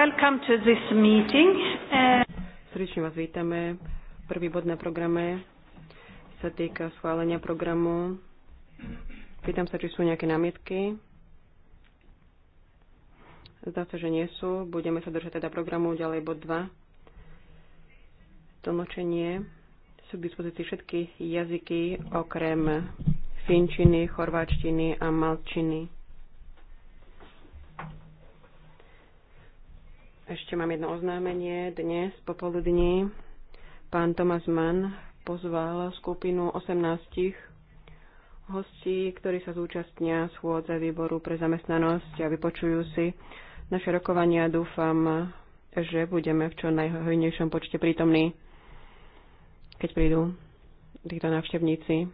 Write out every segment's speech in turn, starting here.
Welcome to this meeting. Srdečne vás vítame. Prvý bod na programe sa týka schválenia programu. Pýtam sa, či sú nejaké námietky. Zdá sa, že nie sú. Budeme sa držať teda programu ďalej bod 2. Tlmočenie. Sú k dispozícii všetky jazyky okrem finčiny, chorváčtiny a malčiny. Ešte mám jedno oznámenie. Dnes popoludní pán Thomas Mann pozval skupinu 18 hostí, ktorí sa zúčastnia schôdze výboru pre zamestnanosť a vypočujú si naše rokovania. Dúfam, že budeme v čo najhojnejšom počte prítomní, keď prídu títo návštevníci.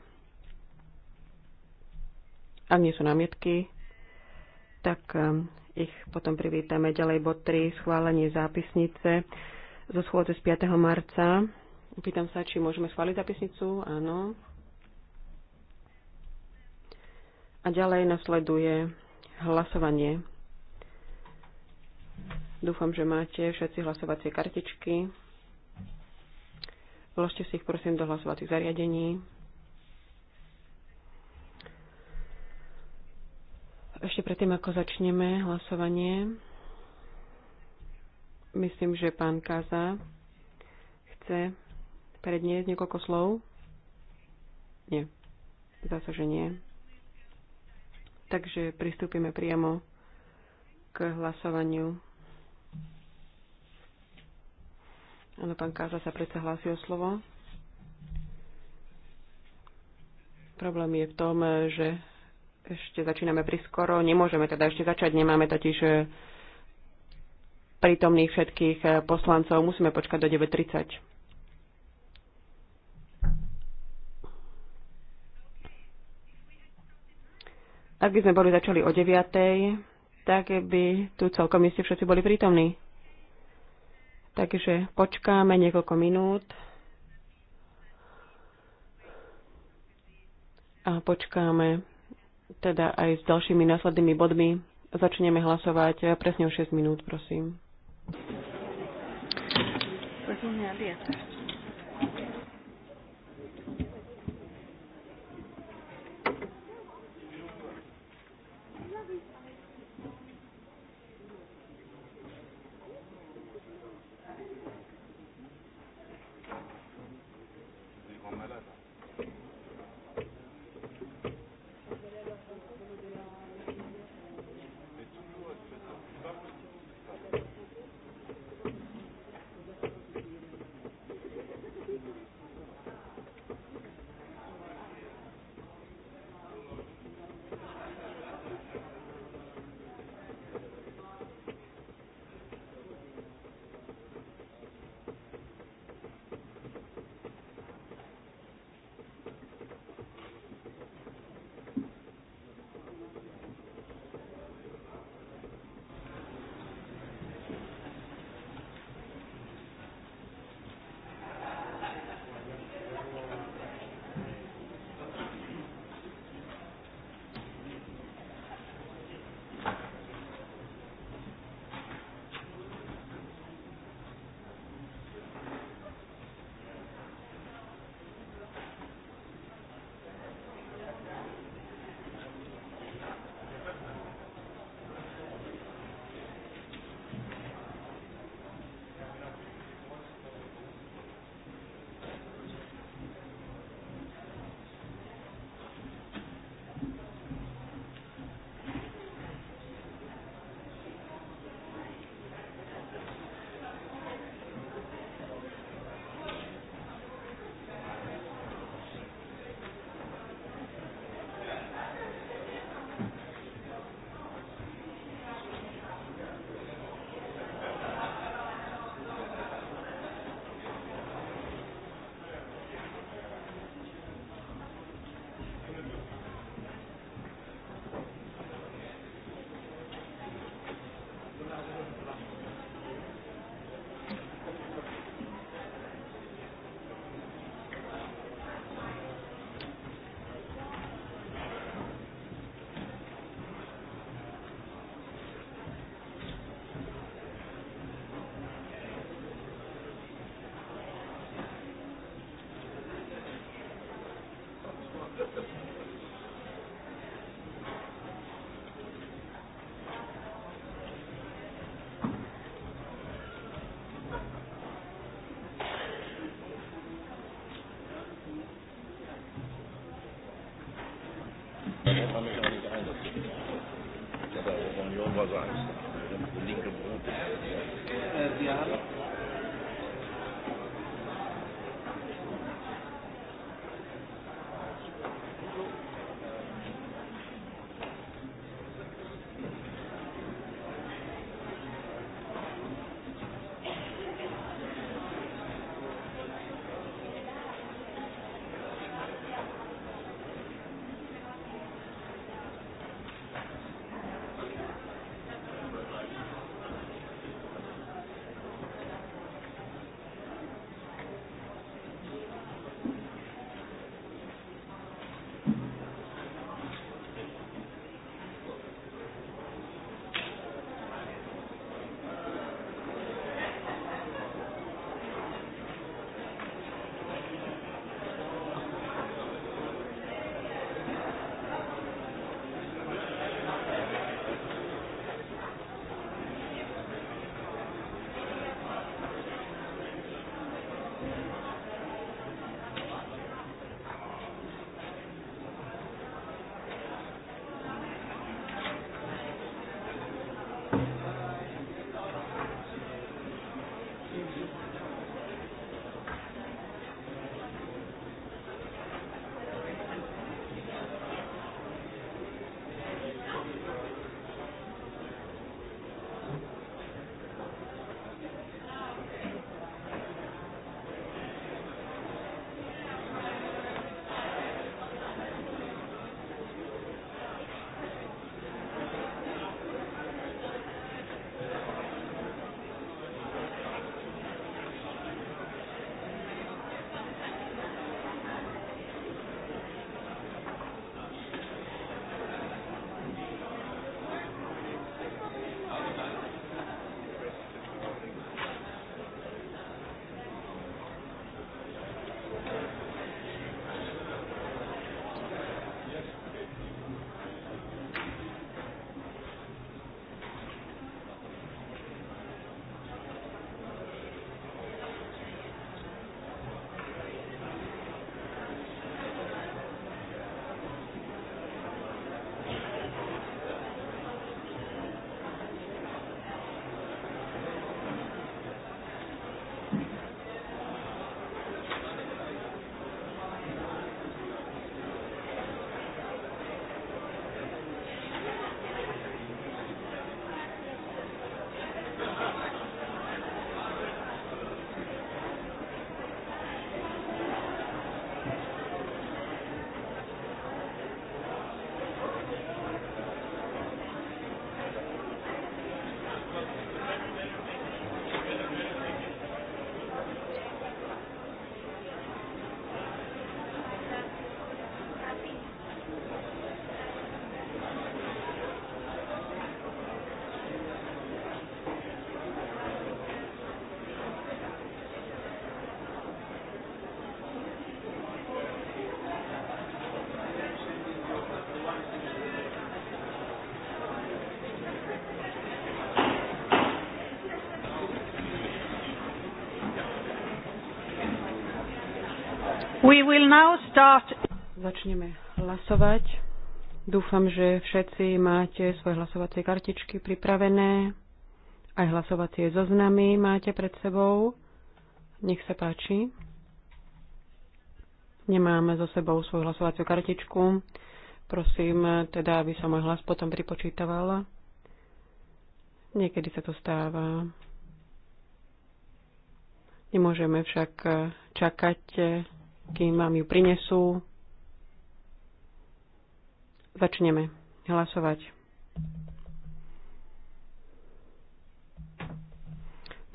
Ak nie sú námietky, tak ich potom privítame. Ďalej bod 3, schválenie zápisnice zo schôdze z 5. marca. Pýtam sa, či môžeme schváliť zápisnicu. Áno. A ďalej nasleduje hlasovanie. Dúfam, že máte všetci hlasovacie kartičky. Vložte si ich prosím do hlasovacích zariadení. Ešte predtým, ako začneme hlasovanie, myslím, že pán Kaza chce predniesť niekoľko slov. Nie, zdá sa, že nie. Takže pristúpime priamo k hlasovaniu. Áno, pán Káza sa predsa hlási o slovo. Problém je v tom, že ešte začíname priskoro. Nemôžeme teda ešte začať, nemáme totiž e, prítomných všetkých e, poslancov. Musíme počkať do 9.30. Ak by sme boli začali o 9, tak by tu celkom iste všetci boli prítomní. Takže počkáme niekoľko minút. A počkáme teda aj s ďalšími následnými bodmi. Začneme hlasovať presne o 6 minút, prosím. hat man mich auch nicht eingezogen. Aber Union war so eins. Linke Brot. Äh, wir haben We will now start. Začneme hlasovať. Dúfam, že všetci máte svoje hlasovacie kartičky pripravené. Aj hlasovacie zoznamy máte pred sebou. Nech sa páči. Nemáme so sebou svoju hlasovaciu kartičku. Prosím teda, aby sa môj hlas potom pripočítavala. Niekedy sa to stáva. Nemôžeme však čakať kým vám ju prinesú. Začneme hlasovať.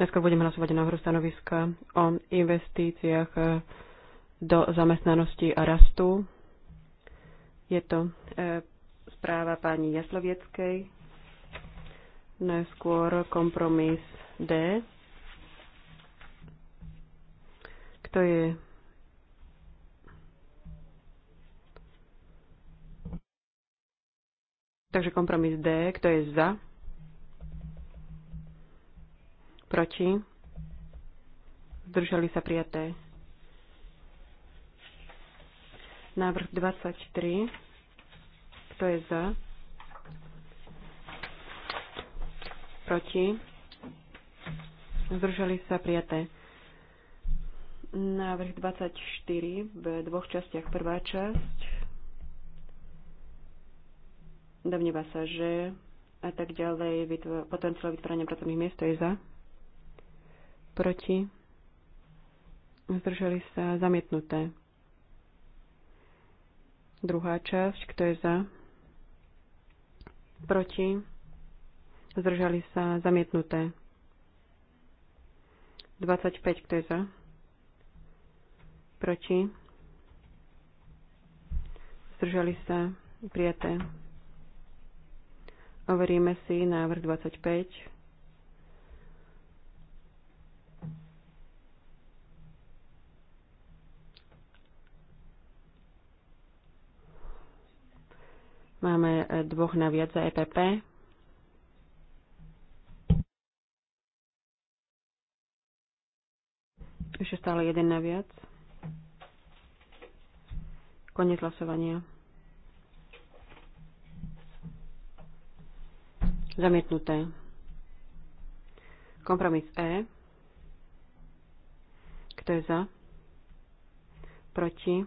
Dneska budeme hlasovať o návrhu stanoviska o investíciách do zamestnanosti a rastu. Je to e, správa pani Jaslovieckej. Najskôr kompromis D. Kto je Takže kompromis D, kto je za? Proti? Zdržali sa prijaté. Návrh 23. Kto je za? Proti? Zdržali sa prijaté. Návrh 24 v dvoch častiach. Prvá časť. Domnieva sa, že a tak ďalej potenciál vytvárania pracovných miest je za. Proti. Zdržali sa zamietnuté. Druhá časť, kto je za? Proti. Zdržali sa zamietnuté. 25, kto je za? Proti. Zdržali sa prijaté. Overíme si návrh 25. Máme e, dvoch na viac za EPP. Ešte stále jeden na viac. Konec hlasovania. Zamietnuté. Kompromis E. Kto je za? Proti?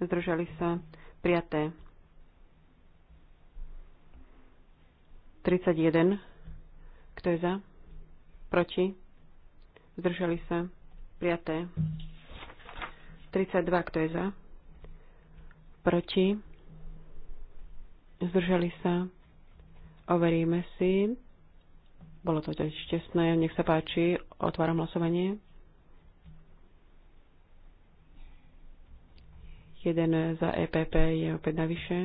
Zdržali sa? Prijaté. 31. Kto je za? Proti? Zdržali sa? Prijaté. 32. Kto je za? Proti? Zdržali sa? Overíme si. Bolo to tiež šťastné, Nech sa páči. Otváram hlasovanie. Jeden za EPP je opäť navyše.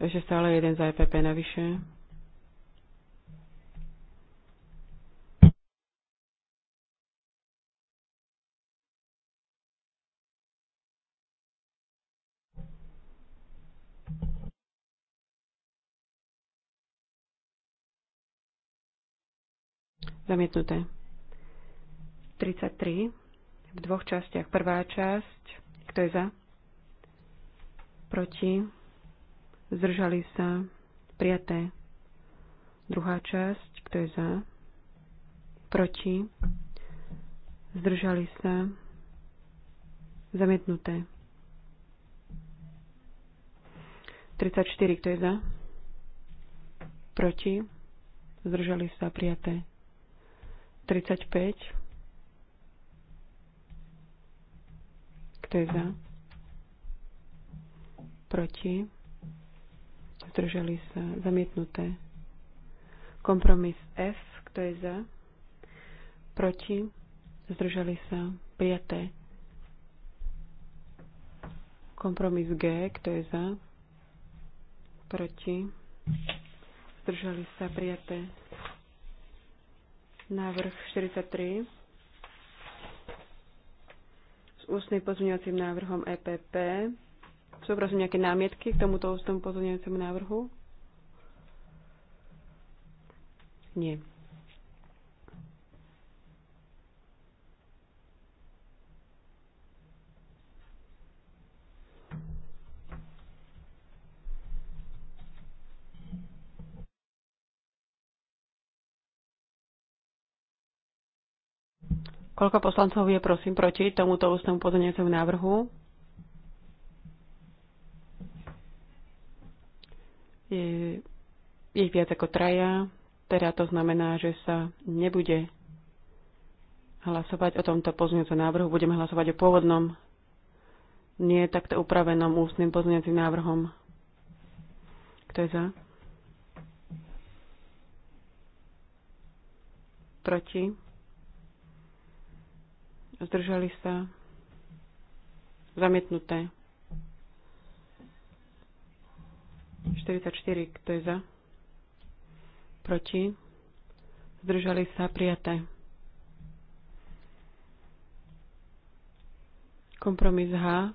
Ešte stále jeden za EPP navyše. Zamietnuté. 33 v dvoch častiach. Prvá časť, kto je za? Proti? Zdržali sa? Prijaté. Druhá časť, kto je za? Proti? Zdržali sa? Zamietnuté. 34, kto je za? Proti? Zdržali sa? Prijaté. 35. Kto je za? Proti? Zdržali sa. Zamietnuté. Kompromis F. Kto je za? Proti? Zdržali sa. Prijaté. Kompromis G. Kto je za? Proti? Zdržali sa. Prijaté. Návrh 43 s ústnym pozmeňovacím návrhom EPP. Sú prosím nejaké námietky k tomuto ústnom pozmeňovaciemu návrhu? Nie. Koľko poslancov je prosím proti tomuto ústnemu pozorniacemu návrhu? Je ich viac ako traja, teda to znamená, že sa nebude hlasovať o tomto pozmeňujúcom návrhu. Budeme hlasovať o pôvodnom, nie takto upravenom ústnym pozmeňujúcim návrhom. Kto je za? Proti? zdržali sa, zamietnuté. 44, kto je za? Proti? Zdržali sa prijaté. Kompromis H.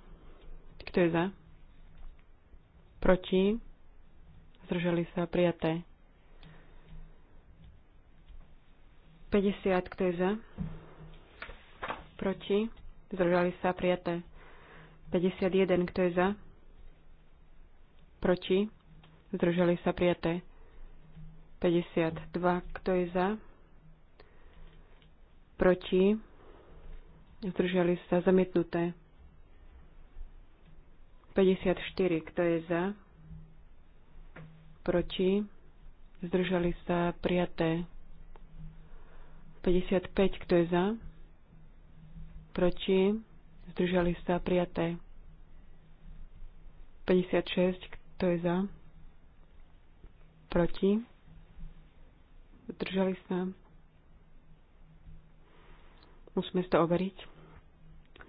Kto je za? Proti? Zdržali sa prijaté. 50, kto je za? proti, zdržali sa prijaté. 51, kto je za, proti, zdržali sa prijaté. 52, kto je za, proti, zdržali sa zamietnuté. 54, kto je za, proti, zdržali sa prijaté. 55, kto je za, proti, zdržali sa prijaté. 56, kto je za, proti, zdržali sa. Musíme si to overiť.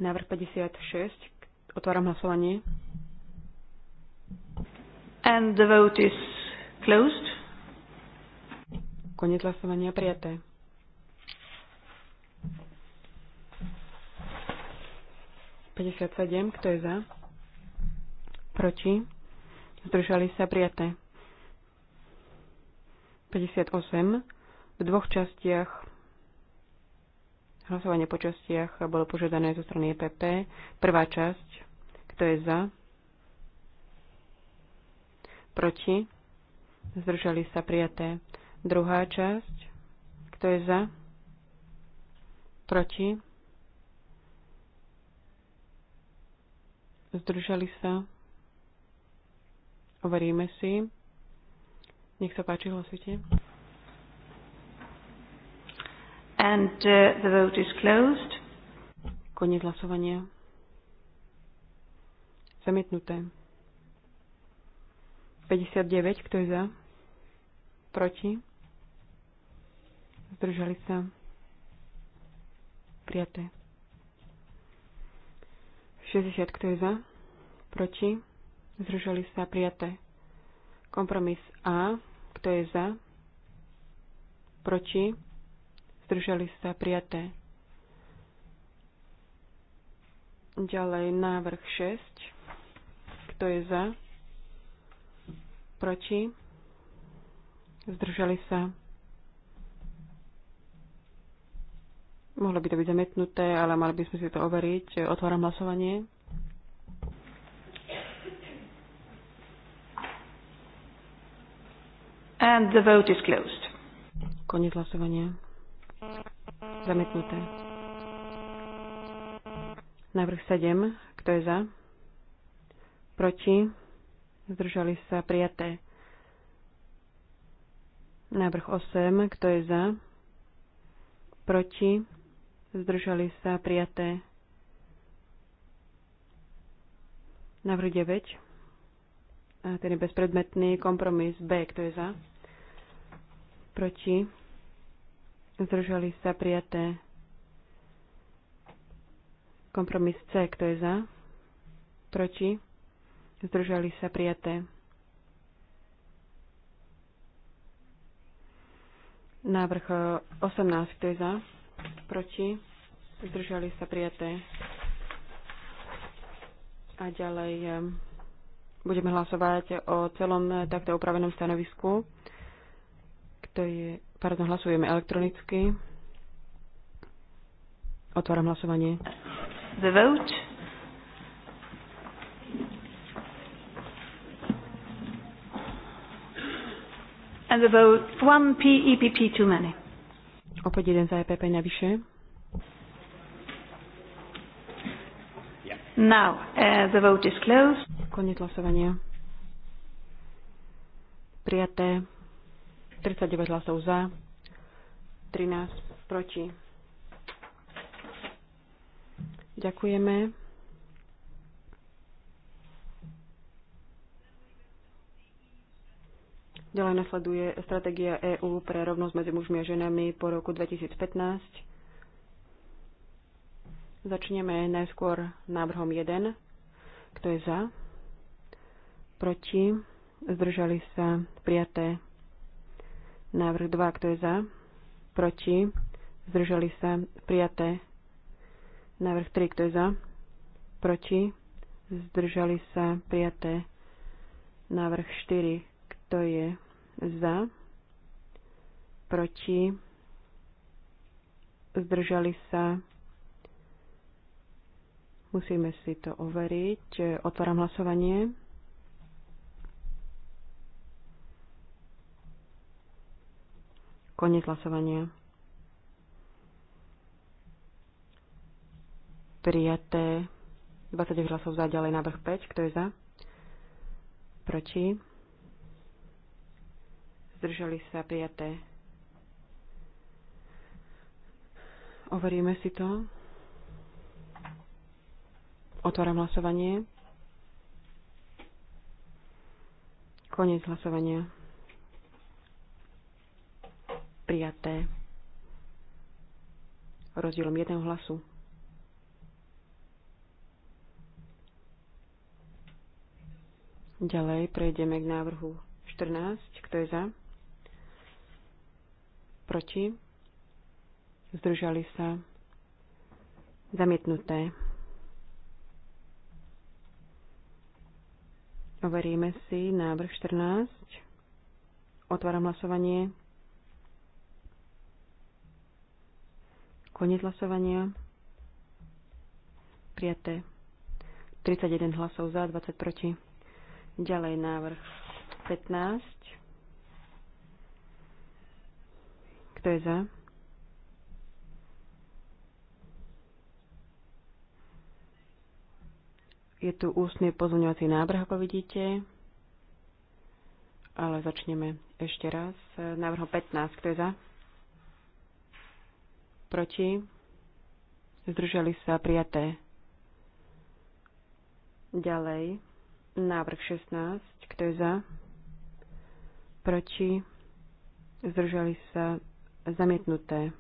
Návrh 56, otváram hlasovanie. And the vote is closed. Konec hlasovania prijaté. 57, kto je za? Proti? Zdržali sa prijaté. 58. V dvoch častiach hlasovanie po častiach bolo požiadané zo strany EPP. Prvá časť, kto je za? Proti? Zdržali sa prijaté. Druhá časť, kto je za? Proti? zdržali sa, overíme si. Nech sa páči, hlasujte. And uh, the vote is closed. Koniec hlasovania. Zamietnuté. 59, kto je za? Proti? Zdržali sa? Prijaté. 60, kto je za? Proti? Zdržali sa prijaté. Kompromis A, kto je za? Proti? Zdržali sa prijaté. Ďalej návrh 6. Kto je za? Proti? Zdržali sa. Mohlo by to byť zamietnuté, ale mali by sme si to overiť. Otváram hlasovanie. And the vote is closed. Koniec hlasovania. Zamietnuté. Návrh 7. Kto je za? Proti? Zdržali sa prijaté. Návrh 8. Kto je za? Proti? zdržali sa prijaté. Návrh 9, a ten je bezpredmetný kompromis B, kto je za, proti, zdržali sa prijaté. Kompromis C, kto je za, proti, zdržali sa prijaté. Návrh 18, e, kto je za? proti, zdržali sa prijaté. A ďalej eh, budeme hlasovať o celom takto upravenom stanovisku. Kto je, pardon, hlasujeme elektronicky. Otváram hlasovanie. The vote. And the vote, one PEPP e too many. Opäť jeden za EPP navyše. Now, uh, the vote is closed. Koniec hlasovania. Prijaté 39 hlasov za, 13 proti. Ďakujeme. Ďalej nasleduje stratégia EÚ pre rovnosť medzi mužmi a ženami po roku 2015. Začneme najskôr návrhom 1. Kto je za? Proti? Zdržali sa prijaté. Návrh 2. Kto je za? Proti? Zdržali sa prijaté. Návrh 3. Kto je za? Proti? Zdržali sa prijaté. Návrh 4. Kto je za, proti, zdržali sa. Musíme si to overiť. Otváram hlasovanie. Koniec hlasovania. Prijaté 29 hlasov za, ďalej návrh 5. Kto je za? Proti? zdržali sa prijaté. Overíme si to. Otváram hlasovanie. Koniec hlasovania. Prijaté. Rozdielom jedného hlasu. Ďalej prejdeme k návrhu 14. Kto je za? proti, zdržali sa, zamietnuté. Overíme si návrh 14. Otváram hlasovanie. Koniec hlasovania. Prijaté. 31 hlasov za, 20 proti. Ďalej návrh 15. Kto je tu ústny pozvňovací návrh, ako vidíte. Ale začneme ešte raz. Návrh 15. Kto je za? Proti? Zdržali sa prijaté. Ďalej. Návrh 16. Kto je za? Proti? Zdržali sa Zamietnuté.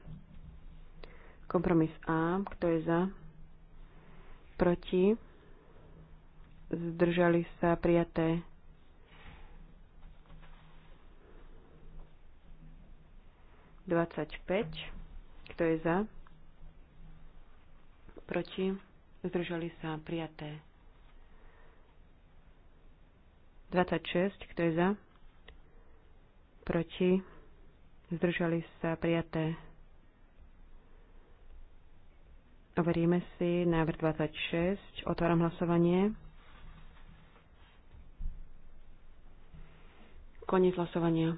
Kompromis A. Kto je za? Proti? Zdržali sa prijaté. Dvadsaťpäť. Kto je za? Proti? Zdržali sa prijaté. šesť. Kto je za? Proti? zdržali sa prijaté. Overíme si návrh 26. Otváram hlasovanie. Koniec hlasovania.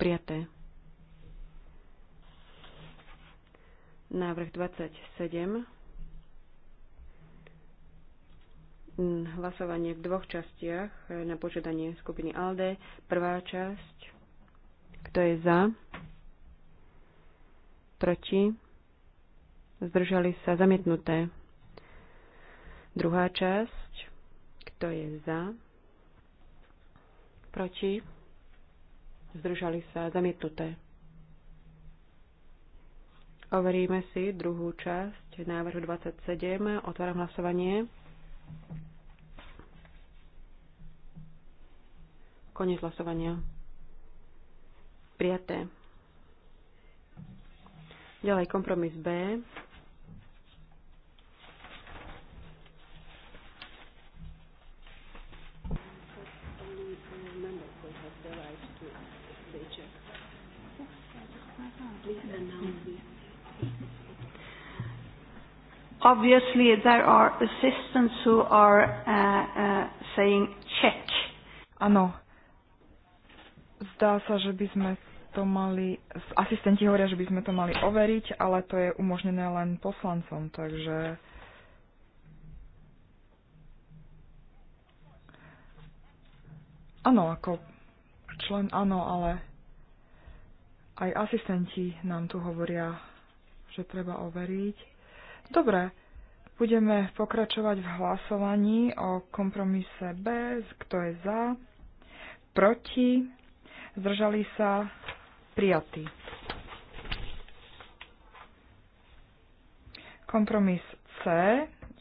Prijaté. Návrh 27. Hlasovanie v dvoch častiach na požiadanie skupiny ALDE. Prvá časť kto je za? Proti? Zdržali sa zamietnuté. Druhá časť. Kto je za? Proti? Zdržali sa zamietnuté. Overíme si druhú časť návrhu 27. Otváram hlasovanie. Koniec hlasovania. Prijaté. Ďalej kompromis B. Obviously, there are assistants who are uh, uh, saying check. Ano, Zdá sa, že by sme to mali, asistenti hovoria, že by sme to mali overiť, ale to je umožnené len poslancom, takže Áno, ako člen áno, ale aj asistenti nám tu hovoria, že treba overiť. Dobre, budeme pokračovať v hlasovaní o kompromise B, kto je za, proti, zdržali sa, prijatí. Kompromis C,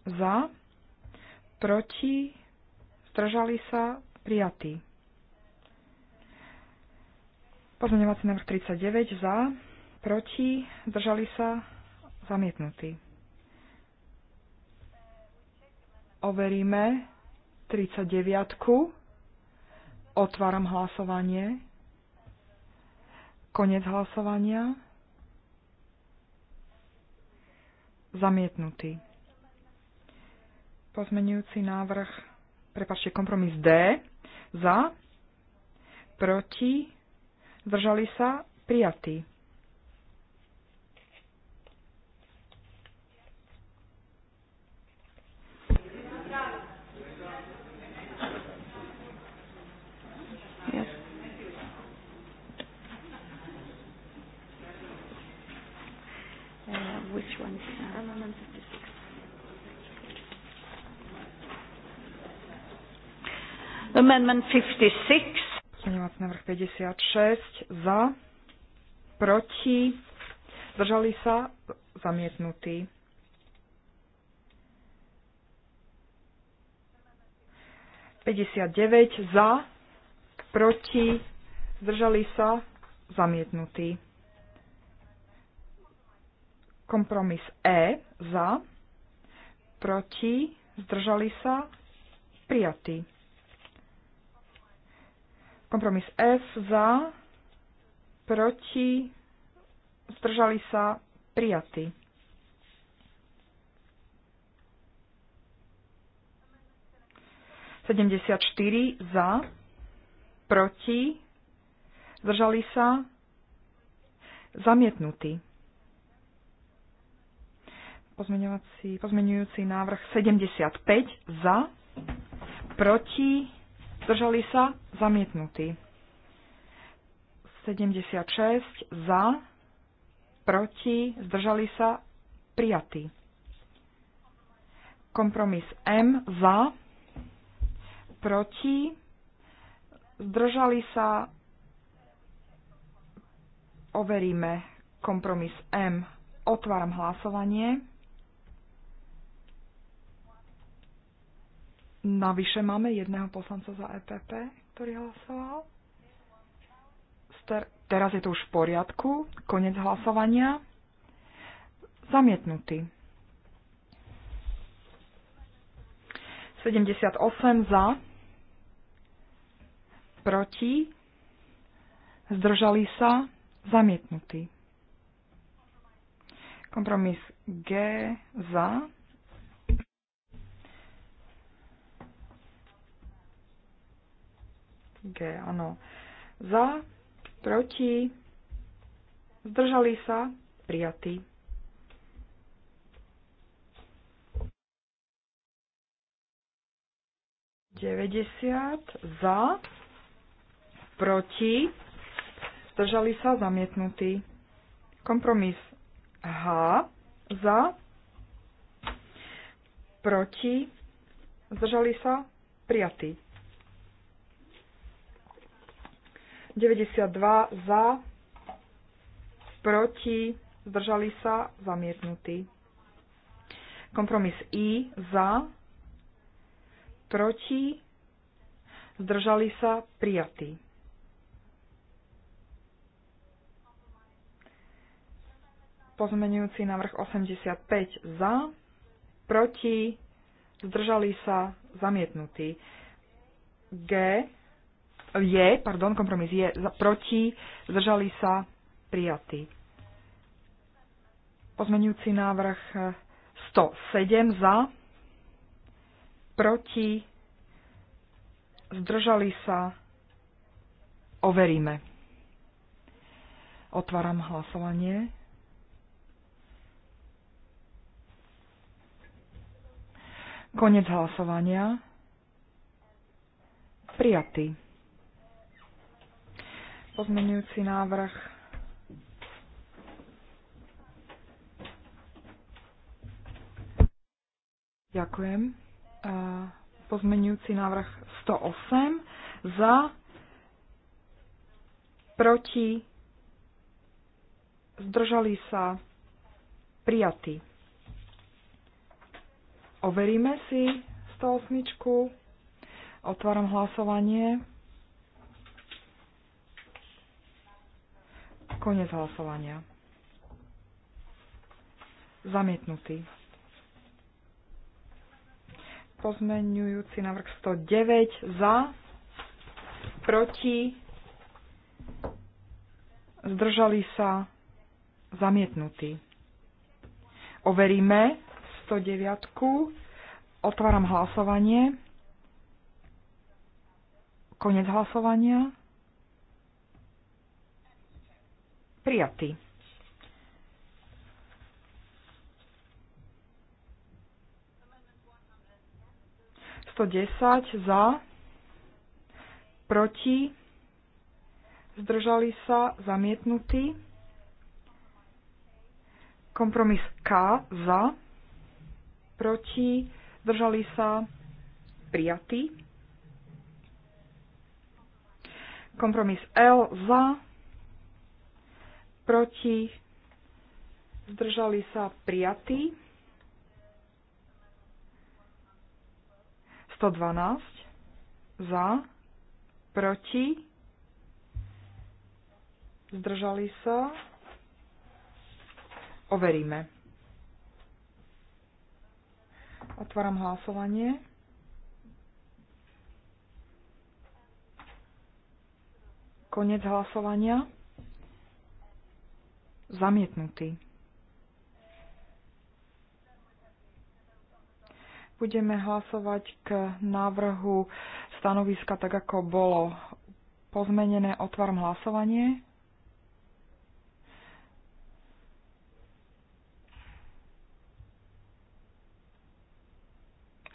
za, proti, zdržali sa, prijatí. Pozmeňovací návrh 39, za, proti, zdržali sa, zamietnutí. Overíme 39. Otváram hlasovanie. Konec hlasovania. Zamietnutý. Pozmenujúci návrh, prepačte, kompromis D. Za, proti, zdržali sa, prijatý. which one uh, is that? Amendment 56. Amendment 56. návrh 56. Za. Proti. Zdržali sa. Zamietnutý. Päťdesiatdeväť za, proti, zdržali sa, zamietnutý. Kompromis E za, proti, zdržali sa, prijatý. Kompromis F za, proti, zdržali sa, prijatý. Sedemdesiat štyri za, proti, zdržali sa, zamietnutý. Pozmeňovací, pozmeňujúci návrh 75 za, proti, zdržali sa, zamietnutý. 76 za, proti, zdržali sa, prijatý. Kompromis M za, proti, zdržali sa, overíme kompromis M. Otváram hlasovanie. Navyše máme jedného poslanca za EPP, ktorý hlasoval. Ster- teraz je to už v poriadku. Konec hlasovania. Zamietnutý. 78 za. Proti. Zdržali sa. Zamietnutý. Kompromis G za G, ano Za, proti, zdržali sa, prijatí. Deväťdesiat za, proti, zdržali sa, zamietnutí. Kompromis H za, proti, zdržali sa, prijatí. 92 za, proti, zdržali sa, zamietnutý. Kompromis I za, proti, zdržali sa, prijatý. Pozmenujúci návrh 85 za, proti, zdržali sa, zamietnutý. G je, pardon, kompromis je za, proti, zdržali sa prijatý. Pozmenujúci návrh 107 eh, za, proti, zdržali sa, overíme. Otváram hlasovanie. Konec hlasovania. Prijatý. Pozmenujúci návrh. Ďakujem. Pozmenujúci návrh 108 za, proti, zdržali sa, prijatí. Overíme si 108. Otváram hlasovanie. Konec hlasovania. Zamietnutý. Pozmeňujúci návrh 109 za, proti, zdržali sa, zamietnutý. Overíme 109. Otváram hlasovanie. Konec hlasovania. prijatý. Sto desať za, proti, zdržali sa, zamietnutí. Kompromis K za, proti, zdržali sa, prijatý. Kompromis L za, proti, zdržali sa prijatí. 112 za, proti, zdržali sa, overíme. Otváram hlasovanie. Konec hlasovania. Zamietnutý. Budeme hlasovať k návrhu stanoviska tak, ako bolo pozmenené. Otváram hlasovanie.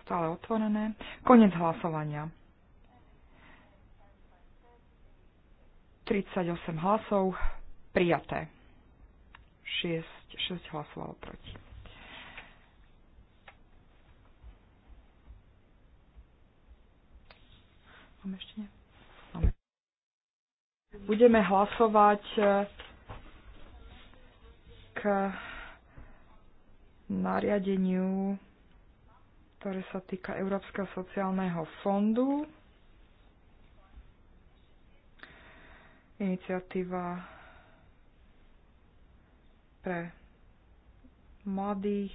Stále otvorené. Konec hlasovania. 38 hlasov prijaté. 6, 6 hlasovalo proti. Máme ešte nie? Máme. Budeme hlasovať e, k nariadeniu, ktoré sa týka Európskeho sociálneho fondu. Iniciatíva pre mladých.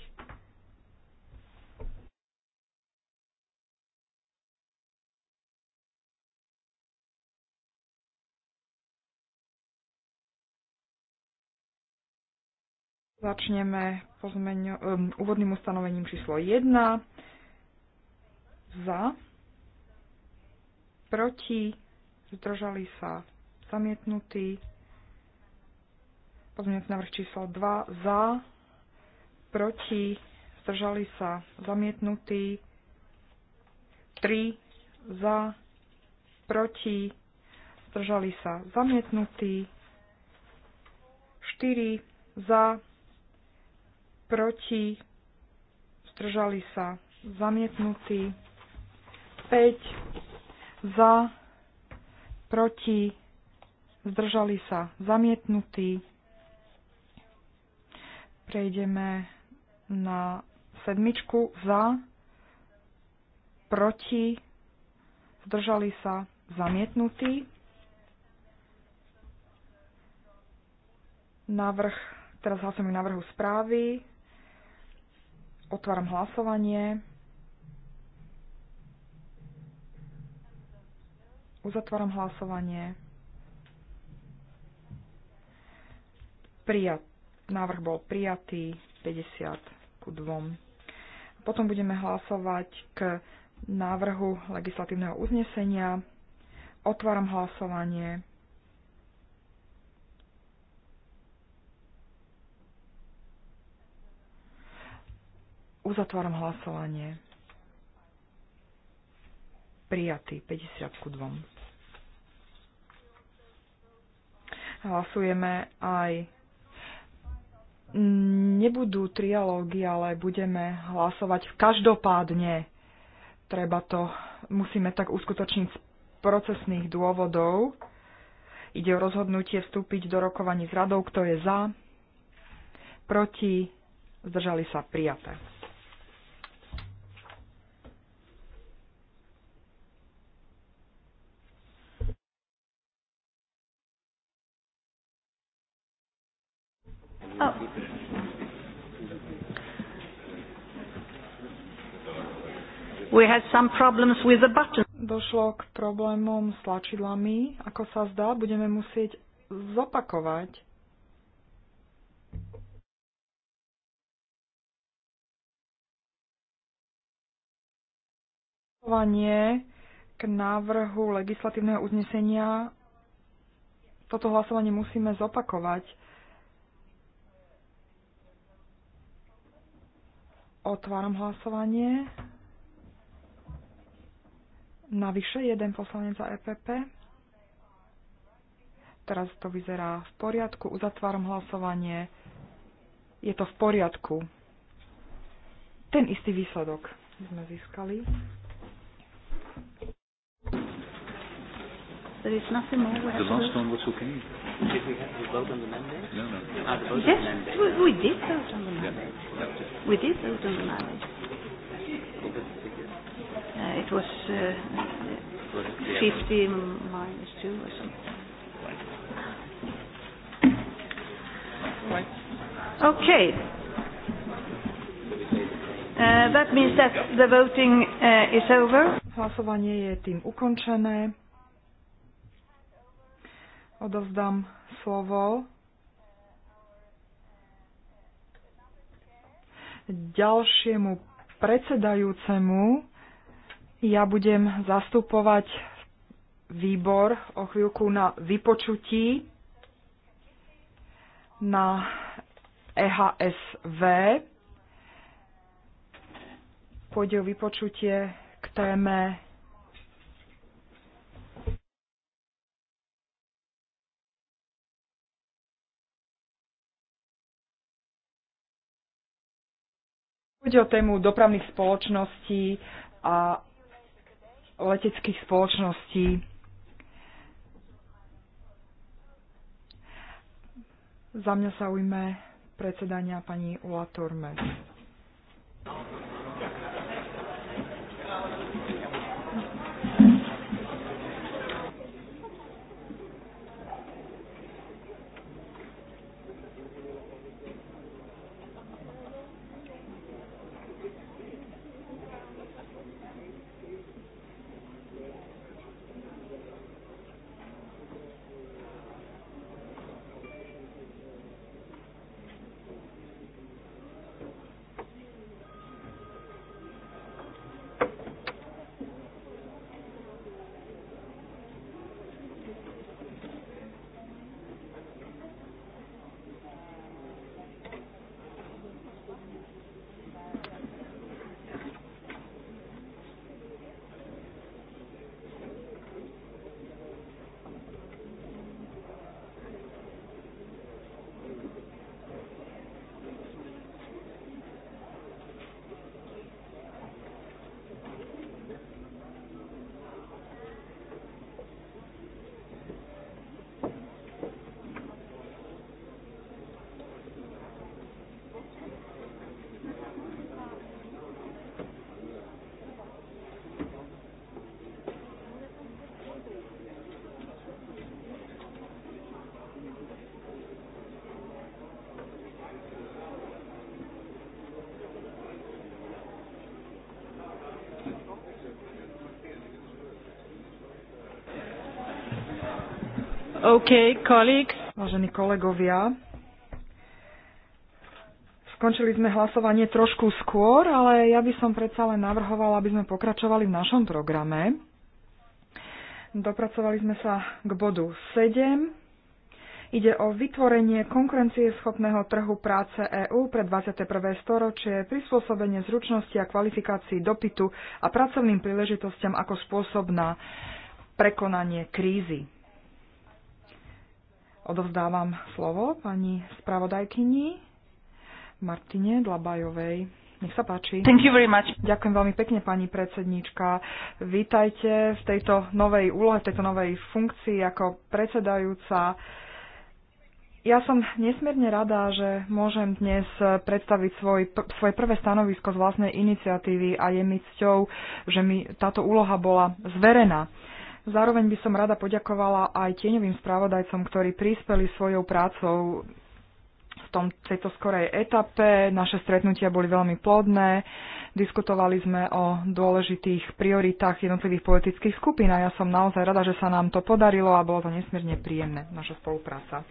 Začneme pozmeňo, um, úvodným ustanovením číslo 1. Za. Proti. Zdržali sa. Zamietnutí. Pozmeňujúci návrh číslo 2 za, proti, zdržali sa zamietnutí, 3 za, proti, zdržali sa zamietnutí, 4 za, proti, zdržali sa zamietnutí, 5 za, proti, zdržali sa zamietnutí, Prejdeme na sedmičku za, proti, zdržali sa, zamietnutí. Navrh, teraz hlasujem k návrhu správy. Otváram hlasovanie. Uzatváram hlasovanie. Prijat Návrh bol prijatý 50 ku 2. Potom budeme hlasovať k návrhu legislatívneho uznesenia. Otváram hlasovanie. Uzatváram hlasovanie. Prijatý 50 ku 2. Hlasujeme aj nebudú trialógy, ale budeme hlasovať každopádne. Treba to, musíme tak uskutočniť z procesných dôvodov. Ide o rozhodnutie vstúpiť do rokovaní s radou, kto je za, proti, zdržali sa prijaté. Oh. We had some problems with the button. Došlo k problémom s tlačidlami. Ako sa zdá, budeme musieť zopakovať. Hlasovanie k návrhu legislatívneho uznesenia. Toto hlasovanie musíme zopakovať. Otváram hlasovanie. Navyše jeden poslanec za EPP. Teraz to vyzerá v poriadku. Uzatváram hlasovanie. Je to v poriadku. Ten istý výsledok sme získali. There is nothing more we have okay. Did we have vote on the mandate? No, no. Ah, yes, We, we did vote on the mandate. Yeah. We did vote on the mandate. Uh, it was uh, 50 minus 2 or something. Okay. Uh, that means that the voting uh, is over. Hlasovanie je tým ukončené. Odovzdám slovo ďalšiemu predsedajúcemu ja budem zastupovať výbor o chvíľku na vypočutí na EHSV. Pôjde o vypočutie k téme Pôjde o tému dopravných spoločností a leteckých spoločností. Za mňa sa ujme predsedania pani Ula Tormes. Okay, colleagues. Vážení kolegovia, skončili sme hlasovanie trošku skôr, ale ja by som predsa len navrhovala, aby sme pokračovali v našom programe. Dopracovali sme sa k bodu 7. Ide o vytvorenie konkurencieschopného trhu práce EÚ pre 21. storočie, prispôsobenie zručnosti a kvalifikácií dopytu a pracovným príležitostiam ako spôsob na prekonanie krízy. Odovzdávam slovo pani spravodajkyni Martine Dlabajovej. Nech sa páči. Thank you very much. Ďakujem veľmi pekne, pani predsednička. Vítajte v tejto novej úlohe, v tejto novej funkcii ako predsedajúca. Ja som nesmierne rada, že môžem dnes predstaviť svoj, pr- svoje prvé stanovisko z vlastnej iniciatívy a je mi cťou, že mi táto úloha bola zverená. Zároveň by som rada poďakovala aj tieňovým spravodajcom, ktorí prispeli svojou prácou v tom, tejto skorej etape. Naše stretnutia boli veľmi plodné. Diskutovali sme o dôležitých prioritách jednotlivých politických skupín a ja som naozaj rada, že sa nám to podarilo a bolo to nesmierne príjemné, naša spolupráca.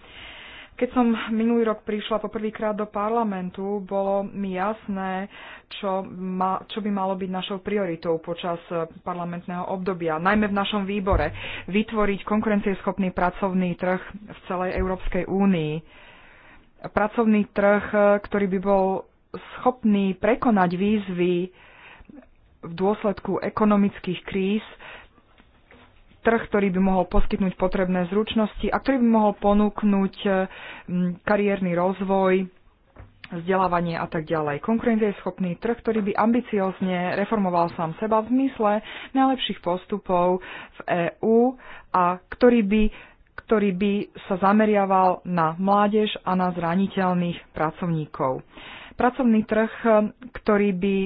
Keď som minulý rok prišla poprvýkrát do parlamentu, bolo mi jasné, čo, ma, čo by malo byť našou prioritou počas e, parlamentného obdobia, najmä v našom výbore, vytvoriť konkurencieschopný pracovný trh v celej Európskej únii. Pracovný trh, e, ktorý by bol schopný prekonať výzvy v dôsledku ekonomických kríz, trh, ktorý by mohol poskytnúť potrebné zručnosti a ktorý by mohol ponúknuť e, kariérny rozvoj, vzdelávanie a tak ďalej. Konkurencie je schopný trh, ktorý by ambiciozne reformoval sám seba v zmysle najlepších postupov v EÚ a ktorý by, ktorý by sa zameriaval na mládež a na zraniteľných pracovníkov. Pracovný trh, e, ktorý by,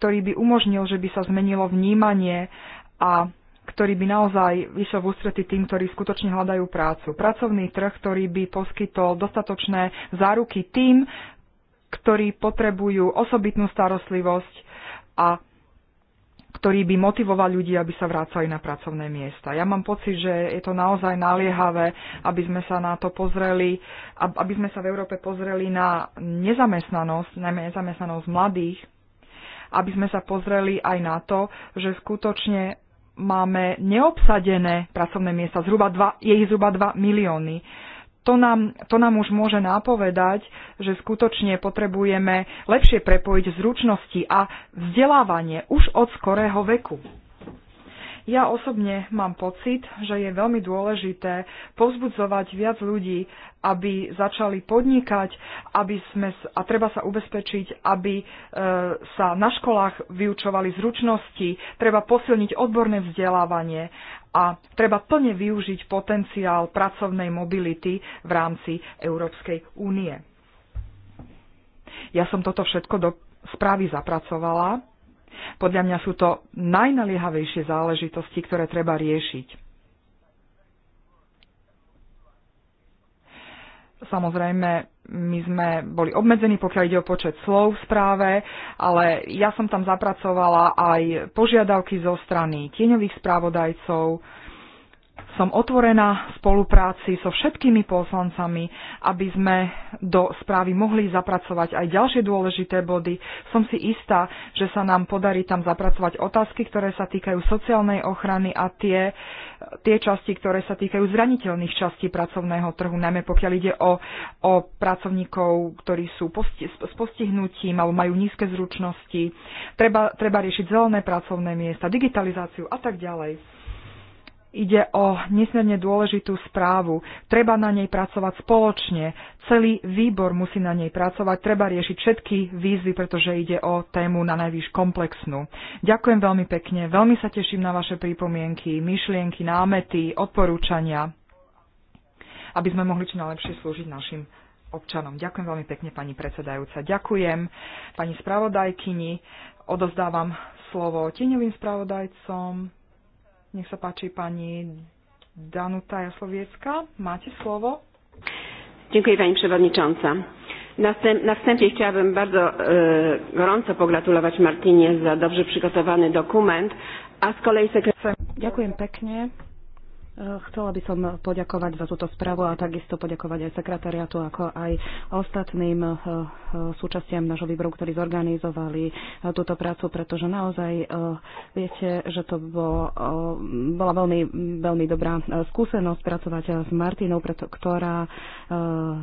ktorý by umožnil, že by sa zmenilo vnímanie a ktorý by naozaj vyšiel v ústrety tým, ktorí skutočne hľadajú prácu. Pracovný trh, ktorý by poskytol dostatočné záruky tým, ktorí potrebujú osobitnú starostlivosť a ktorý by motivoval ľudí, aby sa vrácali na pracovné miesta. Ja mám pocit, že je to naozaj naliehavé, aby sme sa na to pozreli, aby sme sa v Európe pozreli na nezamestnanosť, najmä nezamestnanosť mladých, aby sme sa pozreli aj na to, že skutočne máme neobsadené pracovné miesta, zhruba dva, je ich zhruba 2 milióny. To nám, to nám už môže nápovedať, že skutočne potrebujeme lepšie prepojiť zručnosti a vzdelávanie už od skorého veku. Ja osobne mám pocit, že je veľmi dôležité povzbudzovať viac ľudí, aby začali podnikať, aby sme, a treba sa ubezpečiť, aby e, sa na školách vyučovali zručnosti, treba posilniť odborné vzdelávanie a treba plne využiť potenciál pracovnej mobility v rámci Európskej únie. Ja som toto všetko do správy zapracovala podľa mňa sú to najnaliehavejšie záležitosti, ktoré treba riešiť. Samozrejme, my sme boli obmedzení, pokiaľ ide o počet slov v správe, ale ja som tam zapracovala aj požiadavky zo strany tieňových správodajcov, som otvorená spolupráci so všetkými poslancami, aby sme do správy mohli zapracovať aj ďalšie dôležité body. Som si istá, že sa nám podarí tam zapracovať otázky, ktoré sa týkajú sociálnej ochrany a tie, tie časti, ktoré sa týkajú zraniteľných častí pracovného trhu, najmä pokiaľ ide o, o pracovníkov, ktorí sú posti, s postihnutím alebo majú nízke zručnosti. Treba, treba riešiť zelené pracovné miesta, digitalizáciu a tak ďalej. Ide o nesmierne dôležitú správu. Treba na nej pracovať spoločne. Celý výbor musí na nej pracovať. Treba riešiť všetky výzvy, pretože ide o tému na najvyš komplexnú. Ďakujem veľmi pekne. Veľmi sa teším na vaše pripomienky, myšlienky, námety, odporúčania, aby sme mohli čo najlepšie slúžiť našim občanom. Ďakujem veľmi pekne, pani predsedajúca. Ďakujem pani spravodajkyni. Odozdávam slovo tieňovým spravodajcom nech sa páči pani Danuta Jasloviecka. Máte slovo. Dziękuję Pani Przewodnicząca. Na, na wstępie chciałabym bardzo e, gorąco pogratulować Martinie za dobrze przygotowany dokument, a z kolei sekretarz... Ďakujem pekne. Chcela by som poďakovať za túto správu a takisto poďakovať aj sekretariatu, ako aj ostatným eh, eh, súčastiam nášho výboru, ktorí zorganizovali eh, túto prácu, pretože naozaj viete, že to bolo, bola veľmi, veľmi dobrá skúsenosť pracovať s Martinou, ktorá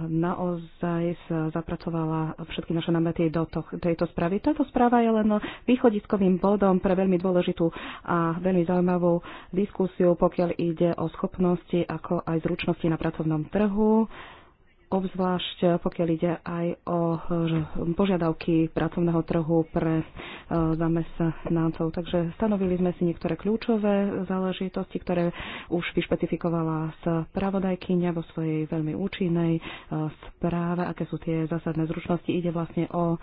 naozaj zapracovala všetky naše námety do tejto správy. Táto správa je len východiskovým bodom pre veľmi dôležitú a veľmi zaujímavú diskusiu, pokiaľ ide o o schopnosti ako aj zručnosti na pracovnom trhu obzvlášť eh, pokiaľ ide aj o eh, požiadavky pracovného trhu pre eh, zamestnancov. Takže stanovili sme si niektoré kľúčové záležitosti, ktoré už vyšpecifikovala spravodajkyňa vo svojej veľmi účinnej správe, aké sú tie zásadné zručnosti. Ide vlastne o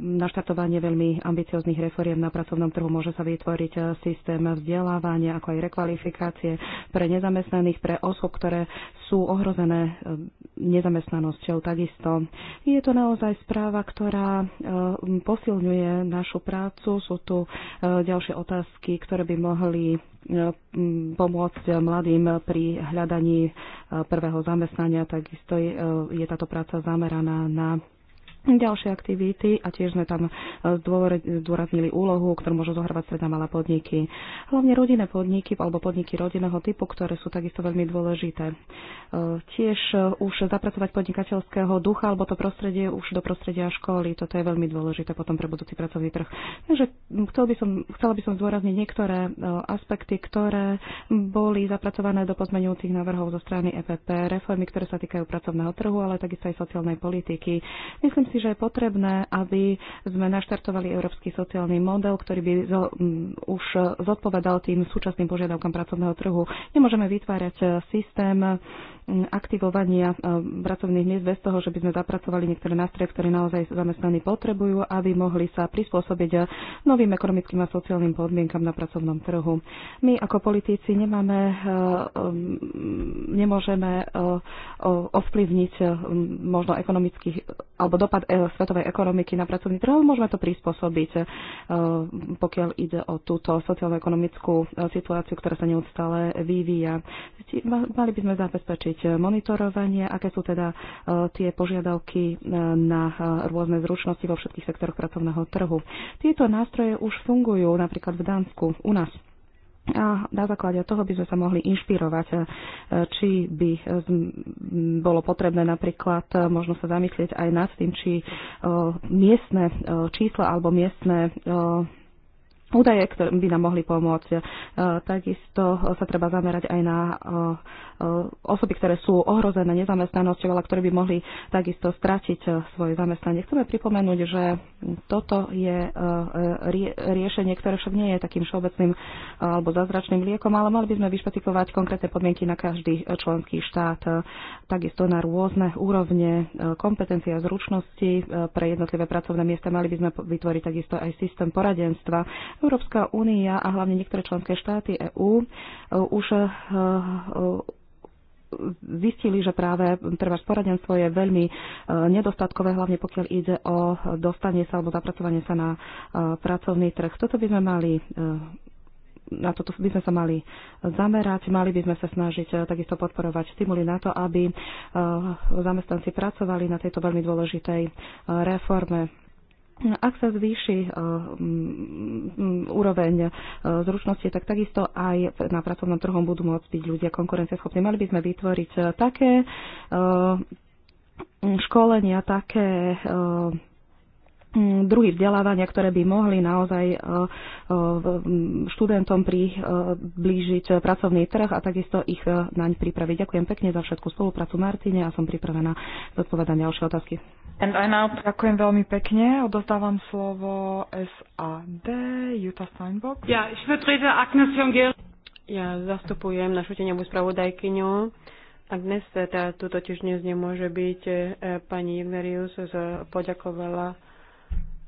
naštartovanie veľmi ambicioznych reforiem na pracovnom trhu. Môže sa vytvoriť systém vzdelávania, ako aj rekvalifikácie, pre nezamestnaných, pre osob, ktoré sú ohrozené e, nezamestnanosťou takisto. Je to naozaj správa, ktorá e, posilňuje našu prácu. Sú tu e, ďalšie otázky, ktoré by mohli pomôcť mladým pri hľadaní prvého zamestnania. Takisto je táto práca zameraná na ďalšie aktivity a tiež sme tam eh, zdôraznili úlohu, ktorú môžu zohrávať stredná malé podniky. Hlavne rodinné podniky alebo podniky rodinného typu, ktoré sú takisto veľmi dôležité. Eh, tiež eh, už zapracovať podnikateľského ducha alebo to prostredie už do prostredia školy. Toto je veľmi dôležité potom pre budúci pracovný trh. Takže hm, chcel by som, chcela by som zdôrazniť niektoré aspekty, ktoré boli zapracované do pozmeňujúcich návrhov zo strany EPP, reformy, ktoré sa týkajú pracovného trhu, ale takisto aj sociálnej politiky. Myslím si, že je potrebné, aby sme naštartovali európsky sociálny model, ktorý by zo, m, už zodpovedal tým súčasným požiadavkám pracovného trhu. Nemôžeme vytvárať e, systém, aktivovania eh, pracovných miest bez toho, že by sme zapracovali niektoré nástroje, ktoré naozaj zamestnaní potrebujú, aby mohli sa prispôsobiť eh, novým ekonomickým a sociálnym podmienkam na pracovnom trhu. My ako politici nemáme, eh, mm, nemôžeme ovplyvniť možno ekonomický alebo dopad svetovej ekonomiky na pracovný trh, ale môžeme to prispôsobiť, pokiaľ ide o túto sociálno-ekonomickú situáciu, ktorá sa neustále vyvíja. Mali by sme zabezpečiť monitorovanie, aké sú teda e, tie požiadavky e, na e, rôzne zručnosti vo všetkých sektoroch pracovného trhu. Tieto nástroje už fungujú napríklad v Dánsku, u nás. A na základe toho by sme sa mohli inšpirovať, či by bolo potrebné napríklad možno sa zamyslieť aj nad tým, či miestne čísla alebo miestne údaje, ktoré by nám mohli pomôcť. E, takisto sa treba zamerať aj na e, e, osoby, ktoré sú ohrozené nezamestnanosťou, ale ktoré by mohli takisto stratiť svoje zamestnanie. Chceme pripomenúť, že toto je riešenie, ktoré však nie je takým všeobecným alebo zázračným liekom, ale mali by sme vyšpecifikovať konkrétne podmienky na každý členský štát, takisto na rôzne úrovne kompetencie a zručnosti pre jednotlivé pracovné miesta. Mali by sme vytvoriť takisto aj systém poradenstva Európska únia a hlavne niektoré členské štáty EÚ e, už e, e, zistili, že práve treba poradenstvo je veľmi nedostatkové, hlavne pokiaľ ide o dostanie sa alebo zapracovanie sa na pracovný trh. Toto by sme mali na toto by sme sa mali zamerať, mali by sme sa snažiť takisto podporovať stimuli na to, aby zamestnanci pracovali na tejto veľmi dôležitej reforme ak sa zvýši eh, mm, úroveň eh, zručnosti, tak takisto aj na pracovnom trhu budú môcť byť ľudia konkurencieschopní. Mali by sme vytvoriť eh, také školenia, také Mm, druhy vzdelávania, ktoré by mohli naozaj e, e, študentom priblížiť e, pracovný trh a takisto ich naň pripraviť. Ďakujem pekne za všetku spoluprácu Martine a som pripravená zodpovedať ďalšie otázky. And I now... Ďakujem veľmi pekne. Odozdávam slovo SAD, Jutta Steinbock. Ja, ich vertrete Agnes Jungerius. Ja zastupujem našu teňovú spravodajkyňu. Agnes, tá teda tu totiž dnes nemôže byť. Pani Jungerius poďakovala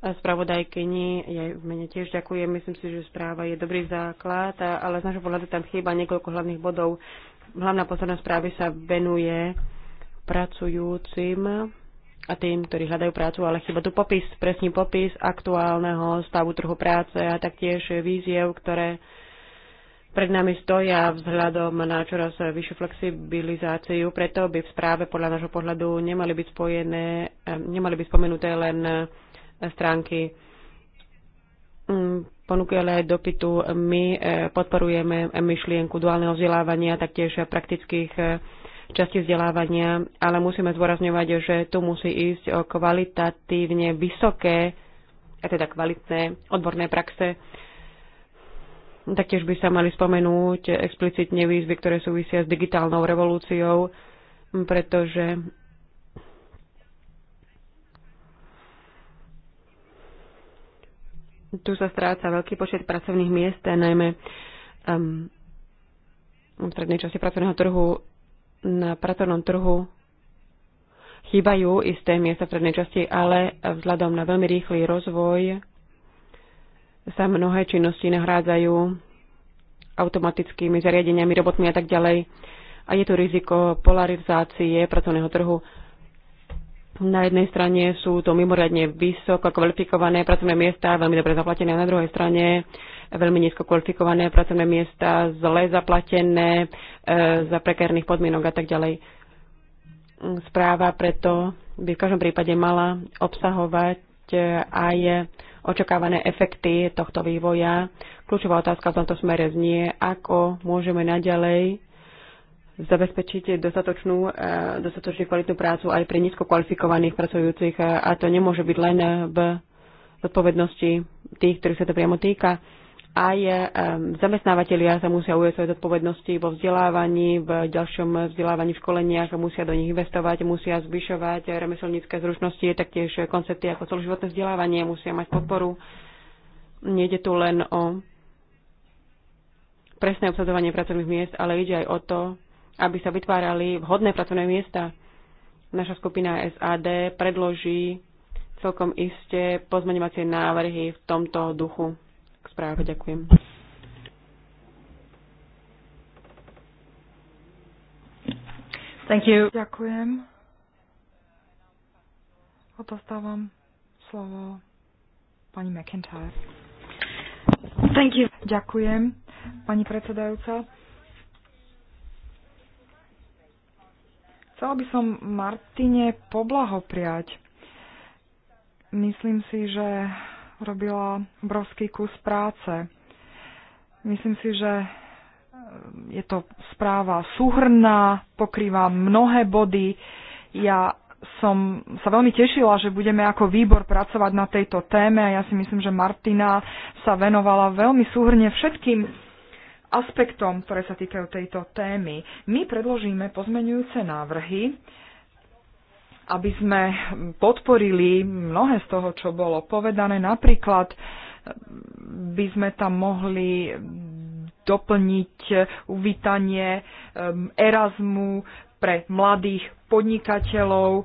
spravodajkyni. Ja v mene tiež ďakujem. Myslím si, že správa je dobrý základ, ale z našho pohľadu tam chýba niekoľko hlavných bodov. Hlavná pozornosť správy sa venuje pracujúcim a tým, ktorí hľadajú prácu, ale chyba tu popis, presný popis aktuálneho stavu trhu práce a taktiež víziev, ktoré pred nami stoja vzhľadom na čoraz vyššiu flexibilizáciu. Preto by v správe podľa nášho pohľadu nemali byť spojené, eh, nemali byť spomenuté len stránky mm, ponúkuje aj dopytu. My e, podporujeme myšlienku duálneho vzdelávania, taktiež praktických e, časti vzdelávania, ale musíme zdôrazňovať, že tu musí ísť o kvalitatívne vysoké, a teda kvalitné odborné praxe. Taktiež by sa mali spomenúť explicitne výzvy, ktoré súvisia s digitálnou revolúciou, pretože tu sa stráca veľký počet pracovných miest, najmä um, v strednej časti pracovného trhu. Na pracovnom trhu chýbajú isté miesta v strednej časti, ale vzhľadom na veľmi rýchly rozvoj sa mnohé činnosti nahrádzajú automatickými zariadeniami, robotmi a tak ďalej. A je tu riziko polarizácie pracovného trhu na jednej strane sú to mimoriadne vysoko kvalifikované pracovné miesta, veľmi dobre zaplatené, a na druhej strane eh, veľmi nízko kvalifikované pracovné miesta, zle zaplatené, e, za prekérnych podmienok a tak ďalej. Mm, správa preto by v každom prípade mala obsahovať eh, aj očakávané efekty tohto vývoja. Kľúčová otázka v tomto smere znie, ako môžeme naďalej zabezpečiť dostatočnú, e, dostatočne kvalitnú prácu aj pre nízko kvalifikovaných pracujúcich e, a to nemôže byť len e, v zodpovednosti tých, ktorých sa to priamo týka. Aj zamestnávateľia sa musia ujať svoje zodpovednosti vo vzdelávaní, v ďalšom vzdelávaní v školeniach, musia do nich investovať, musia zvyšovať remeselnícke zručnosti, taktiež koncepty ako celoživotné vzdelávanie, musia mať podporu. Nejde tu len o presné obsadzovanie pracovných miest, ale ide aj o to, aby sa vytvárali vhodné pracovné miesta. Naša skupina SAD predloží celkom iste pozmeňovacie návrhy v tomto duchu. K správe ďakujem. Thank you. Ďakujem. Odostávam slovo pani McIntyre. Thank you. Ďakujem, pani predsedajúca. Chcela by som Martine poblahopriať. Myslím si, že robila obrovský kus práce. Myslím si, že eh, je to správa súhrná, pokrýva mnohé body. Ja som sa veľmi tešila, že budeme ako výbor pracovať na tejto téme a ja si myslím, že Martina sa venovala veľmi súhrne všetkým aspektom, ktoré sa týkajú tejto témy. My predložíme pozmenujúce návrhy, aby sme podporili mnohé z toho, čo bolo povedané. Napríklad eh, by sme tam mohli doplniť uvítanie eh, Erasmu pre mladých podnikateľov.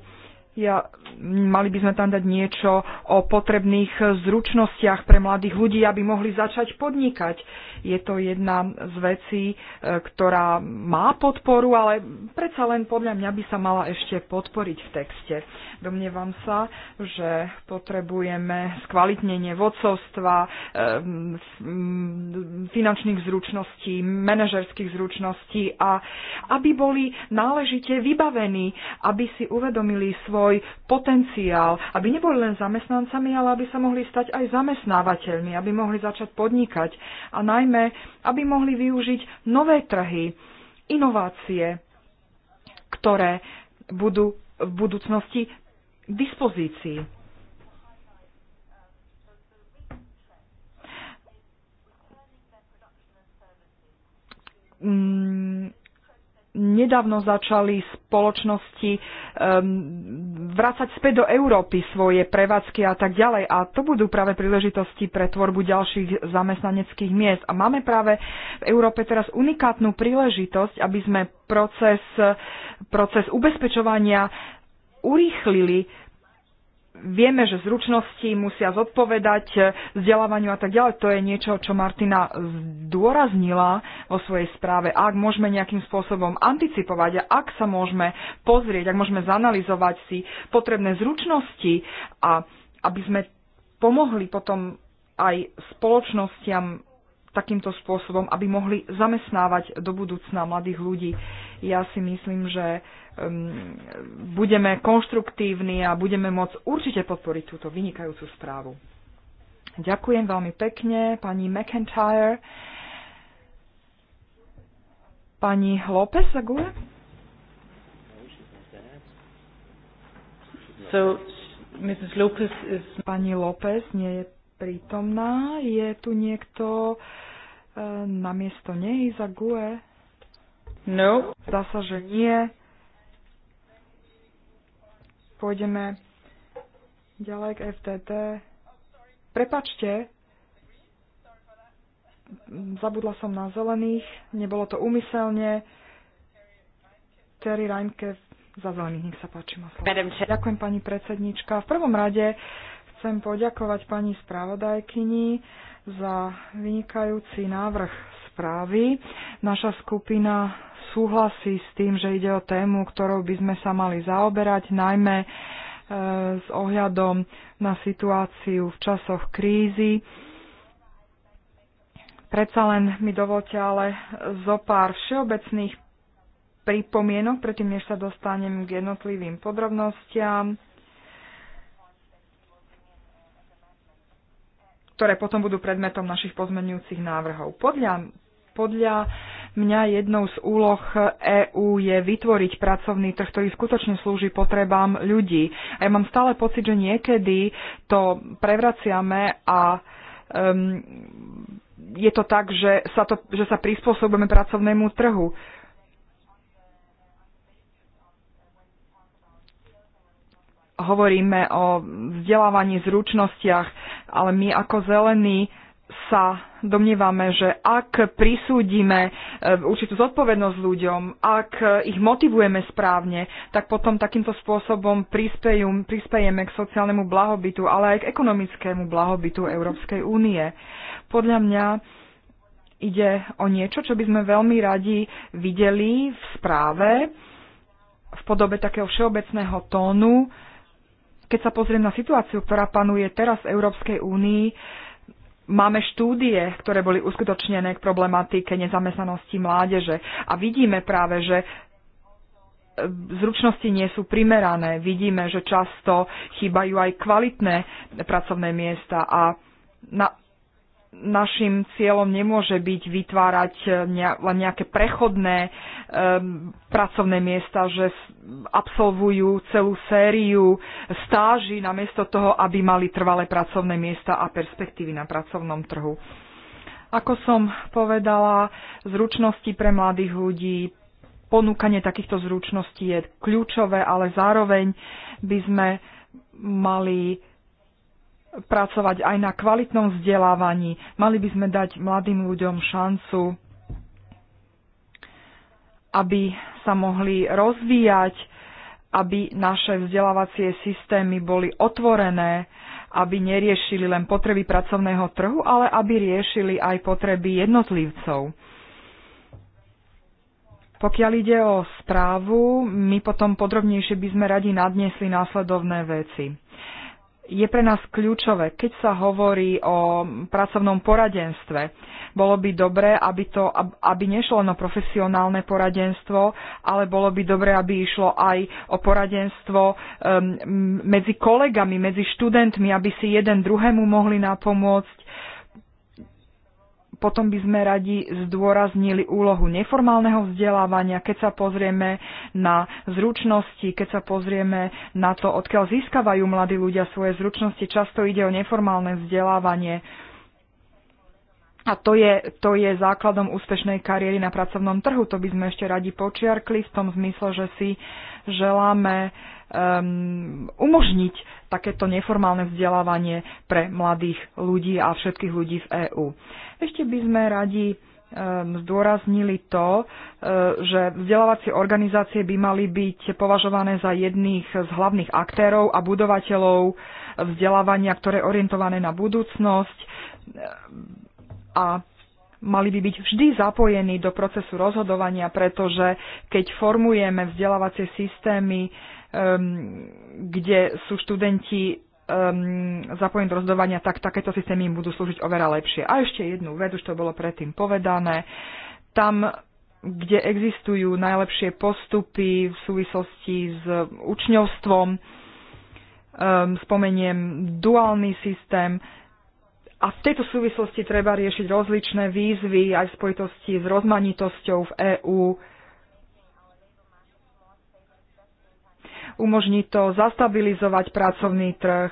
Ja mali by sme tam dať niečo o potrebných zručnostiach pre mladých ľudí, aby mohli začať podnikať. Je to jedna z vecí, e, ktorá má podporu, ale predsa len podľa mňa by sa mala ešte podporiť v texte. Domnievam sa, že potrebujeme skvalitnenie vodcovstva, e, finančných zručností, manažerských zručností a aby boli náležite vybavení, aby si uvedomili svoj pot- potenciál, aby neboli len zamestnancami, ale aby sa mohli stať aj zamestnávateľmi, aby mohli začať podnikať a najmä, aby mohli využiť nové trhy, inovácie, ktoré budú v budúcnosti k dispozícii. Mm, nedávno začali spoločnosti um, vrácať späť do Európy svoje prevádzky a tak ďalej. A to budú práve príležitosti pre tvorbu ďalších zamestnaneckých miest. A máme práve v Európe teraz unikátnu príležitosť, aby sme proces, proces ubezpečovania urýchlili vieme, že zručnosti musia zodpovedať eh, vzdelávaniu a tak ďalej. To je niečo, čo Martina zdôraznila vo svojej správe. Ak môžeme nejakým spôsobom anticipovať a ak sa môžeme pozrieť, ak môžeme zanalizovať si potrebné zručnosti a aby sme pomohli potom aj spoločnostiam takýmto spôsobom, aby mohli zamestnávať do budúcna mladých ľudí. Ja si myslím, že um, budeme konštruktívni a budeme môcť určite podporiť túto vynikajúcu správu. Ďakujem veľmi pekne pani McIntyre. Pani López Agule. So, Mrs. Lopez is... Pani López nie je prítomná. Je tu niekto E, namiesto nej za GUE? No. Zdá sa, že nie. Pôjdeme ďalej k FTT. Prepačte, zabudla som na zelených, nebolo to úmyselne. Terry Reimke za zelených, nech sa páči. Ďakujem pani predsednička. V prvom rade chcem poďakovať pani spravodajkyni za vynikajúci návrh správy. Naša skupina súhlasí s tým, že ide o tému, ktorou by sme sa mali zaoberať, najmä e, s ohľadom na situáciu v časoch krízy. Predsa len mi dovolte ale zo pár všeobecných pripomienok, predtým než sa dostanem k jednotlivým podrobnostiam. ktoré potom budú predmetom našich pozmenujúcich návrhov. Podľa, podľa mňa jednou z úloh EÚ je vytvoriť pracovný trh, ktorý skutočne slúži potrebám ľudí. A ja mám stále pocit, že niekedy to prevraciame a um, je to tak, že sa, to, že sa prispôsobujeme pracovnému trhu. Hovoríme o vzdelávaní, zručnostiach, ale my ako zelení sa domnievame, že ak prisúdime e, určitú zodpovednosť ľuďom, ak ich motivujeme správne, tak potom takýmto spôsobom prispejú, prispejeme k sociálnemu blahobytu, ale aj k ekonomickému blahobytu Európskej únie. Podľa mňa ide o niečo, čo by sme veľmi radi videli v správe v podobe takého všeobecného tónu, keď sa pozriem na situáciu, ktorá panuje teraz v Európskej únii, máme štúdie, ktoré boli uskutočnené k problematike nezamestnanosti mládeže a vidíme práve, že e, zručnosti nie sú primerané. Vidíme, že často chýbajú aj kvalitné pracovné miesta a na, našim cieľom nemôže byť vytvárať eh, len nejaké prechodné ehm, pracovné miesta, že absolvujú celú sériu stáží namiesto toho, aby mali trvalé pracovné miesta a perspektívy na pracovnom trhu. Ako som povedala, zručnosti pre mladých ľudí, ponúkanie takýchto zručností je kľúčové, ale zároveň by sme mali pracovať aj na kvalitnom vzdelávaní. Mali by sme dať mladým ľuďom šancu, aby sa mohli rozvíjať, aby naše vzdelávacie systémy boli otvorené, aby neriešili len potreby pracovného trhu, ale aby riešili aj potreby jednotlivcov. Pokiaľ ide o správu, my potom podrobnejšie by sme radi nadniesli následovné veci je pre nás kľúčové. Keď sa hovorí o pracovnom poradenstve, bolo by dobre, aby, to, aby nešlo na profesionálne poradenstvo, ale bolo by dobre, aby išlo aj o poradenstvo um, medzi kolegami, medzi študentmi, aby si jeden druhému mohli napomôcť potom by sme radi zdôraznili úlohu neformálneho vzdelávania, keď sa pozrieme na zručnosti, keď sa pozrieme na to, odkiaľ získavajú mladí ľudia svoje zručnosti. Často ide o neformálne vzdelávanie. A to je, to je základom úspešnej kariéry na pracovnom trhu. To by sme ešte radi počiarkli v tom zmysle, že si želáme um, umožniť takéto neformálne vzdelávanie pre mladých ľudí a všetkých ľudí v EÚ. Ešte by sme radi e, zdôraznili to, e, že vzdelávacie organizácie by mali byť považované za jedných z hlavných aktérov a budovateľov vzdelávania, ktoré je orientované na budúcnosť e, a mali by byť vždy zapojení do procesu rozhodovania, pretože keď formujeme vzdelávacie systémy, kde sú študenti um, zapojení do rozhodovania, tak takéto systémy im budú slúžiť oveľa lepšie. A ešte jednu vec, už to bolo predtým povedané. Tam, kde existujú najlepšie postupy v súvislosti s učňovstvom, um, spomeniem duálny systém, a v tejto súvislosti treba riešiť rozličné výzvy aj v spojitosti s rozmanitosťou v EÚ. umožní to zastabilizovať pracovný trh,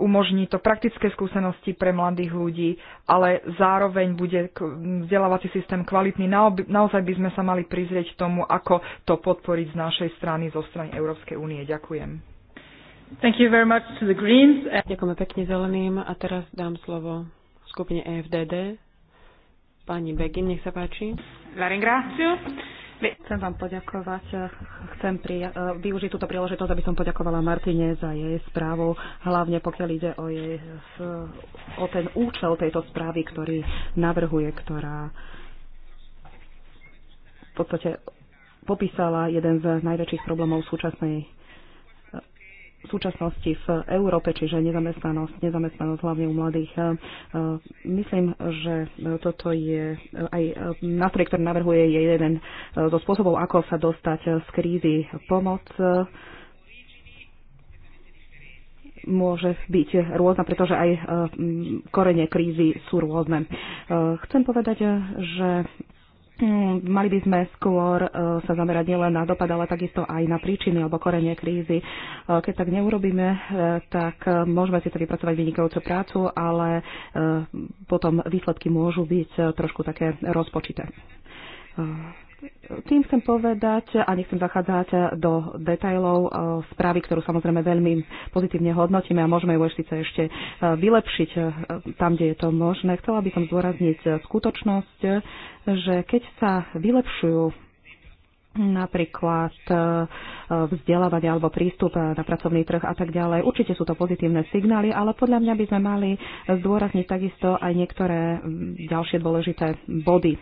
umožní to praktické skúsenosti pre mladých ľudí, ale zároveň bude vzdelávací systém kvalitný. Naozaj by sme sa mali prizrieť tomu, ako to podporiť z našej strany, zo strany Európskej únie. Ďakujem. Thank you very much to the Greens. Ďakujeme pekne zeleným a teraz dám slovo skupine EFDD. Pani Begin, nech sa páči. La ringrazio. Chcem vám poďakovať, chcem pri, využiť túto príležitosť, aby som poďakovala Martine za jej správu, hlavne pokiaľ ide o, jej, o ten účel tejto správy, ktorý navrhuje, ktorá v podstate popísala jeden z najväčších problémov súčasnej v súčasnosti v Európe, čiže nezamestnanosť, nezamestnanosť hlavne u mladých. E, myslím, že toto je aj e, nástroj, ktorý navrhuje, je jeden e, zo spôsobov, ako sa dostať z krízy. Pomoc môže byť rôzna, pretože aj korene krízy sú rôzne. Chcem povedať, že Mm, mali by sme skôr e, sa zamerať nielen na dopad, ale takisto aj na príčiny alebo korenie krízy. E, keď tak neurobíme, e, tak môžeme si to vypracovať vynikajúcu prácu, ale potom výsledky môžu byť trošku také rozpočité tým chcem povedať, a nechcem zachádzať do detajlov e, správy, ktorú samozrejme veľmi pozitívne hodnotíme a môžeme ju ešte, ešte e, vylepšiť e, tam, kde je to možné. Chcela by som zdôrazniť skutočnosť, že keď sa vylepšujú napríklad vzdelávanie alebo prístup na pracovný trh a tak ďalej. Určite sú to pozitívne signály, ale podľa mňa by sme mali zdôrazniť takisto aj niektoré ďalšie dôležité body.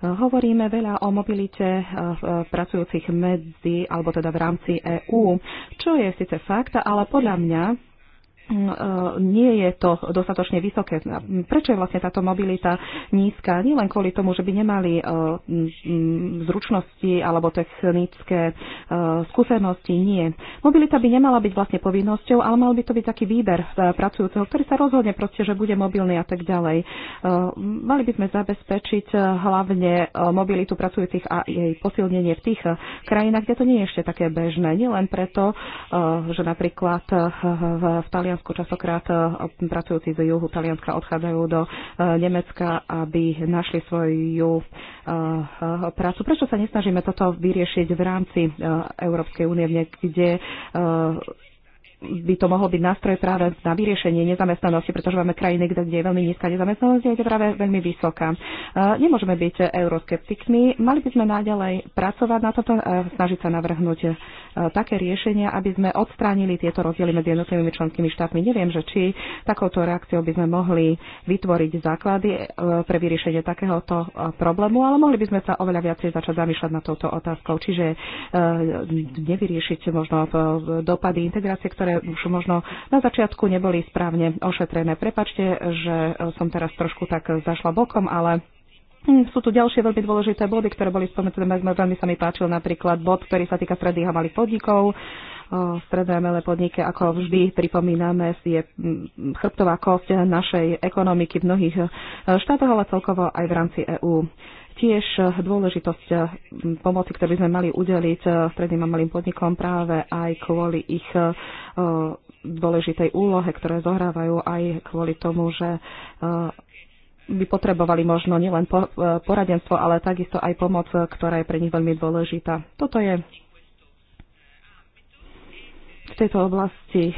Hovoríme veľa o mobilite e, e, pracujúcich medzi, alebo teda v rámci EÚ, čo je síce fakt, ale podľa mňa Mm, e, nie je to dostatočne vysoké. Prečo je vlastne táto mobilita nízka? len kvôli tomu, že by nemali e, zručnosti alebo technické e, skúsenosti, nie. Mobilita by nemala byť vlastne povinnosťou, ale mal by to byť taký výber pracujúceho, ktorý sa rozhodne proste, že bude mobilný a tak ďalej. Mali by sme zabezpečiť hlavne mobilitu pracujúcich a jej posilnenie v tých krajinách, kde to nie je ešte také bežné. len preto, že napríklad v Taliansku Taliansku. časokrát e, pracujúci z juhu Talianska odchádzajú do e, Nemecka, aby našli svoju e, prácu. Prečo sa nesnažíme toto vyriešiť v rámci Európskej únie, kde by to mohol byť nástroj práve na vyriešenie nezamestnanosti, pretože máme krajiny, kde je veľmi nízka nezamestnanosť kde je práve veľmi vysoká. E, nemôžeme byť euroskeptikmi, mali by sme naďalej pracovať na toto, e, snažiť sa navrhnúť e, také riešenia, aby sme odstránili tieto rozdiely medzi jednotlivými členskými štátmi. Neviem, že či takouto reakciou by sme mohli vytvoriť základy pre vyriešenie takéhoto problému, ale mohli by sme sa oveľa viacej začať zamýšľať nad touto otázkou. Čiže nevyriešiť možno dopady integrácie, ktoré ktoré už možno na začiatku neboli správne ošetrené. Prepačte, že som teraz trošku tak zašla bokom, ale sú tu ďalšie veľmi dôležité body, ktoré boli spomenuté. Veľmi sa mi páčil napríklad bod, ktorý sa týka stredných a malých podnikov. Stredné a malé podniky, ako vždy pripomíname, je mm, chrbtová kosť našej ekonomiky v mnohých e, štátoch, ale celkovo aj v rámci EÚ tiež eh, dôležitosť eh, pomoci, ktorú by sme mali udeliť eh, stredným a malým podnikom práve aj kvôli ich dôležitej úlohe, ktoré zohrávajú aj kvôli tomu, že by potrebovali možno nielen poradenstvo, ale takisto aj pomoc, ktorá je pre nich veľmi dôležitá. Toto je v tejto oblasti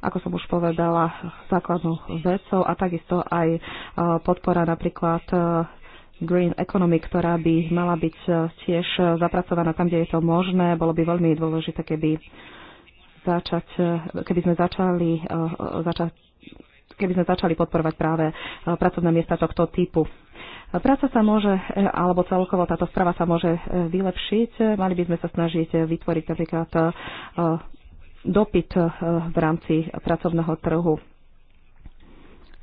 ako som už povedala, základnou vecou a takisto aj podpora napríklad Green Economy, ktorá by mala byť e, tiež e, zapracovaná tam, kde je to možné. Bolo by veľmi dôležité, keby, začať, e, keby sme začali keby sme začali podporovať práve pracovné miesta tohto typu. Práca sa môže, alebo celkovo táto správa sa môže vylepšiť. Mali by sme sa snažiť vytvoriť napríklad dopyt v rámci pracovného trhu.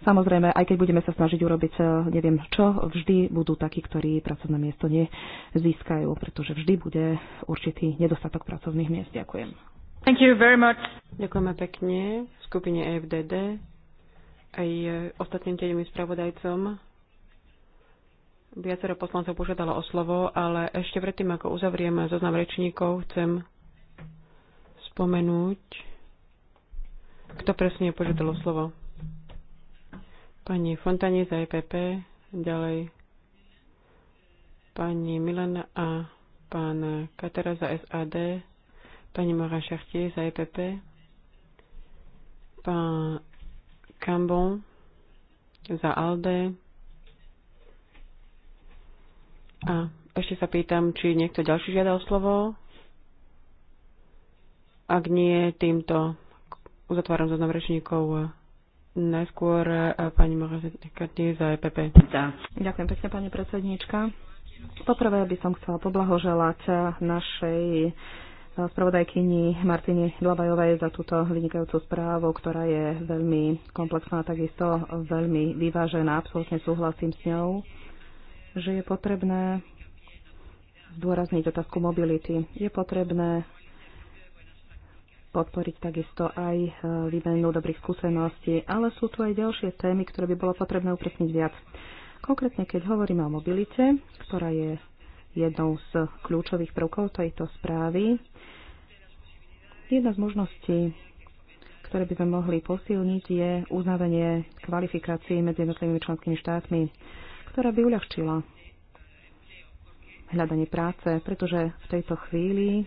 Samozrejme, aj keď budeme sa snažiť urobiť eh, neviem čo, vždy budú takí, ktorí pracovné miesto nezískajú, pretože vždy bude určitý nedostatok pracovných miest. Ďakujem. Thank you very much. Ďakujeme pekne v skupine EFDD aj eh, ostatným tedemým spravodajcom. Viacero poslancov požiadalo o slovo, ale ešte predtým, ako uzavrieme zoznam rečníkov, chcem spomenúť, kto presne požiadalo slovo. Pani Fontani za EPP, ďalej pani Milana a pán Katera za SAD, pani Mora Chartier za EPP, pán Cambon za ALDE a ešte sa pýtam, či niekto ďalší o slovo. Ak nie, týmto uzatváram zoznam rečníkov Najskôr e, pani Morazekatý za EPP. Ďakujem pekne, pani predsednička. Poprvé by som chcela poblahoželať e, našej e, spravodajkyni Martini Dlabajovej za túto vynikajúcu správu, ktorá je veľmi komplexná, takisto veľmi vyvážená. Absolutne súhlasím s ňou, že je potrebné zdôrazniť otázku mobility. Je potrebné podporiť takisto aj e, výmenu dobrých skúseností, ale sú tu aj ďalšie témy, ktoré by bolo potrebné upresniť viac. Konkrétne, keď hovoríme o mobilite, ktorá je jednou z kľúčových prvkov tejto správy, jedna z možností, ktoré by sme mohli posilniť, je uznávanie kvalifikácií medzi jednotlivými členskými štátmi, ktorá by uľahčila hľadanie práce, pretože v tejto chvíli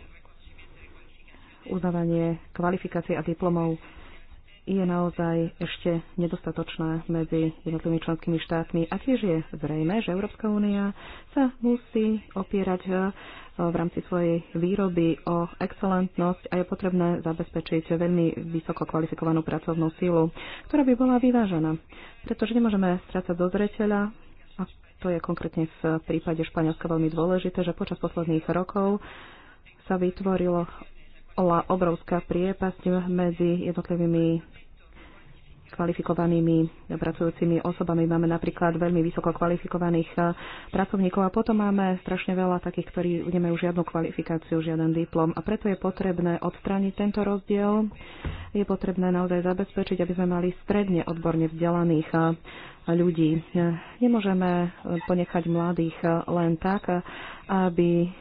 uznávanie kvalifikácií a diplomov je naozaj ešte nedostatočná medzi jednotlivými členskými štátmi a tiež je zrejme, že Európska únia sa musí opierať eh, v rámci svojej výroby o excelentnosť a je potrebné zabezpečiť veľmi vysoko kvalifikovanú pracovnú sílu, ktorá by bola vyvážená. Pretože nemôžeme strácať do zreteľa, a to je konkrétne v prípade Španielska veľmi dôležité, že počas posledných rokov sa vytvorilo bola obrovská priepasť medzi jednotlivými kvalifikovanými pracujúcimi osobami. Máme napríklad veľmi vysoko kvalifikovaných eh, pracovníkov a potom máme strašne veľa takých, ktorí nemajú žiadnu kvalifikáciu, žiaden diplom. A preto je potrebné odstrániť tento rozdiel. Je potrebné naozaj zabezpečiť, aby sme mali stredne odborne vzdelaných eh, ľudí. Eh, nemôžeme ponechať mladých len tak, aby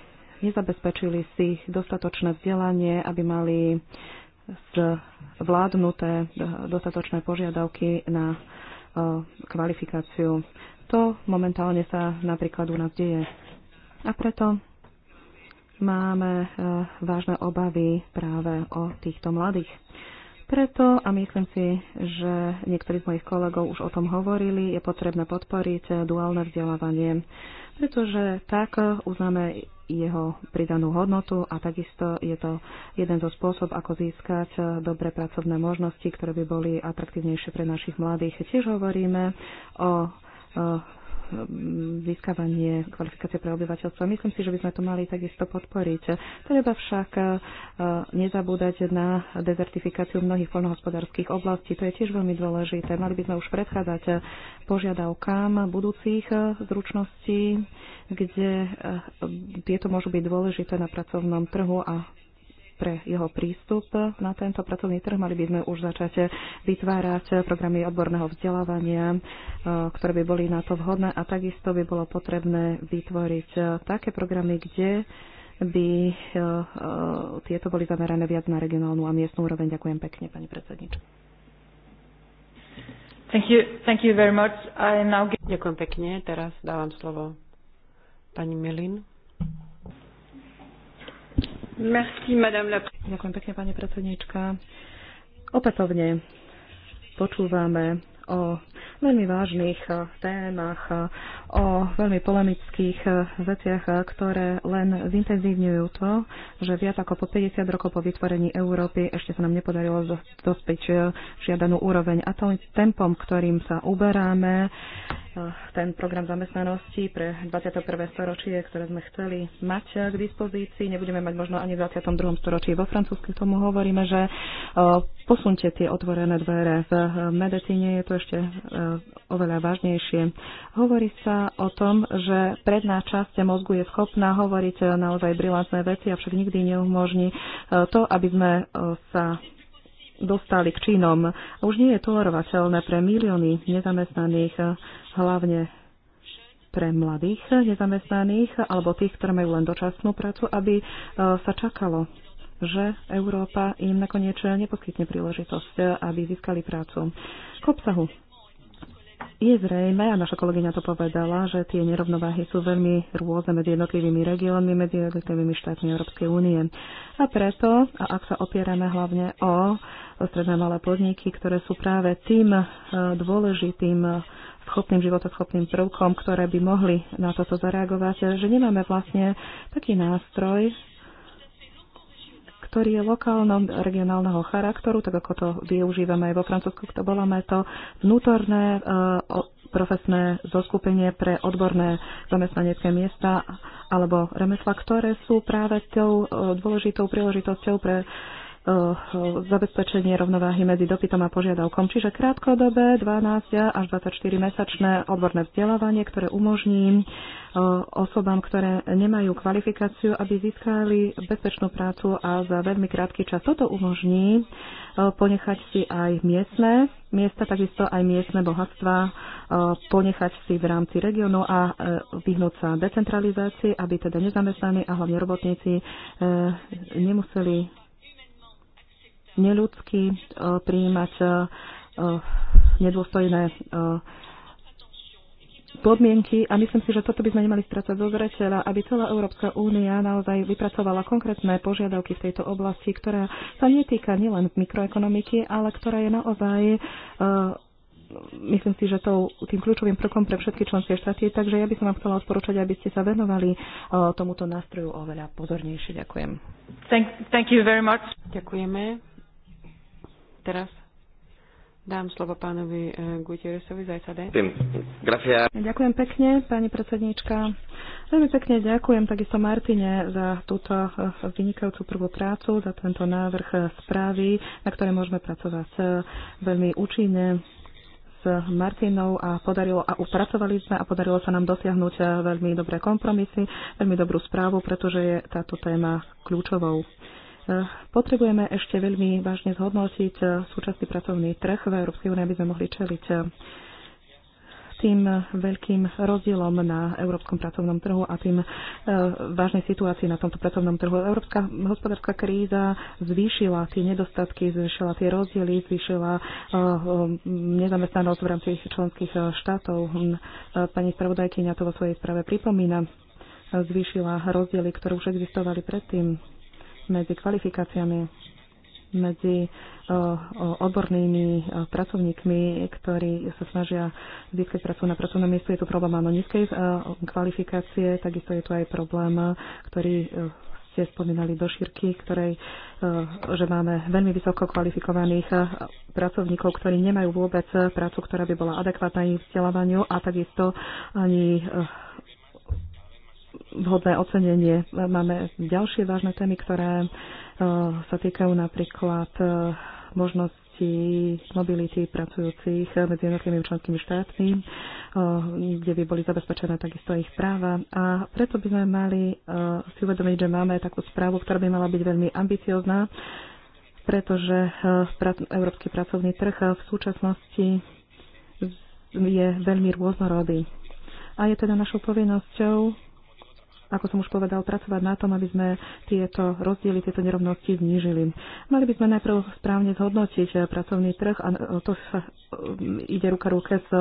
nezabezpečili si dostatočné vzdelanie, aby mali zvládnuté dostatočné požiadavky na e, kvalifikáciu. To momentálne sa napríklad u nás deje. A preto máme e, vážne obavy práve o týchto mladých. Preto, a myslím si, že niektorí z mojich kolegov už o tom hovorili, je potrebné podporiť duálne vzdelávanie, pretože tak uznáme jeho pridanú hodnotu a takisto je to jeden zo spôsob, ako získať dobre pracovné možnosti, ktoré by boli atraktívnejšie pre našich mladých. Tiež hovoríme o získavanie kvalifikácie pre obyvateľstvo. Myslím si, že by sme to mali takisto podporiť. Treba však e, nezabúdať na dezertifikáciu mnohých poľnohospodárských oblastí. To je tiež veľmi dôležité. Mali by sme už predchádzať požiadavkám budúcich e, zručností, kde e, tieto môžu byť dôležité na pracovnom trhu a pre jeho prístup na tento pracovný trh. Mali by sme už začať vytvárať programy odborného vzdelávania, e, ktoré by boli na to vhodné a takisto by bolo potrebné vytvoriť e, také programy, kde by e, tieto boli zamerané viac na regionálnu a miestnú úroveň. Ďakujem pekne, pani predsednička. Thank you, thank you very much. I now... Ďakujem pekne. Teraz dávam slovo pani Milin. Merci, madame la... Ďakujem pekne, pani predsednička. Opätovne počúvame o veľmi vážnych eh, témach, eh, o veľmi polemických eh, veciach, eh, ktoré len zintenzívňujú to, že viac ako po 50 rokov po vytvorení Európy ešte sa nám nepodarilo dospiť eh, žiadanú úroveň. A to tempom, ktorým sa uberáme, ten program zamestnanosti pre 21. storočie, ktoré sme chceli mať k dispozícii, nebudeme mať možno ani v 22. storočí. Vo francúzsku tomu hovoríme, že posunte tie otvorené dvere. V medicíne, je to ešte oveľa vážnejšie. Hovorí sa o tom, že predná časť mozgu je schopná hovoriť eh, naozaj brilantné veci, avšak nikdy neumožní eh, to, aby sme eh, sa dostali k činom. Už nie je tolerovateľné pre milióny nezamestnaných, hlavne pre mladých nezamestnaných alebo tých, ktorí majú len dočasnú prácu, aby sa čakalo že Európa im nakoniec neposkytne príležitosť, aby získali prácu. K obsahu je zrejme, a naša kolegyňa to povedala, že tie nerovnováhy sú veľmi rôzne medzi jednotlivými regiónmi, medzi jednotlivými štátmi Európskej únie. A preto, a ak sa opierame hlavne o stredné malé podniky, ktoré sú práve tým e, dôležitým e, schopným životoschopným prvkom, ktoré by mohli na toto zareagovať, že nemáme vlastne taký nástroj, ktorý je lokálnom regionálneho charakteru, tak ako to využívame aj vo Francúzsku, to bola to vnútorné e, profesné zoskupenie pre odborné zamestnanecké miesta alebo remesla, ktoré sú práve tou e, dôležitou príležitosťou pre Eh, zabezpečenie rovnováhy medzi dopytom a požiadavkom, čiže krátkodobé 12 až 24 mesačné odborné vzdelávanie, ktoré umožní eh, osobám, ktoré nemajú kvalifikáciu, aby získali bezpečnú prácu a za veľmi krátky čas. Toto umožní eh, ponechať si aj miestne miesta, takisto aj miestne bohatstva ponechať si v rámci regiónu a vyhnúť sa decentralizácii, aby teda nezamestnaní a hlavne robotníci nemuseli neľudsky e, prijímať e, e, nedôstojné podmienky a myslím si, že toto by sme nemali strácať zo zreteľa, aby celá Európska únia naozaj vypracovala konkrétne požiadavky v tejto oblasti, ktorá sa netýka nielen mikroekonomiky, ale ktorá je naozaj myslím si, že tou, tým kľúčovým prvkom pre všetky členské štáty. Takže ja by som vám chcela odporúčať, aby ste sa venovali tomuto nástroju oveľa pozornejšie. Ďakujem. Thank, thank you very much. Ďakujeme. Teraz dám slovo pánovi e, Gutierrezovi z Ďakujem pekne, pani predsedníčka. Veľmi pekne ďakujem takisto Martine za túto e, vynikajúcu prvú prácu, za tento návrh e, správy, na ktorej môžeme pracovať veľmi účinne s Martinou a podarilo a upracovali sme a podarilo sa nám dosiahnuť veľmi dobré kompromisy, veľmi dobrú správu, pretože je táto téma kľúčovou. Potrebujeme ešte veľmi vážne zhodnotiť eh, súčasný pracovný trh v Európskej únii, aby sme mohli čeliť eh, tým veľkým rozdielom na európskom pracovnom trhu a tým e, vážnej situácii na tomto pracovnom trhu. Európska hospodárska kríza zvýšila tie nedostatky, zvýšila tie rozdiely, zvýšila e, nezamestnanosť v rámci členských štátov. Hm, pani spravodajkyňa to vo svojej správe pripomína. Zvýšila rozdiely, ktoré už existovali predtým medzi kvalifikáciami, medzi odbornými pracovníkmi, ktorí sa snažia získať prácu na pracovnom miestu. Je tu problém áno nízkej kvalifikácie, takisto je tu aj problém, ktorý ste spomínali do šírky, ktorej, že máme veľmi vysoko kvalifikovaných pracovníkov, ktorí nemajú vôbec prácu, ktorá by bola adekvátna ich vzdelávaniu a takisto ani vhodné ocenenie. Máme ďalšie vážne témy, ktoré e, sa týkajú napríklad e, možnosti mobility pracujúcich medzi jednotlivými členskými štátmi, e, kde by boli zabezpečené takisto ich práva. A preto by sme mali si uvedomiť, že máme takú správu, ktorá by mala byť veľmi ambiciozná, pretože európsky pracovný trh v súčasnosti je veľmi rôznorodý. A je teda našou povinnosťou ako som už povedal, pracovať na tom, aby sme tieto rozdiely, tieto nerovnosti znížili. Mali by sme najprv správne zhodnotiť eh, pracovný trh a eh, to sa eh, ide ruka ruke s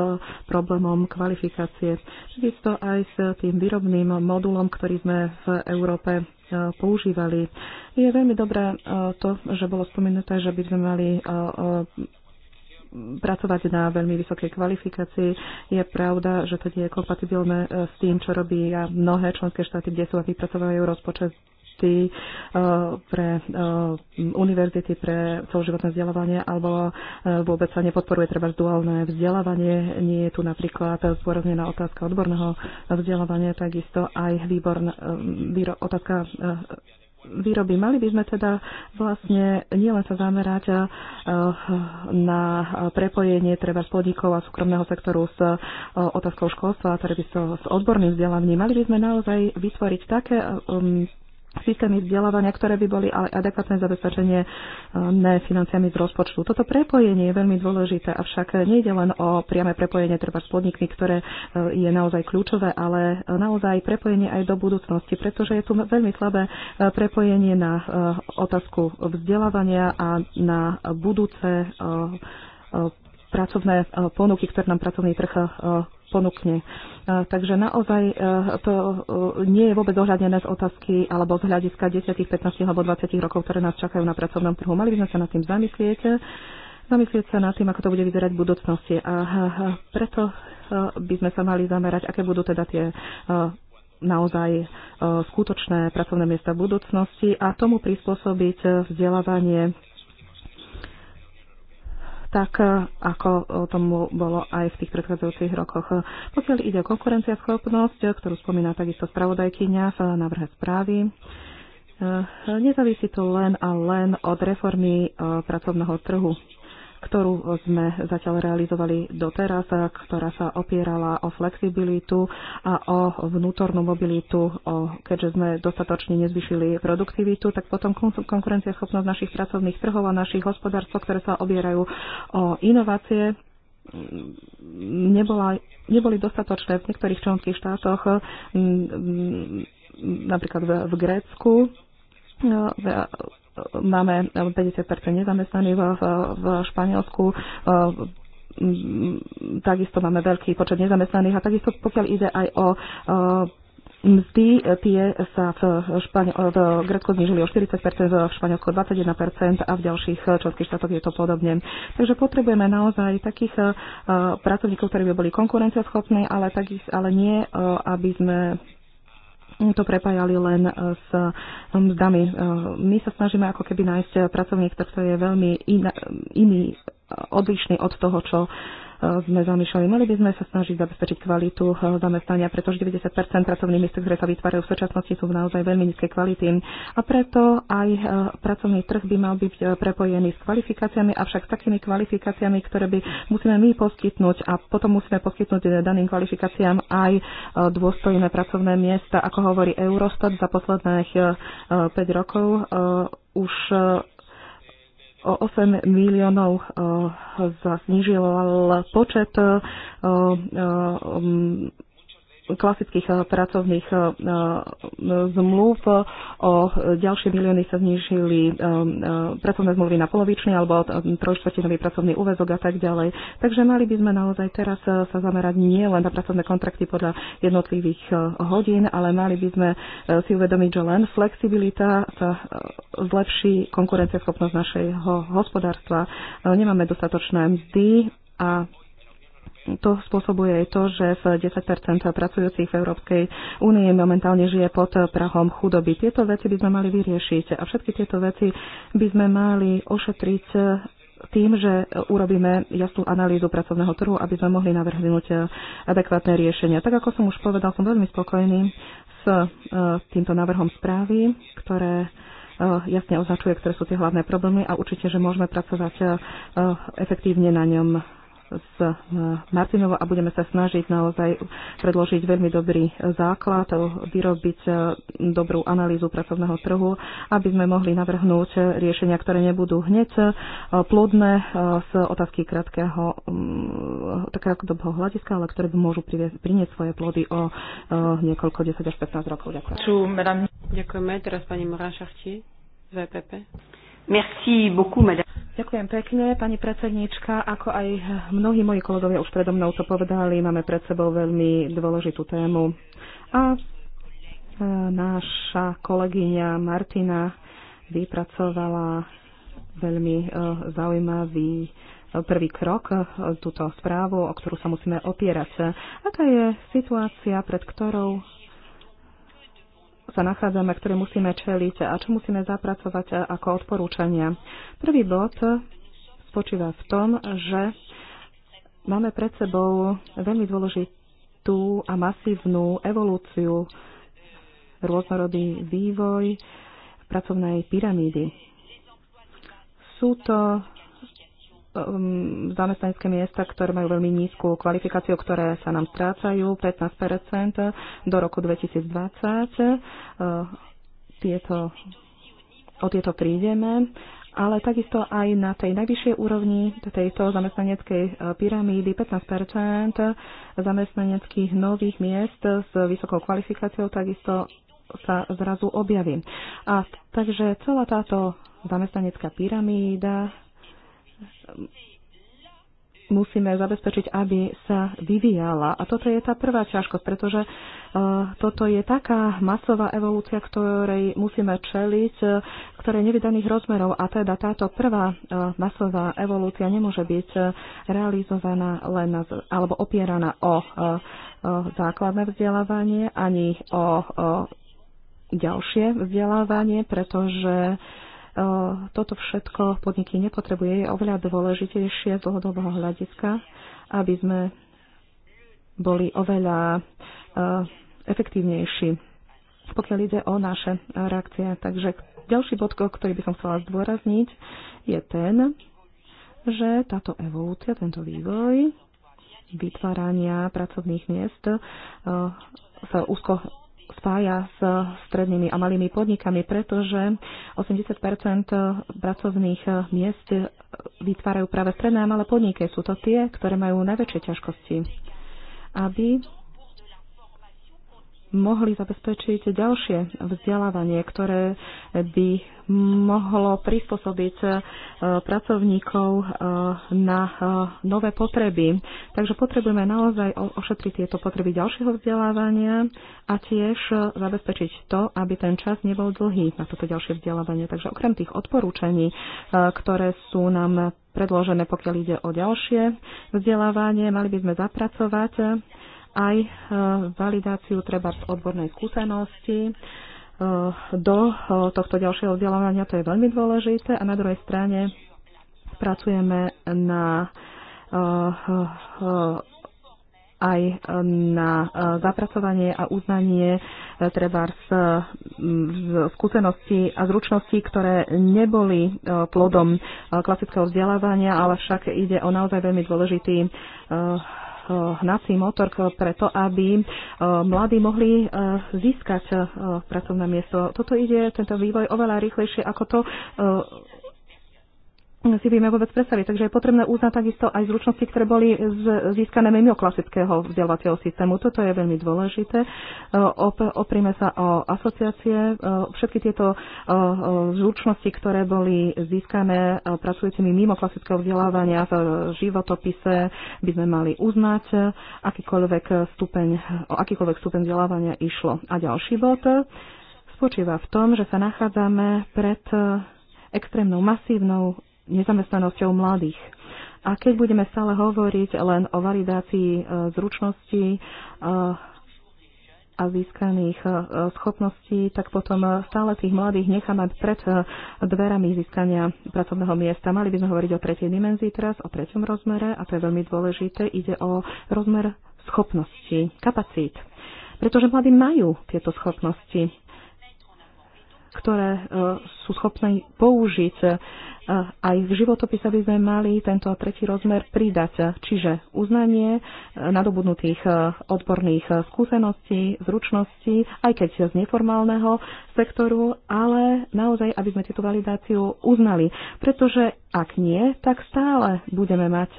problémom kvalifikácie. Takisto aj s tým výrobným modulom, ktorý sme v Európe používali. Je veľmi dobré to, že bolo spomenuté, že by sme mali pracovať na veľmi vysokej kvalifikácii. Je pravda, že to nie je kompatibilné eh, s tým, čo robí a mnohé členské štáty, kde sú a vypracovajú rozpočet eh, pre eh, univerzity, pre celoživotné vzdelávanie alebo vôbec sa nepodporuje treba duálne vzdelávanie. Nie je tu napríklad zdôraznená otázka odborného vzdelávania, takisto aj výbor, výro, otázka výroby. Mali by sme teda vlastne nielen sa zamerať eh, na prepojenie treba z podnikov a súkromného sektoru s eh, otázkou školstva, ktoré by so, s odborným vzdelaním. Mali by sme naozaj vytvoriť také eh, um, systémy vzdelávania, ktoré by boli ale adekvátne zabezpečenie ne eh, financiami z rozpočtu. Toto prepojenie je veľmi dôležité, avšak nejde len o priame prepojenie treba s podnikmi, ktoré eh, je naozaj kľúčové, ale eh, naozaj prepojenie aj do budúcnosti, pretože je tu veľmi slabé prepojenie na otázku vzdelávania a na budúce pracovné ponuky, ktoré nám pracovný trh ponúkne. E, takže naozaj e, to e, nie je vôbec ohľadnené z otázky alebo z hľadiska 10, 15 alebo 20 rokov, ktoré nás čakajú na pracovnom trhu. Mali by sme sa nad tým zamyslieť zamyslieť sa nad tým, ako to bude vyzerať v budúcnosti. A preto by sme sa mali zamerať, aké budú teda tie naozaj skutočné pracovné miesta v budúcnosti a tomu prispôsobiť vzdelávanie tak e, ako e, tomu bolo aj v tých predchádzajúcich rokoch. Pokiaľ ide o konkurenciaschopnosť, e, ktorú spomína takisto spravodajkyňa v návrhe správy, nezávisí to len a len od reformy pracovného trhu ktorú sme zatiaľ realizovali doteraz, ktorá sa opierala o flexibilitu a o vnútornú mobilitu, o, keďže sme dostatočne nezvyšili produktivitu, tak potom konkurencieschopnosť našich pracovných trhov a našich hospodárstv, ktoré sa obierajú o inovácie, nebola, neboli dostatočné v niektorých členských štátoch, napríklad v, v Grécku máme 50% nezamestnaných v, v Španielsku, takisto máme veľký počet nezamestnaných a takisto pokiaľ ide aj o Mzdy tie sa v, Špani- v Grecku znižili o 40%, v Španielsku 21% a v ďalších členských štátoch je to podobne. Takže potrebujeme naozaj takých uh, pracovníkov, ktorí by boli konkurencieschopní, ale, takých, ale nie, uh, aby sme to prepájali len e, s e, mzdami. E, my sa snažíme ako keby nájsť pracovník, ktorý je veľmi iná iný odlišný od toho, čo e, sme zamýšľali. Mali by sme sa snažiť zabezpečiť kvalitu e, zamestnania, pretože 90 pracovných miest, ktoré sa vytvárajú v súčasnosti, sú naozaj veľmi nízke kvality. A preto aj e, pracovný trh by mal byť prepojený s kvalifikáciami, avšak s takými kvalifikáciami, ktoré by musíme my poskytnúť a potom musíme poskytnúť daným kvalifikáciám aj dôstojné pracovné miesta. Ako hovorí Eurostat, za posledných 5 rokov už o 8 miliónov uh, eh, znižil počet uh, um, klasických eh, pracovných eh, eh, zmluv. O ďalšie milióny sa znížili pracovné zmluvy na polovičný alebo trojštvrtinový pracovný úvezok a tak ďalej. Takže mali by sme naozaj teraz sa zamerať nie len na pracovné kontrakty podľa jednotlivých hodín, ale mali by sme si uvedomiť, že len flexibilita sa zlepší konkurencieschopnosť našeho hospodárstva. Nemáme dostatočné mzdy a to spôsobuje aj to, že v 10 pracujúcich v Európskej únii momentálne žije pod prahom chudoby. Tieto veci by sme mali vyriešiť a všetky tieto veci by sme mali ošetriť tým, že urobíme jasnú analýzu pracovného trhu, aby sme mohli navrhnúť adekvátne riešenia. Tak ako som už povedal, som veľmi spokojný s e, týmto návrhom správy, ktoré e, jasne označuje, ktoré sú tie hlavné problémy a určite, že môžeme pracovať e, efektívne na ňom s e, Martinovou a budeme sa snažiť naozaj predložiť veľmi dobrý e, základ, e, vyrobiť dobrú analýzu pracovného trhu, aby sme mohli navrhnúť riešenia, ktoré nebudú hneď plodné z otázky krátkeho, mm, krátkodobého hľadiska, ale ktoré môžu priniesť svoje plody o niekoľko 10 až 15 rokov. Ďakujem. Ďakujeme. Teraz pani Morán Šachti, VPP. Merci beaucoup, madame. Ďakujem pekne, pani predsednička. Ako aj mnohí moji kolegovia už predo mnou to povedali, máme pred sebou veľmi dôležitú tému. A e, náša kolegyňa Martina vypracovala veľmi e, zaujímavý e, prvý krok, túto správu, o ktorú sa musíme opierať. Aká je situácia, pred ktorou sa nachádzame, ktoré musíme čeliť a čo musíme zapracovať ako odporúčania. Prvý bod spočíva v tom, že máme pred sebou veľmi dôležitú a masívnu evolúciu, rôznorodý vývoj pracovnej pyramídy. Sú to Um, zamestnanecké miesta, ktoré majú veľmi nízku kvalifikáciu, ktoré sa nám strácajú, 15 do roku 2020. Uh, tieto, o tieto prídeme ale takisto aj na tej najvyššej úrovni tejto zamestnaneckej uh, pyramídy 15 zamestnaneckých nových miest s vysokou kvalifikáciou takisto sa zrazu objaví. A takže celá táto zamestnanecká pyramída musíme zabezpečiť, aby sa vyvíjala. A toto je tá prvá ťažkosť, pretože e, toto je taká masová evolúcia, ktorej musíme čeliť, e, ktoré nevydaných rozmerov. A teda táto prvá e, masová evolúcia nemôže byť realizovaná len na, alebo opieraná o základné vzdelávanie ani o ďalšie vzdelávanie, pretože toto všetko podniky nepotrebuje. Je oveľa dôležitejšie z dlhodobého hľadiska, aby sme boli oveľa efektívnejší, pokiaľ ide o naše reakcie. Takže ďalší bod, ktorý by som chcela zdôrazniť, je ten, že táto evolúcia, tento vývoj vytvárania pracovných miest sa úzko spája s strednými a malými podnikami, pretože 80 pracovných miest vytvárajú práve stredné a malé podniky. Sú to tie, ktoré majú najväčšie ťažkosti, aby mohli zabezpečiť ďalšie vzdelávanie, ktoré by mohlo prispôsobiť eh, pracovníkov eh, na eh, nové potreby. Takže potrebujeme naozaj ošetriť tieto potreby ďalšieho vzdelávania a tiež zabezpečiť to, aby ten čas nebol dlhý na toto ďalšie vzdelávanie. Takže okrem tých odporúčaní, ktoré sú nám predložené, pokiaľ ide o ďalšie vzdelávanie, mali by sme zapracovať aj e, validáciu treba odbornej skúsenosti e, do e, tohto ďalšieho vzdelávania, to je veľmi dôležité. A na druhej strane pracujeme na aj na zapracovanie a uznanie treba z skúseností a zručností, ktoré neboli plodom klasického vzdelávania, ale však ide o naozaj veľmi dôležitý Eh, hnací motor preto, aby eh, mladí mohli eh, získať pracovné miesto. Toto ide, tento vývoj, oveľa rýchlejšie, ako to si vieme vôbec predstaviť. Takže je potrebné uznať takisto aj zručnosti, ktoré boli získané mimo klasického vzdelávacieho systému. Toto je veľmi dôležité. Eh, oprime sa o asociácie. Eh, všetky tieto eh, zručnosti, ktoré boli získané pracujúcimi mimo klasického vzdelávania v životopise, by sme mali uznať, akýkoľvek stupeň, o akýkoľvek stupeň vzdelávania išlo. A ďalší bod spočíva v tom, že sa nachádzame pred extrémnou masívnou nezamestnanosťou mladých. A keď budeme stále hovoriť len o validácii e, zručností e, a získaných e, schopností, tak potom stále tých mladých necháme pred dverami získania pracovného miesta. Mali by sme hovoriť o tretej dimenzii teraz, o treťom rozmere a to je veľmi dôležité. Ide o rozmer schopností, kapacít. Pretože mladí majú tieto schopnosti ktoré e, sú schopné použiť e, aj v životopise by sme mali tento tretí rozmer pridať, čiže uznanie e, nadobudnutých odborných skúseností, zručností, aj keď z neformálneho sektoru, ale naozaj, aby sme túto validáciu uznali. Pretože ak nie, tak stále budeme mať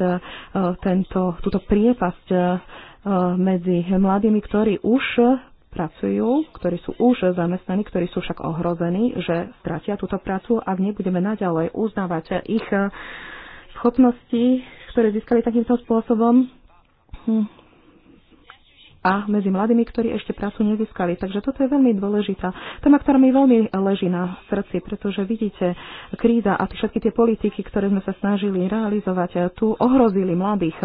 tento, túto priepasť medzi mladými, ktorí už pracujú, ktorí sú už zamestnaní, ktorí sú však ohrození, že stratia túto prácu, ak nebudeme naďalej uznávať ich schopnosti, ktoré získali takýmto spôsobom hm, a medzi mladými, ktorí ešte prácu nezískali. Takže toto je veľmi dôležitá téma, ktorá mi veľmi leží na srdci, pretože vidíte, kríza a všetky tie politiky, ktoré sme sa snažili realizovať, tu ohrozili mladých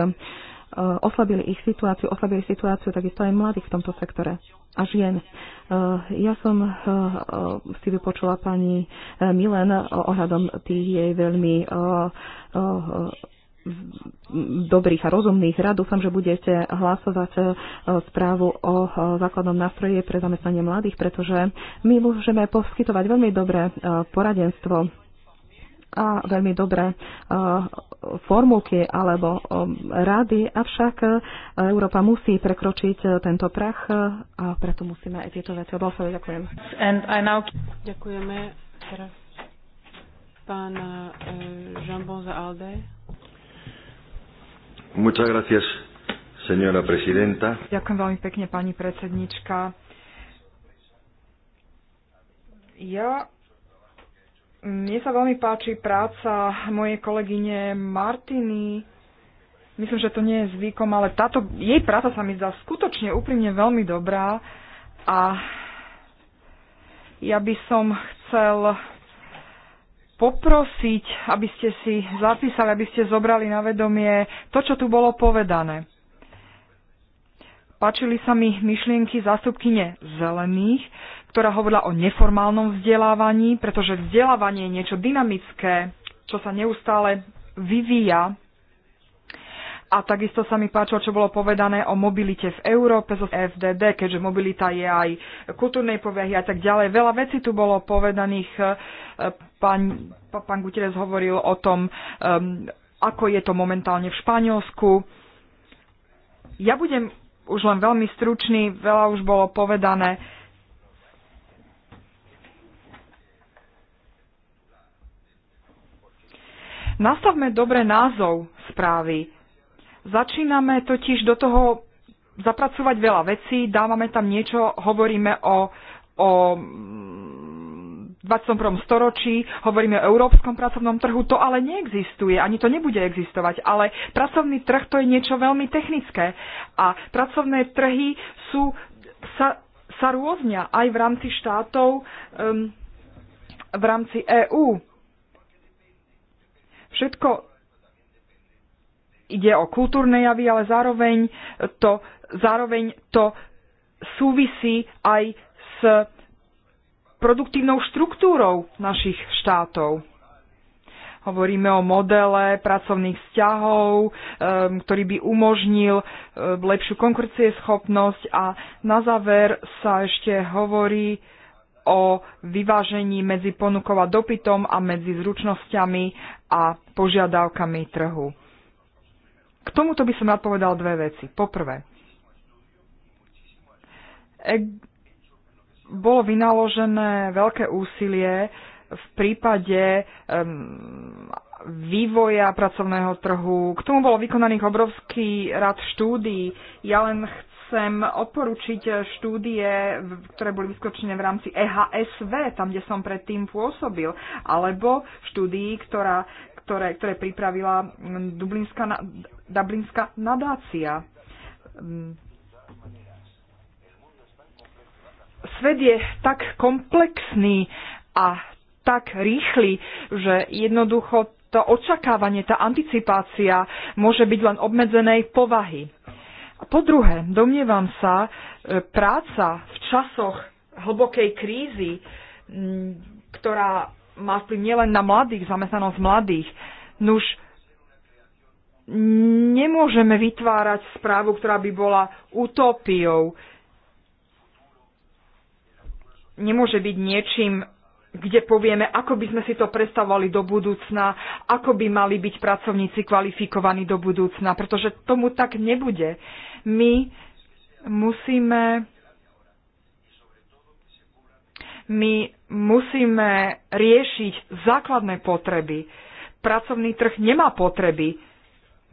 Eh, oslabili ich situáciu, oslabili situáciu takisto aj mladých v tomto sektore a žien. Eh, ja som eh, si vypočula pani Milen ohľadom tých jej veľmi dobrých a rozumných rád. Dúfam, že budete hlasovať správu o základnom nástroje pre zamestnanie mladých, pretože my môžeme poskytovať veľmi dobré poradenstvo a veľmi dobré e, formulky alebo e, rady, avšak e, Európa musí prekročiť tento prach a preto musíme aj tieto veci odhlasovať. Ďakujem. Now... Ďakujeme teraz pán jean za Alde. Muchas gracias, señora presidenta. Ďakujem veľmi pekne, pani predsednička. Ja mne sa veľmi páči práca mojej kolegyne Martiny. Myslím, že to nie je zvykom, ale táto, jej práca sa mi zdá skutočne úprimne veľmi dobrá a ja by som chcel poprosiť, aby ste si zapísali, aby ste zobrali na vedomie to, čo tu bolo povedané. Pačili sa mi myšlienky zástupkyne zelených, ktorá hovorila o neformálnom vzdelávaní, pretože vzdelávanie je niečo dynamické, čo sa neustále vyvíja. A takisto sa mi páčilo, čo bolo povedané o mobilite v Európe zo FDD, keďže mobilita je aj kultúrnej povahy a tak ďalej. Veľa vecí tu bolo povedaných. E, pán, pán Gutierrez hovoril o tom, e, ako je to momentálne v Španielsku. Ja budem už len veľmi stručný, veľa už bolo povedané. Nastavme dobre názov správy. Začíname totiž do toho zapracovať veľa vecí, dávame tam niečo, hovoríme o, o 21. storočí, hovoríme o európskom pracovnom trhu, to ale neexistuje, ani to nebude existovať, ale pracovný trh to je niečo veľmi technické a pracovné trhy sú, sa, sa rôznia aj v rámci štátov, um, v rámci EÚ Všetko ide o kultúrne javy, ale zároveň to, zároveň to súvisí aj s produktívnou štruktúrou našich štátov. Hovoríme o modele pracovných vzťahov, ktorý by umožnil lepšiu konkurencieschopnosť a na záver sa ešte hovorí o vyvážení medzi ponukou a dopytom a medzi zručnosťami a požiadavkami trhu. K tomuto by som rád povedal dve veci. Poprvé, e, bolo vynaložené veľké úsilie v prípade um, vývoja pracovného trhu. K tomu bolo vykonaných obrovský rad štúdií. Ja len chcem chcem odporučiť štúdie, ktoré boli vyskočené v rámci EHSV, tam, kde som predtým pôsobil, alebo štúdii, ktorá, ktoré, ktoré pripravila mm, Dublinská, Dublinská nadácia. Mm. Svet je tak komplexný a tak rýchly, že jednoducho to očakávanie, tá anticipácia môže byť len obmedzenej povahy po druhé, domnievam sa, e, práca v časoch hlbokej krízy, ktorá má vplyv nielen na mladých, zamestnanosť mladých, nuž nemôžeme vytvárať správu, ktorá by bola utopiou. Nemôže byť niečím, kde povieme, ako by sme si to predstavovali do budúcna, ako by mali byť pracovníci kvalifikovaní do budúcna, pretože tomu tak nebude. Uh, my musíme my musíme riešiť základné potreby. Pracovný trh nemá potreby,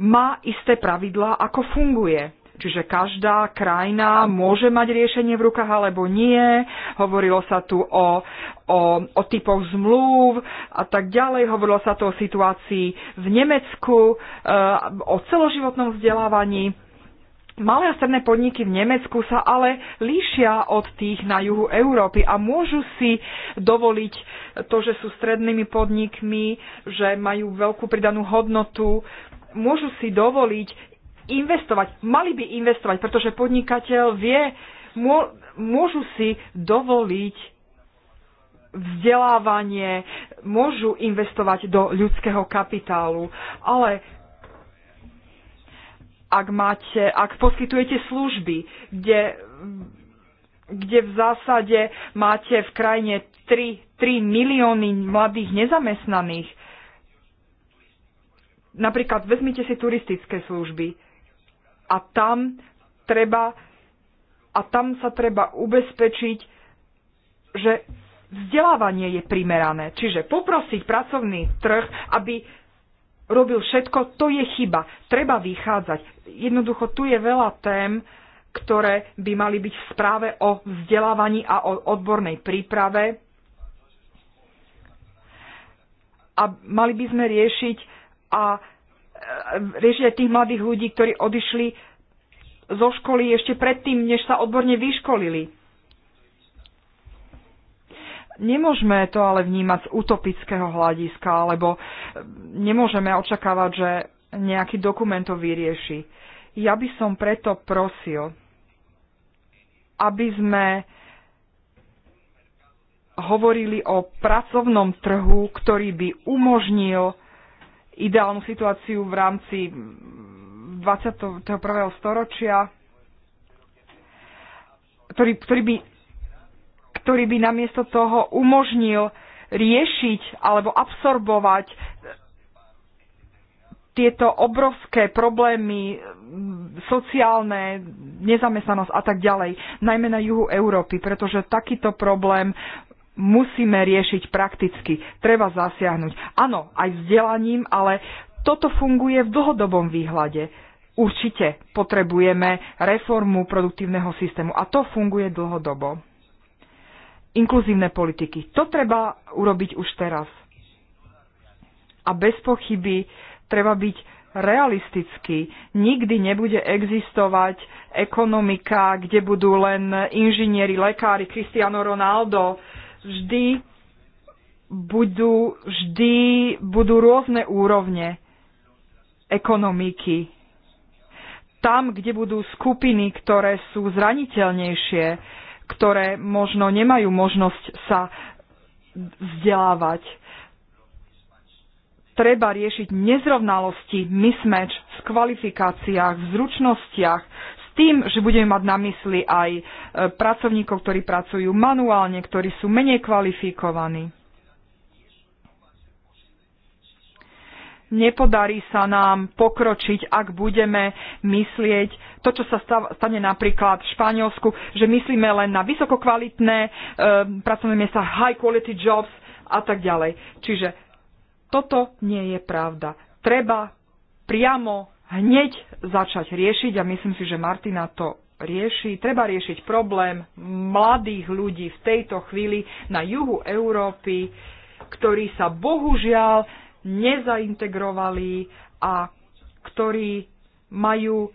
má isté pravidlá, ako funguje. Čiže každá krajina môže mať riešenie v rukách alebo nie. Hovorilo sa tu o, o, o typoch zmluv a tak ďalej. Hovorilo sa tu o situácii v Nemecku, e, o celoživotnom vzdelávaní. Malé a stredné podniky v Nemecku sa ale líšia od tých na juhu Európy a môžu si dovoliť to, že sú strednými podnikmi, že majú veľkú pridanú hodnotu, môžu si dovoliť investovať, mali by investovať, pretože podnikateľ vie, môžu si dovoliť vzdelávanie, môžu investovať do ľudského kapitálu, ale ak, máte, ak poskytujete služby, kde, kde v zásade máte v krajine 3, 3 milióny mladých nezamestnaných. Napríklad vezmite si turistické služby a tam treba a tam sa treba ubezpečiť, že vzdelávanie je primerané. Čiže poprosiť pracovný trh, aby robil všetko, to je chyba. Treba vychádzať. Jednoducho, tu je veľa tém, ktoré by mali byť v správe o vzdelávaní a o odbornej príprave. A mali by sme riešiť a e, riešiť aj tých mladých ľudí, ktorí odišli zo školy ešte predtým, než sa odborne vyškolili Nemôžeme to ale vnímať z utopického hľadiska, alebo nemôžeme očakávať, že nejaký dokument to vyrieši. Ja by som preto prosil, aby sme hovorili o pracovnom trhu, ktorý by umožnil ideálnu situáciu v rámci 21. storočia, ktorý, ktorý by ktorý by namiesto toho umožnil riešiť alebo absorbovať tieto obrovské problémy sociálne, nezamestnanosť a tak ďalej, najmä na juhu Európy, pretože takýto problém musíme riešiť prakticky. Treba zasiahnuť. Áno, aj vzdelaním, ale toto funguje v dlhodobom výhľade. Určite potrebujeme reformu produktívneho systému a to funguje dlhodobo inkluzívne politiky. To treba urobiť už teraz. A bez pochyby treba byť realisticky. Nikdy nebude existovať ekonomika, kde budú len inžinieri, lekári, Cristiano Ronaldo. Vždy budú, vždy budú rôzne úrovne ekonomiky. Tam, kde budú skupiny, ktoré sú zraniteľnejšie, ktoré možno nemajú možnosť sa vzdelávať. Treba riešiť nezrovnalosti, mismatch v kvalifikáciách, v zručnostiach, s tým, že budeme mať na mysli aj e, pracovníkov, ktorí pracujú manuálne, ktorí sú menej kvalifikovaní. Nepodarí sa nám pokročiť, ak budeme myslieť to, čo sa stane napríklad v Španielsku, že myslíme len na vysokokvalitné e, pracovné miesta, high quality jobs a tak ďalej. Čiže toto nie je pravda. Treba priamo hneď začať riešiť a myslím si, že Martina to rieši. Treba riešiť problém mladých ľudí v tejto chvíli na juhu Európy, ktorí sa bohužiaľ nezaintegrovali a ktorí majú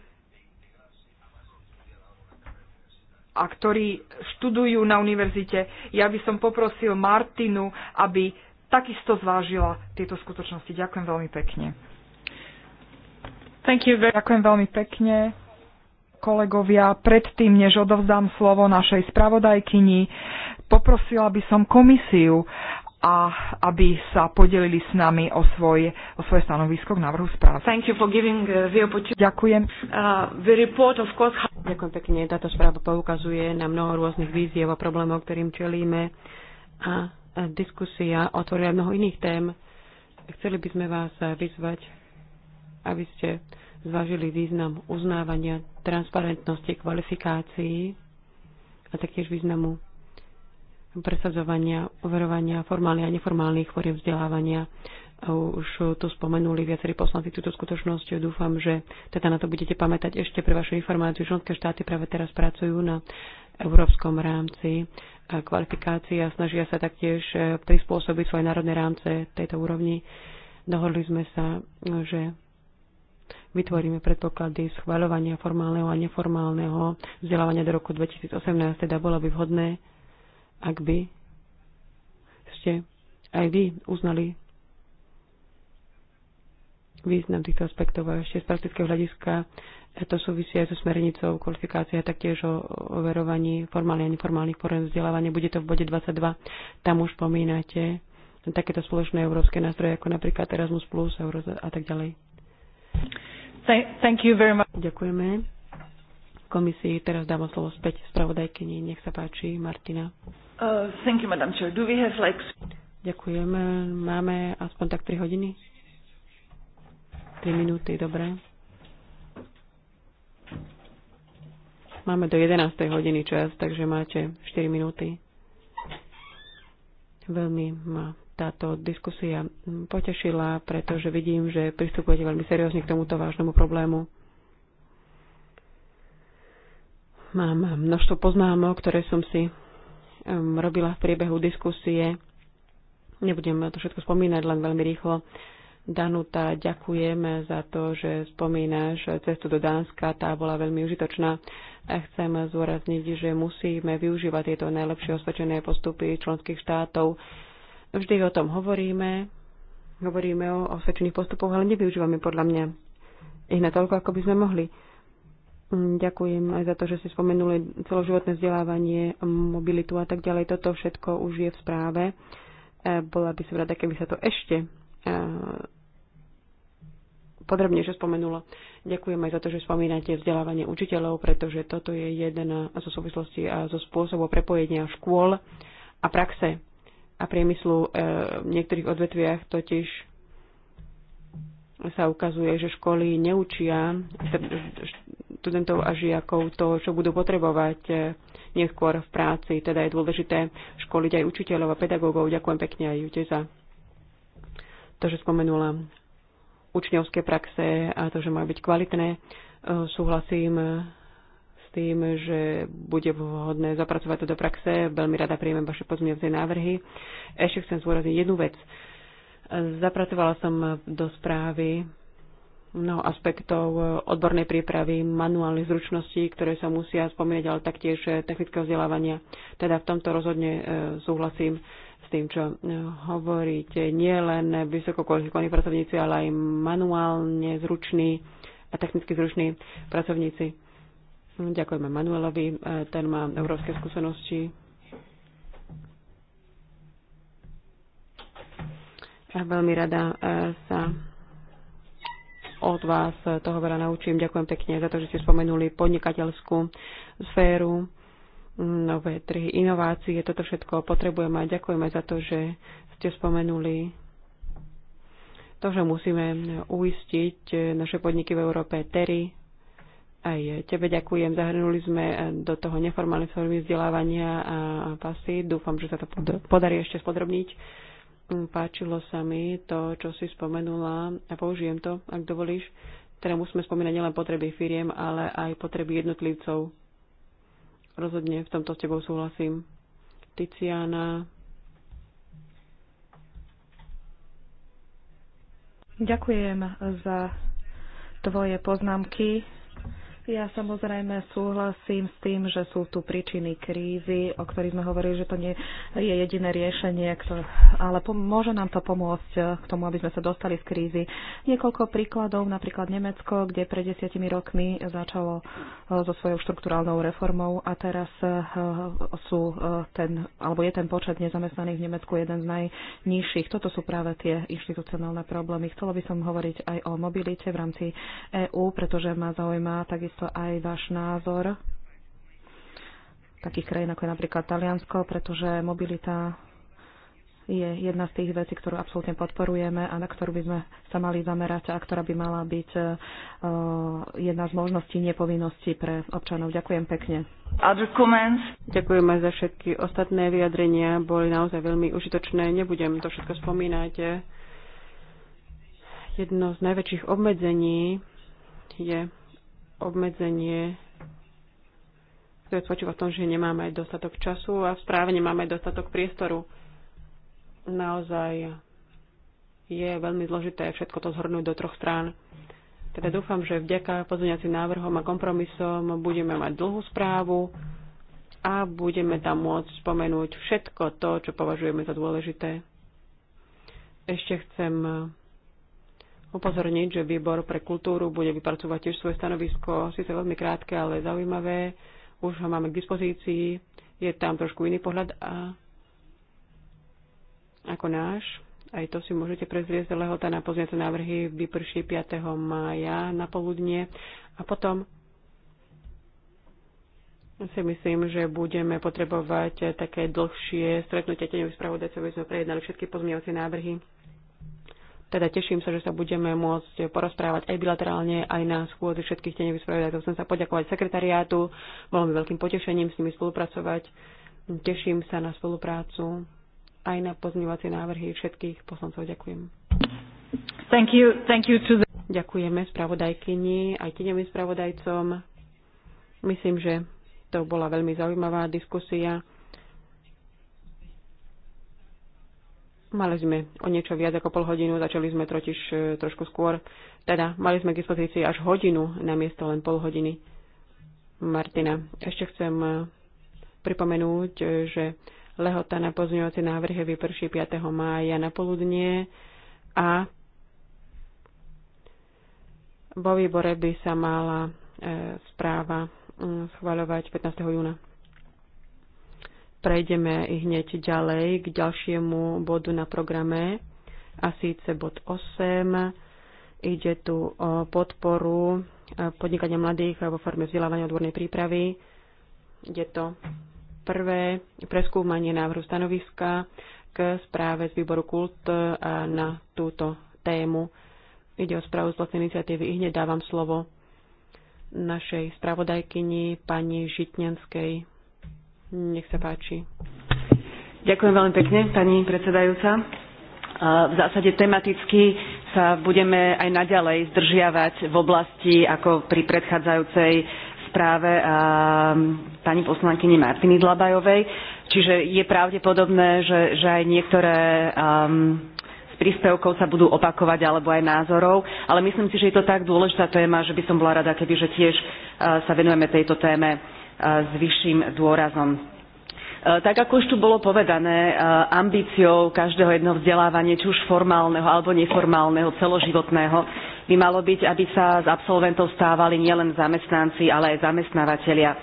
a ktorí študujú na univerzite. Ja by som poprosil Martinu, aby takisto zvážila tieto skutočnosti. Ďakujem veľmi pekne. Thank you very- Ďakujem veľmi pekne kolegovia, predtým, než odovzdám slovo našej spravodajkyni, poprosila by som komisiu, a aby sa podelili s nami o, svoj, o svoje stanovisko k návrhu správy. Thank you for giving uh, the opportunity. Ďakujem. Uh, the report of course... Ďakujem pekne. Táto správa poukazuje na mnoho rôznych víziev a problémov, ktorým čelíme. A, a diskusia otvorila mnoho iných tém. Chceli by sme vás uh, vyzvať, aby ste zvážili význam uznávania transparentnosti kvalifikácií a taktiež významu presadzovania, overovania formálnych a neformálnych foriem vzdelávania. Už tu spomenuli viacerí poslanci túto skutočnosť. Dúfam, že teda na to budete pamätať ešte pre vašu informáciu. Členské štáty práve teraz pracujú na európskom rámci kvalifikácií a snažia sa taktiež e, prispôsobiť svoje národné rámce tejto úrovni. Dohodli sme sa, že vytvoríme predpoklady schváľovania formálneho a neformálneho vzdelávania do roku 2018, teda bolo by vhodné ak by ste aj vy uznali význam týchto aspektov a ešte z praktického hľadiska to súvisia aj so smernicou kvalifikácie a taktiež o overovaní formálnych a neformálnych foriem vzdelávania. Bude to v bode 22. Tam už spomínate takéto spoločné európske nástroje ako napríklad Erasmus+, Euro a tak ďalej. Thank you very much. Ďakujeme komisii. Teraz dám slovo späť spravodajkyni. Nech sa páči, Martina. Uh, thank you, Madam Chair. Do we have like... Ďakujem. Máme aspoň tak 3 hodiny? 3 minúty, dobre. Máme do 11. hodiny čas, takže máte 4 minúty. Veľmi ma táto diskusia potešila, pretože vidím, že pristupujete veľmi seriózne k tomuto vážnemu problému. Mám množstvo poznámok, ktoré som si um, robila v priebehu diskusie. Nebudem to všetko spomínať, len veľmi rýchlo. Danuta, ďakujem za to, že spomínaš cestu do Dánska, tá bola veľmi užitočná. A chcem zúrazniť, že musíme využívať tieto najlepšie osvedčené postupy členských štátov. Vždy o tom hovoríme, hovoríme o osvedčených postupoch, ale nevyužívame podľa mňa ich natoľko, ako by sme mohli. Mm, ďakujem aj za to, že ste spomenuli celoživotné vzdelávanie, mobilitu a tak ďalej. Toto všetko už je v správe. E, bola by som rada, keby sa to ešte e, podrobnejšie spomenulo. Ďakujem aj za to, že spomínate vzdelávanie učiteľov, pretože toto je jeden zo súvislosti a zo spôsobu prepojenia škôl a praxe a priemyslu e, v niektorých odvetviach totiž sa ukazuje, že školy neučia študentov a žiakov to, čo budú potrebovať e, neskôr v práci. Teda je dôležité školiť aj učiteľov a pedagógov. Ďakujem pekne aj Jute za to, že spomenula učňovské praxe a to, že majú byť kvalitné. E, súhlasím s tým, že bude vhodné zapracovať to do praxe. Veľmi rada príjmem vaše pozmievce návrhy. Ešte chcem zúraziť jednu vec. E, zapracovala som do správy mnoho aspektov e, odbornej prípravy, manuálnych zručností, ktoré sa musia spomínať, ale taktiež e, technického vzdelávania. Teda v tomto rozhodne e, súhlasím s tým, čo hovoríte. Nie len vysoko pracovníci, ale aj manuálne zruční a technicky zruční pracovníci. Ďakujeme Manuelovi, ten má európske skúsenosti. A veľmi rada sa od vás toho veľa naučím. Ďakujem pekne za to, že ste spomenuli podnikateľskú sféru, nové trhy, inovácie. Toto všetko potrebujeme a ďakujeme za to, že ste spomenuli to, že musíme uistiť naše podniky v Európe Terry. Aj tebe ďakujem. Zahrnuli sme do toho neformálne formy vzdelávania a pasy. Dúfam, že sa to podarí ešte spodrobniť páčilo sa mi to, čo si spomenula a použijem to, ak dovolíš. Teda musíme spomínať nielen potreby firiem, ale aj potreby jednotlivcov. Rozhodne v tomto s tebou súhlasím. Tiziana. Ďakujem za tvoje poznámky ja samozrejme súhlasím s tým, že sú tu príčiny krízy, o ktorých sme hovorili, že to nie je jediné riešenie, ktoré, ale môže nám to pomôcť eh, k tomu, aby sme sa dostali z krízy. Niekoľko príkladov, napríklad Nemecko, kde pred desiatimi rokmi začalo eh, so svojou štruktúrálnou reformou a teraz eh, sú ten, alebo je ten počet nezamestnaných v Nemecku jeden z najnižších. Toto sú práve tie inštitucionálne problémy. Chcelo by som hovoriť aj o mobilite v rámci EÚ, pretože ma zaujíma takisto takisto aj váš názor takých krajín ako je napríklad Taliansko, pretože mobilita je jedna z tých vecí, ktorú absolútne podporujeme a na ktorú by sme sa mali zamerať a ktorá by mala byť e, jedna z možností nepovinností pre občanov. Ďakujem pekne. Ďakujem aj za všetky ostatné vyjadrenia, boli naozaj veľmi užitočné. Nebudem to všetko spomínať. Jedno z najväčších obmedzení je obmedzenie, ktoré spočíva v tom, že nemáme aj dostatok času a v správe nemáme dostatok priestoru. Naozaj je veľmi zložité všetko to zhrnúť do troch strán. Teda dúfam, že vďaka pozvňacím návrhom a kompromisom budeme mať dlhú správu a budeme tam môcť spomenúť všetko to, čo považujeme za dôležité. Ešte chcem upozorniť, že výbor pre kultúru bude vypracovať tiež svoje stanovisko, síce veľmi krátke, ale zaujímavé. Už ho máme k dispozícii. Je tam trošku iný pohľad a ako náš. Aj to si môžete prezrieť lehota na pozniace návrhy vyprší 5. mája na poludnie. A potom si myslím, že budeme potrebovať také dlhšie stretnutie tenových spravodajcov, aby sme prejednali všetky pozmiavacie návrhy. Teda teším sa, že sa budeme môcť porozprávať aj bilaterálne, aj na schôdzi všetkých tenevých spravodajcov. Chcem sa poďakovať sekretariátu, bolo mi veľkým potešením s nimi spolupracovať. Teším sa na spoluprácu aj na pozňovacie návrhy všetkých poslancov. Ďakujem. Thank you, thank you to the... Ďakujeme spravodajkyni aj tenevým spravodajcom. Myslím, že to bola veľmi zaujímavá diskusia. Mali sme o niečo viac ako pol hodinu, začali sme totiž e, trošku skôr. Teda mali sme k dispozícii až hodinu na miesto len pol hodiny. Martina, ešte chcem e, pripomenúť, e, že lehota na pozňujúci návrhy vyprší 5. mája na poludnie a vo výbore by sa mala správa mm, schváľovať 15. júna. Prejdeme hneď ďalej k ďalšiemu bodu na programe, a síce bod 8. Ide tu o podporu e, podnikania mladých vo forme vzdelávania odbornej prípravy. Je to prvé preskúmanie návrhu stanoviska k správe z výboru Kult e, na túto tému. Ide o správu z vlastnej iniciatívy. I hneď dávam slovo našej spravodajkyni pani Žitňanskej. Nech sa páči. Ďakujem veľmi pekne, pani predsedajúca. V zásade tematicky sa budeme aj naďalej zdržiavať v oblasti, ako pri predchádzajúcej správe pani poslankyni Martiny Dlabajovej. Čiže je pravdepodobné, že, že aj niektoré um, príspevkov sa budú opakovať alebo aj názorov, ale myslím si, že je to tak dôležitá téma, že by som bola rada, keby že tiež sa venujeme tejto téme s vyšším dôrazom. E, tak ako už tu bolo povedané, e, ambíciou každého jedného vzdelávania, či už formálneho alebo neformálneho, celoživotného, by malo byť, aby sa z absolventov stávali nielen zamestnanci, ale aj zamestnávateľia. E,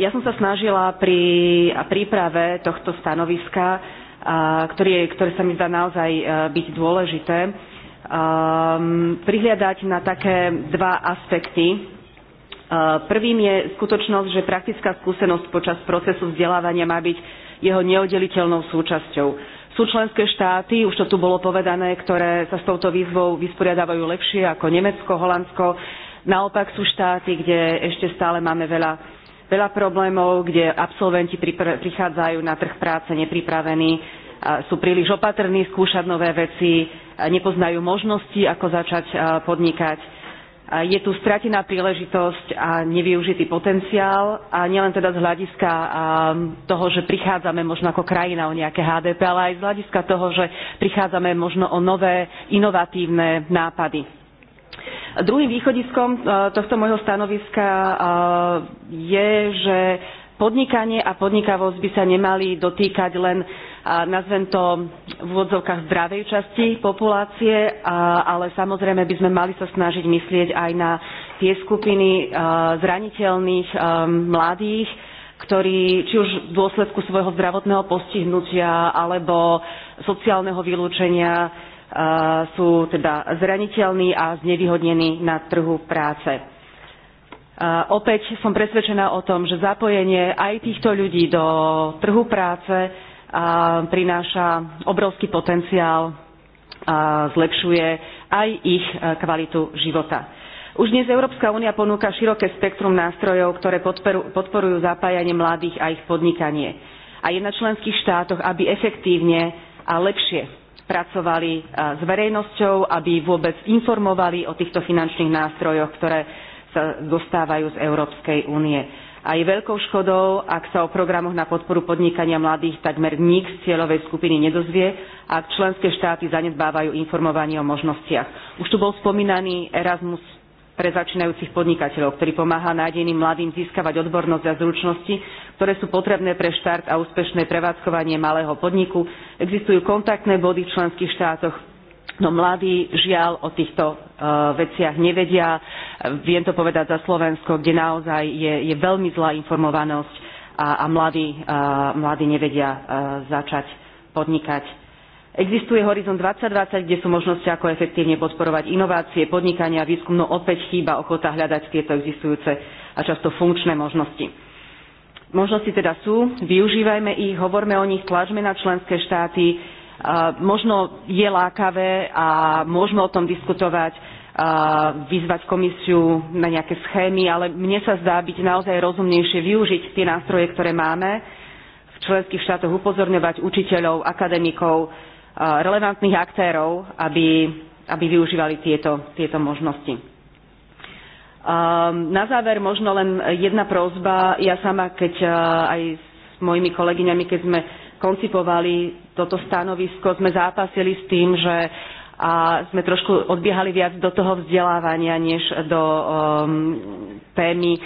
ja som sa snažila pri príprave tohto stanoviska, ktoré, ktoré sa mi zdá naozaj byť dôležité, prihliadať na také dva aspekty, Eh, prvým je skutočnosť, že praktická skúsenosť počas procesu vzdelávania má byť jeho neoddeliteľnou súčasťou. Sú členské štáty, už to tu bolo povedané, ktoré sa s touto výzvou vysporiadávajú lepšie ako Nemecko, Holandsko. Naopak sú štáty, kde ešte stále máme veľa, veľa problémov, kde absolventi prichádzajú na trh práce nepripravení, eh, sú príliš opatrní skúšať nové veci, eh, nepoznajú možnosti, ako začať podnikať je tu stratená príležitosť a nevyužitý potenciál a nielen teda z hľadiska toho, že prichádzame možno ako krajina o nejaké HDP, ale aj z hľadiska toho, že prichádzame možno o nové inovatívne nápady. Druhým východiskom e, tohto môjho stanoviska e, je, že podnikanie a podnikavosť by sa nemali dotýkať len nazvem to v úvodzovkách zdravej časti populácie, ale samozrejme by sme mali sa snažiť myslieť aj na tie skupiny zraniteľných mladých, ktorí či už v dôsledku svojho zdravotného postihnutia alebo sociálneho vylúčenia sú teda zraniteľní a znevýhodnení na trhu práce. Opäť som presvedčená o tom, že zapojenie aj týchto ľudí do trhu práce prináša obrovský potenciál a zlepšuje aj ich e, kvalitu života. Už dnes Európska únia ponúka široké spektrum nástrojov, ktoré podporujú zapájanie mladých a ich podnikanie. A je na členských štátoch, aby efektívne a lepšie pracovali e, s verejnosťou, aby vôbec informovali o týchto finančných nástrojoch, ktoré sa dostávajú z Európskej únie a je veľkou škodou, ak sa o programoch na podporu podnikania mladých takmer nik z cieľovej skupiny nedozvie a ak členské štáty zanedbávajú informovanie o možnostiach. Už tu bol spomínaný Erasmus pre začínajúcich podnikateľov, ktorý pomáha nádejným mladým získavať odbornosť a zručnosti, ktoré sú potrebné pre štart a úspešné prevádzkovanie malého podniku. Existujú kontaktné body v členských štátoch, no mladí žiaľ o týchto e, veciach nevedia. Viem to povedať za Slovensko, kde naozaj je, je veľmi zlá informovanosť a, a mladí, e, mladí nevedia e, začať podnikať. Existuje Horizont 2020, kde sú možnosti, ako efektívne podporovať inovácie, podnikania a výskum, no opäť chýba ochota hľadať tieto existujúce a často funkčné možnosti. Možnosti teda sú, využívajme ich, hovorme o nich, tlačme na členské štáty, možno je lákavé a môžeme o tom diskutovať, vyzvať komisiu na nejaké schémy, ale mne sa zdá byť naozaj rozumnejšie využiť tie nástroje, ktoré máme v členských štátoch, upozorňovať učiteľov, akademikov, relevantných aktérov, aby, aby využívali tieto, tieto možnosti. Na záver možno len jedna prozba. Ja sama, keď aj s mojimi kolegyňami, keď sme koncipovali toto stanovisko, sme zápasili s tým, že a sme trošku odbiehali viac do toho vzdelávania, než do um, témy uh,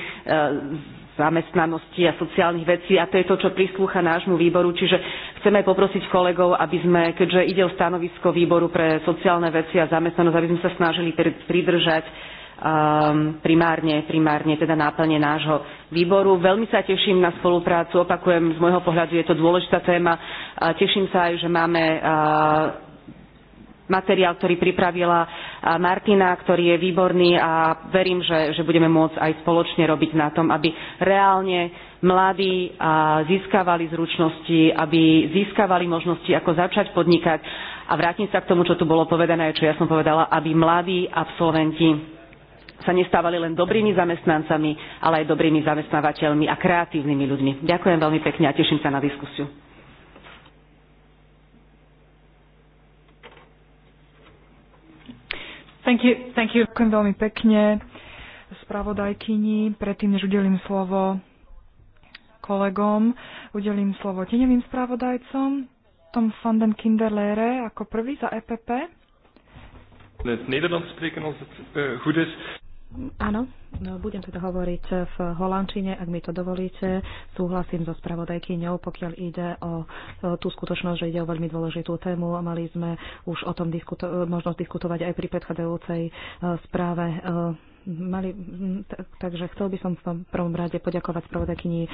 zamestnanosti a sociálnych vecí a to je to, čo prislúcha nášmu výboru. Čiže chceme poprosiť kolegov, aby sme, keďže ide o stanovisko výboru pre sociálne veci a zamestnanosť, aby sme sa snažili pridržať Ehm, primárne, primárne teda náplne nášho výboru. Veľmi sa teším na spoluprácu, opakujem, z môjho pohľadu je to dôležitá téma. Teším sa aj, že máme ehm, materiál, ktorý pripravila Martina, ktorý je výborný a verím, že, že budeme môcť aj spoločne robiť na tom, aby reálne mladí získavali zručnosti, aby získavali možnosti, ako začať podnikať. A vrátim sa k tomu, čo tu bolo povedané, čo ja som povedala, aby mladí absolventi sa nestávali len dobrými zamestnancami, ale aj dobrými zamestnávateľmi a kreatívnymi ľuďmi. Ďakujem veľmi pekne a teším sa na diskusiu. Thank you, thank you. Ďakujem veľmi pekne spravodajkyni. Predtým, než udelím slovo kolegom, udelím slovo tenevým spravodajcom, Tom van den Kinderlehre ako prvý za EPP. Nederlands spreken als het uh, goed is. Áno, budem teda hovoriť v holandčine, ak mi to dovolíte. Súhlasím so spravodajkyňou, pokiaľ ide o tú skutočnosť, že ide o veľmi dôležitú tému. Mali sme už o tom diskuto- možnosť diskutovať aj pri predchádzajúcej e, správe e, mali, takže chcel by som v tom prvom rade poďakovať spravodajkyni e,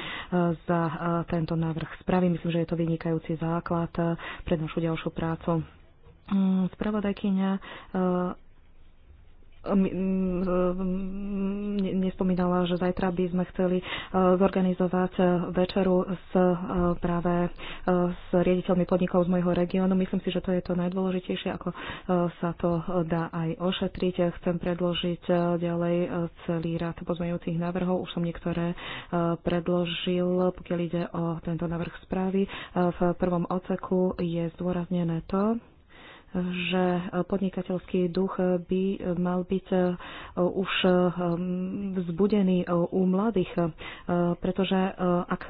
za tento návrh správy. Myslím, že je to vynikajúci základ pre našu ďalšiu prácu. Mm, spravodajkyňa nespomínala, že zajtra by sme chceli e, zorganizovať e, večeru s e, práve s riaditeľmi podnikov z môjho regiónu. Myslím si, že to je to najdôležitejšie, ako sa to dá aj ošetriť. Chcem predložiť ďalej celý rád pozmejúcich návrhov. Už som niektoré predložil, pokiaľ ide o tento návrh správy. V prvom oceku je zdôraznené to, že podnikateľský duch by mal byť e, už e, vzbudený e, u mladých, pretože ak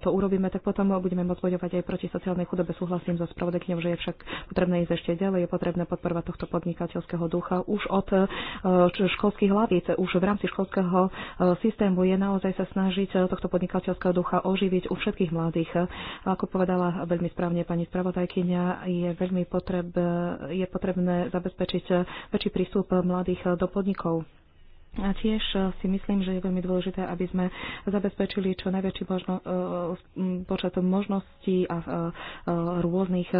to urobíme, tak potom budeme môcť bojovať aj proti sociálnej chudobe. Súhlasím so spravodajkňou, že je však potrebné ísť ešte ďalej, je potrebné podporovať tohto podnikateľského ducha už od školských hlavíc, už v rámci školského systému je naozaj sa snažiť tohto podnikateľského ducha oživiť u všetkých mladých. Ako povedala veľmi správne pani spravodajkyňa, je veľmi potrebné je potrebné zabezpečiť väčší prístup mladých do podnikov. A tiež e, si myslím, že je veľmi dôležité, aby sme zabezpečili čo najväčší možno, e, e, počet možností a rôznych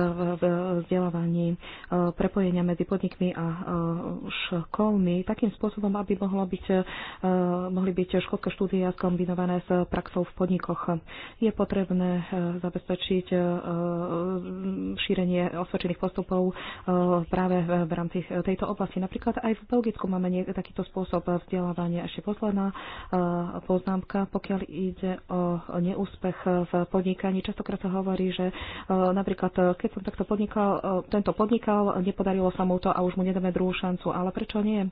vzdelávaní, prepojenia medzi podnikmi a školmi takým spôsobom, aby mohlo byť, mohli byť školské štúdia skombinované s praxou v podnikoch. Je potrebné zabezpečiť šírenie osvedčených postupov práve v rámci tejto oblasti. Napríklad aj v Belgicku máme takýto spôsob vzdelávania. Ešte posledná e, poznámka, pokiaľ ide o neúspech v podnikaní. Častokrát sa hovorí, že e, napríklad, keď som takto podnikal, e, tento podnikal, nepodarilo sa mu to a už mu nedáme druhú šancu. Ale prečo nie?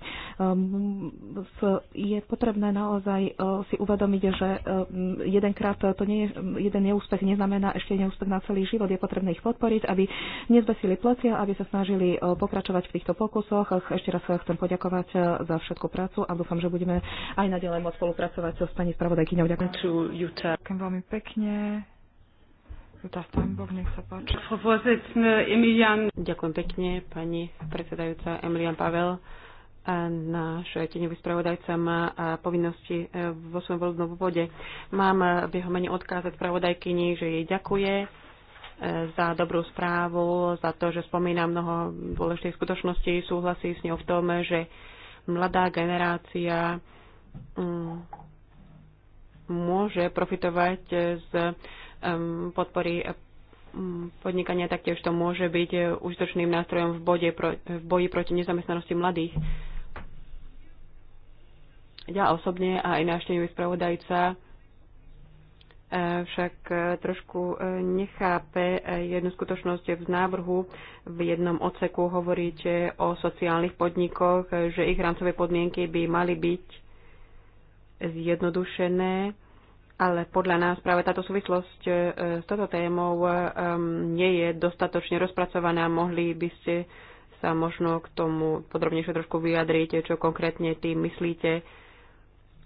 Je potrebné naozaj si uvedomiť, že jedenkrát to nie je, jeden neúspech neznamená ešte neúspech na celý život. Je potrebné ich podporiť, aby nezbesili plecia, aby sa snažili pokračovať v týchto pokusoch. Ešte raz chcem poďakovať za všetku prácu a dúfam, že budeme aj naďalej môcť spolupracovať so pani spravodajkyňou. Ďakujem. Ďakujem veľmi pekne. Jutta Steinbock, nech sa páči. Ďakujem pekne, pani predsedajúca Emilian Pavel. Náš tenevý spravodajca má povinnosti e, vo svojom voľbnom vode. Mám e, v jeho mene odkázať spravodajkyni, že jej ďakuje e, za dobrú správu, za to, že spomína mnoho dôležitých skutočností, súhlasí s ňou v tom, že mladá generácia mm, môže profitovať z podpory podnikania, taktiež to môže byť užitočným nástrojom v, bode, v boji proti nezamestnanosti mladých. Ja osobne a aj náštevný spravodajca E, však e, trošku e, nechápe jednu skutočnosť v návrhu. V jednom odseku hovoríte o sociálnych podnikoch, že ich rámcové podmienky by mali byť zjednodušené, ale podľa nás práve táto súvislosť s toto témou nie je dostatočne rozpracovaná. Mohli by ste sa možno k tomu podrobnejšie trošku vyjadriť, čo konkrétne tým myslíte,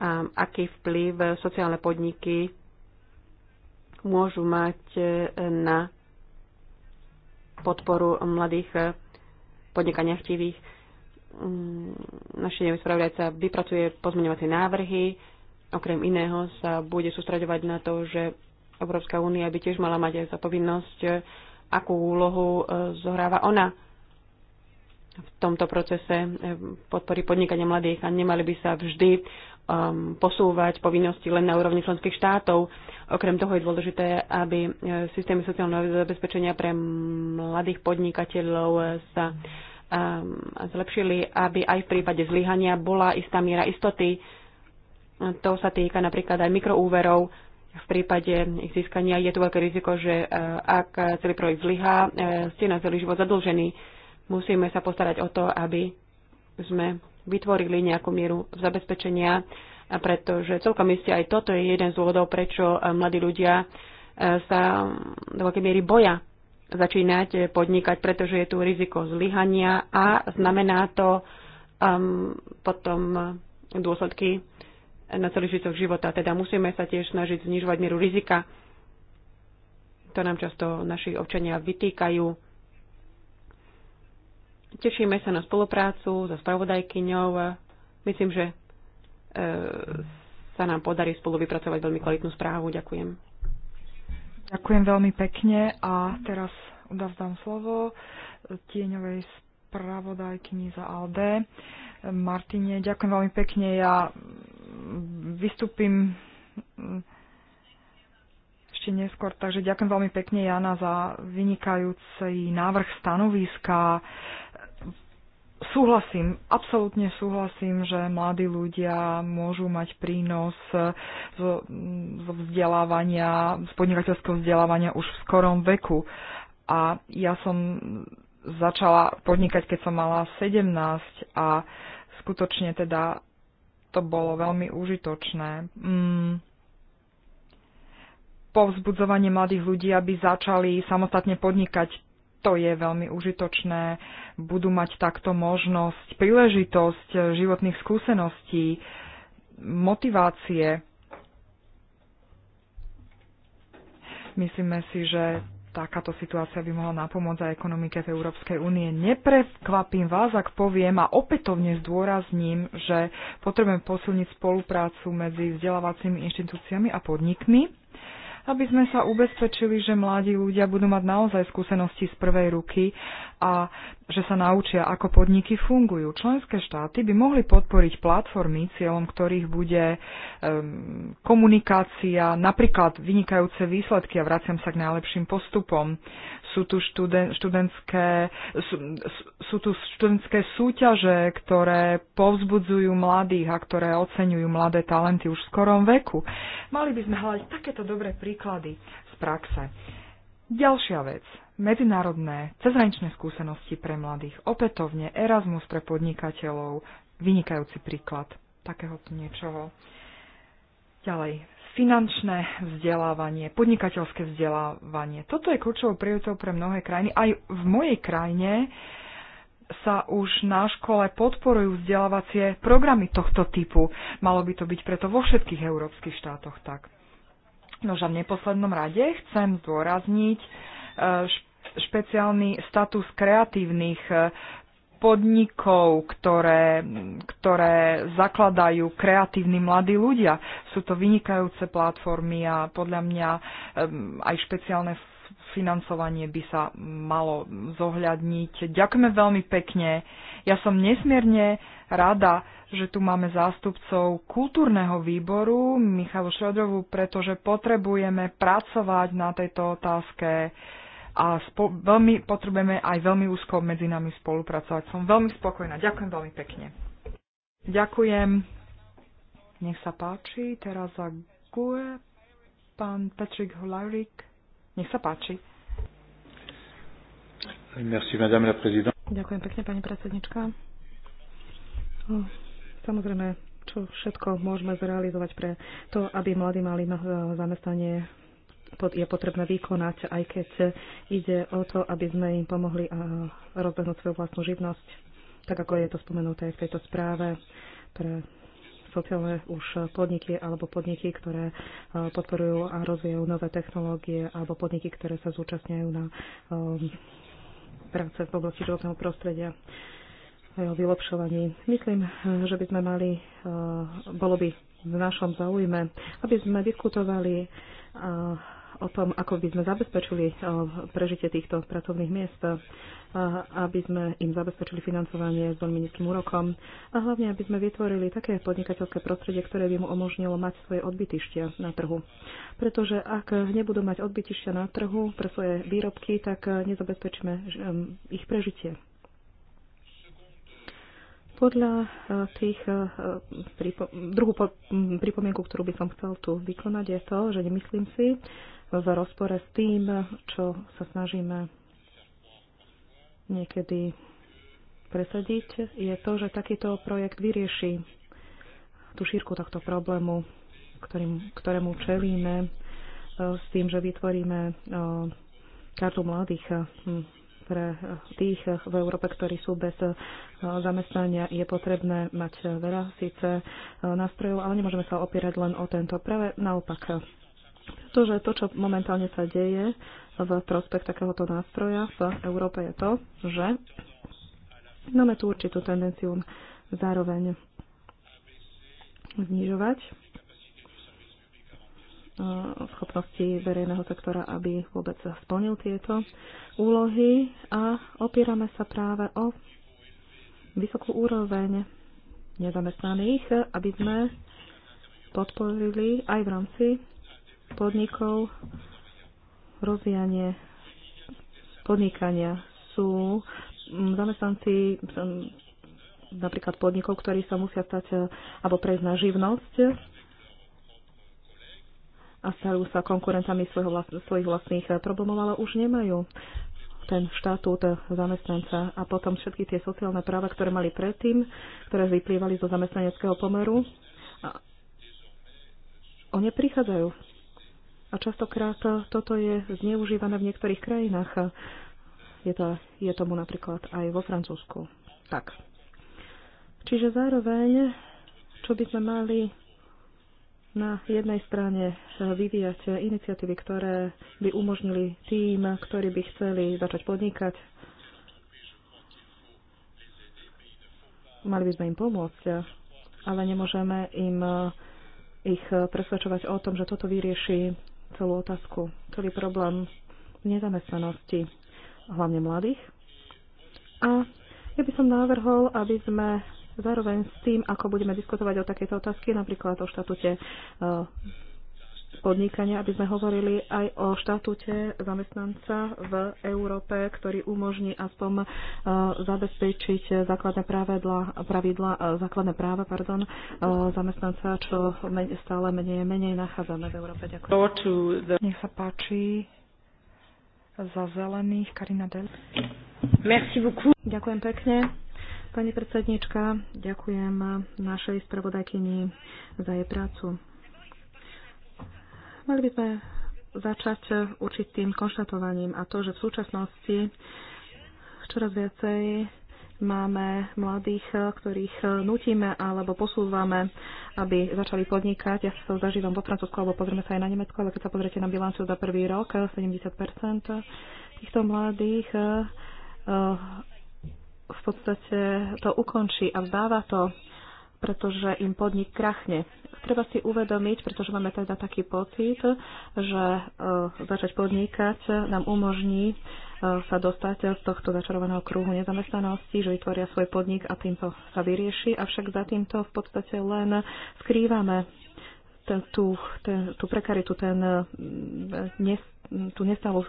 a aký vplyv sociálne podniky môžu mať e, na podporu mladých e, podnikania chtivých. Mm, Naši nevyspravodajca vypracuje pozmeňovacie návrhy. Okrem iného sa bude sústraďovať na to, že Európska únia by tiež mala mať aj za povinnosť, e, akú úlohu zohráva ona v tomto procese podpory podnikania mladých a nemali by sa vždy um, posúvať povinnosti len na úrovni členských štátov. Okrem toho je dôležité, aby e, systémy sociálneho zabezpečenia pre mladých podnikateľov sa um, zlepšili, aby aj v prípade zlyhania bola istá miera istoty. To sa týka napríklad aj mikroúverov. V prípade ich získania je tu veľké riziko, že e, ak celý projekt zlyhá, e, ste na celý život zadlžení. Musíme sa postarať o to, aby sme vytvorili nejakú mieru zabezpečenia, pretože celkom iste aj toto je jeden z dôvodov, prečo eh, mladí ľudia eh, sa do veľkej miery boja začínať eh, podnikať, pretože je tu riziko zlyhania a znamená to um, potom dôsledky na celý žitok života. Teda musíme sa tiež snažiť znižovať mieru rizika. To nám často naši občania vytýkajú Tešíme sa na spoluprácu so spravodajkyňou. Myslím, že e, sa nám podarí spolu vypracovať veľmi kvalitnú správu. Ďakujem. Ďakujem veľmi pekne a teraz odovzdám slovo tieňovej spravodajkyni za ALD. Martine, ďakujem veľmi pekne. Ja vystúpim ešte neskôr. Takže ďakujem veľmi pekne Jana za vynikajúci návrh stanoviska súhlasím, absolútne súhlasím, že mladí ľudia môžu mať prínos zo, zo vzdelávania, z podnikateľského vzdelávania už v skorom veku. A ja som začala podnikať, keď som mala 17 a skutočne teda to bolo veľmi užitočné. Mm. Povzbudzovanie mladých ľudí, aby začali samostatne podnikať, to je veľmi užitočné. Budú mať takto možnosť, príležitosť životných skúseností, motivácie. Myslíme si, že takáto situácia by mohla napomôcť aj ekonomike v Európskej únie. Neprekvapím vás, ak poviem a opätovne zdôrazním, že potrebujem posilniť spoluprácu medzi vzdelávacími inštitúciami a podnikmi aby sme sa ubezpečili, že mladí ľudia budú mať naozaj skúsenosti z prvej ruky a že sa naučia, ako podniky fungujú. Členské štáty by mohli podporiť platformy, cieľom ktorých bude um, komunikácia, napríklad vynikajúce výsledky a vraciam sa k najlepším postupom sú tu študen, študentské, sú, sú tu študentské súťaže, ktoré povzbudzujú mladých a ktoré oceňujú mladé talenty už v skorom veku. Mali by sme hľadať takéto dobré príklady z praxe. Ďalšia vec. Medzinárodné cezhraničné skúsenosti pre mladých. Opätovne Erasmus pre podnikateľov. Vynikajúci príklad takéhoto niečoho. Ďalej, finančné vzdelávanie, podnikateľské vzdelávanie. Toto je kľúčovou prioritou pre mnohé krajiny. Aj v mojej krajine sa už na škole podporujú vzdelávacie programy tohto typu. Malo by to byť preto vo všetkých európskych štátoch tak. Nož a v neposlednom rade chcem zdôrazniť eh, špeciálny status kreatívnych eh, podnikov, ktoré, ktoré zakladajú kreatívni mladí ľudia. Sú to vynikajúce platformy a podľa mňa aj špeciálne financovanie by sa malo zohľadniť. Ďakujeme veľmi pekne. Ja som nesmierne rada, že tu máme zástupcov kultúrneho výboru Michalu Šrodovu, pretože potrebujeme pracovať na tejto otázke a spo- veľmi potrebujeme aj veľmi úzko medzi nami spolupracovať. Som veľmi spokojná. Ďakujem veľmi pekne. Ďakujem. Nech sa páči. Teraz za GUE pán Patrick Holajrik. Nech sa páči. Merci, madame la présidente. Ďakujem pekne, pani predsednička. No, samozrejme, čo všetko môžeme zrealizovať pre to, aby mladí mali zamestnanie je potrebné vykonať, aj keď ide o to, aby sme im pomohli rozbehnúť svoju vlastnú živnosť, tak ako je to spomenuté v tejto správe pre sociálne už podniky alebo podniky, ktoré podporujú a rozvíjajú nové technológie alebo podniky, ktoré sa zúčastňajú na práce v oblasti životného prostredia o vylepšovaní. Myslím, že by sme mali, bolo by v našom záujme, aby sme diskutovali o tom, ako by sme zabezpečili eh, prežitie týchto pracovných miest, eh, aby sme im zabezpečili financovanie s veľmi nízkym úrokom a hlavne, aby sme vytvorili také podnikateľské prostredie, ktoré by mu umožnilo mať svoje odbytištia na trhu. Pretože ak nebudú mať odbytištia na trhu pre svoje výrobky, tak eh, nezabezpečíme ich prežitie. Podľa tých druhú pripomienku, ktorú by som chcel tu vykonať, je to, že nemyslím si, v rozpore s tým, čo sa snažíme niekedy presadiť, je to, že takýto projekt vyrieši tú šírku tohto problému, ktorým, ktorému čelíme e, s tým, že vytvoríme e, kartu mladých e, pre tých v Európe, ktorí sú bez zamestnania, je potrebné mať veľa síce nástrojov, ale nemôžeme sa opierať len o tento. Práve naopak, pretože to, čo momentálne sa deje v prospech takéhoto nástroja v Európe je to, že máme tu určitú tendenciu zároveň znižovať e, schopnosti verejného sektora, aby vôbec splnil tieto úlohy a opierame sa práve o vysokú úroveň nezamestnaných, aby sme podporili aj v rámci podnikov, rozvíjanie podnikania sú mm, zamestnanci mm, napríklad podnikov, ktorí sa musia stať e, alebo prejsť na živnosť a stajú sa konkurentami svojho svojich vlastných e, problémov, ale už nemajú ten štatút e, zamestnanca a potom všetky tie sociálne práva, ktoré mali predtým, ktoré vyplývali zo zamestnaneckého pomeru, a oni prichádzajú a častokrát toto je zneužívané v niektorých krajinách. Je, to, je tomu napríklad aj vo Francúzsku. Tak. Čiže zároveň, čo by sme mali na jednej strane vyvíjať iniciatívy, ktoré by umožnili tým, ktorí by chceli začať podnikať, mali by sme im pomôcť, ale nemôžeme im ich presvedčovať o tom, že toto vyrieši celú otázku, celý problém nezamestnanosti, hlavne mladých. A ja by som navrhol, aby sme zároveň s tým, ako budeme diskutovať o takéto otázky, napríklad o štatute eh, podnikania, aby sme hovorili aj o štatúte zamestnanca v Európe, ktorý umožní aspoň e, zabezpečiť základné pravidla, pravidla e, základné práva pardon, e, zamestnanca, čo stále menej menej nachádzame v Európe. Ďakujem. Nech sa páči za zelených Karina Del. Merci beaucoup. Ďakujem pekne. Pani predsednička, ďakujem našej spravodajkyni za jej prácu. Mali by sme začať určitým konštatovaním a to, že v súčasnosti čoraz viacej máme mladých, ktorých nutíme alebo posúvame, aby začali podnikať. Ja sa to zažívam vo Francúzsku, alebo pozrieme sa aj na Nemecko, ale keď sa pozriete na bilanciu za prvý rok, 70% týchto mladých eh, v podstate to ukončí a vzdáva to, pretože im podnik krachne treba si uvedomiť, pretože máme teda taký pocit, že e, začať podnikať nám umožní e, sa dostať z tohto začarovaného kruhu nezamestnanosti, že vytvoria svoj podnik a týmto sa vyrieši, avšak za týmto v podstate len skrývame ten, tú, ten, tú prekaritu, ten, mm, ne, tú nestálu,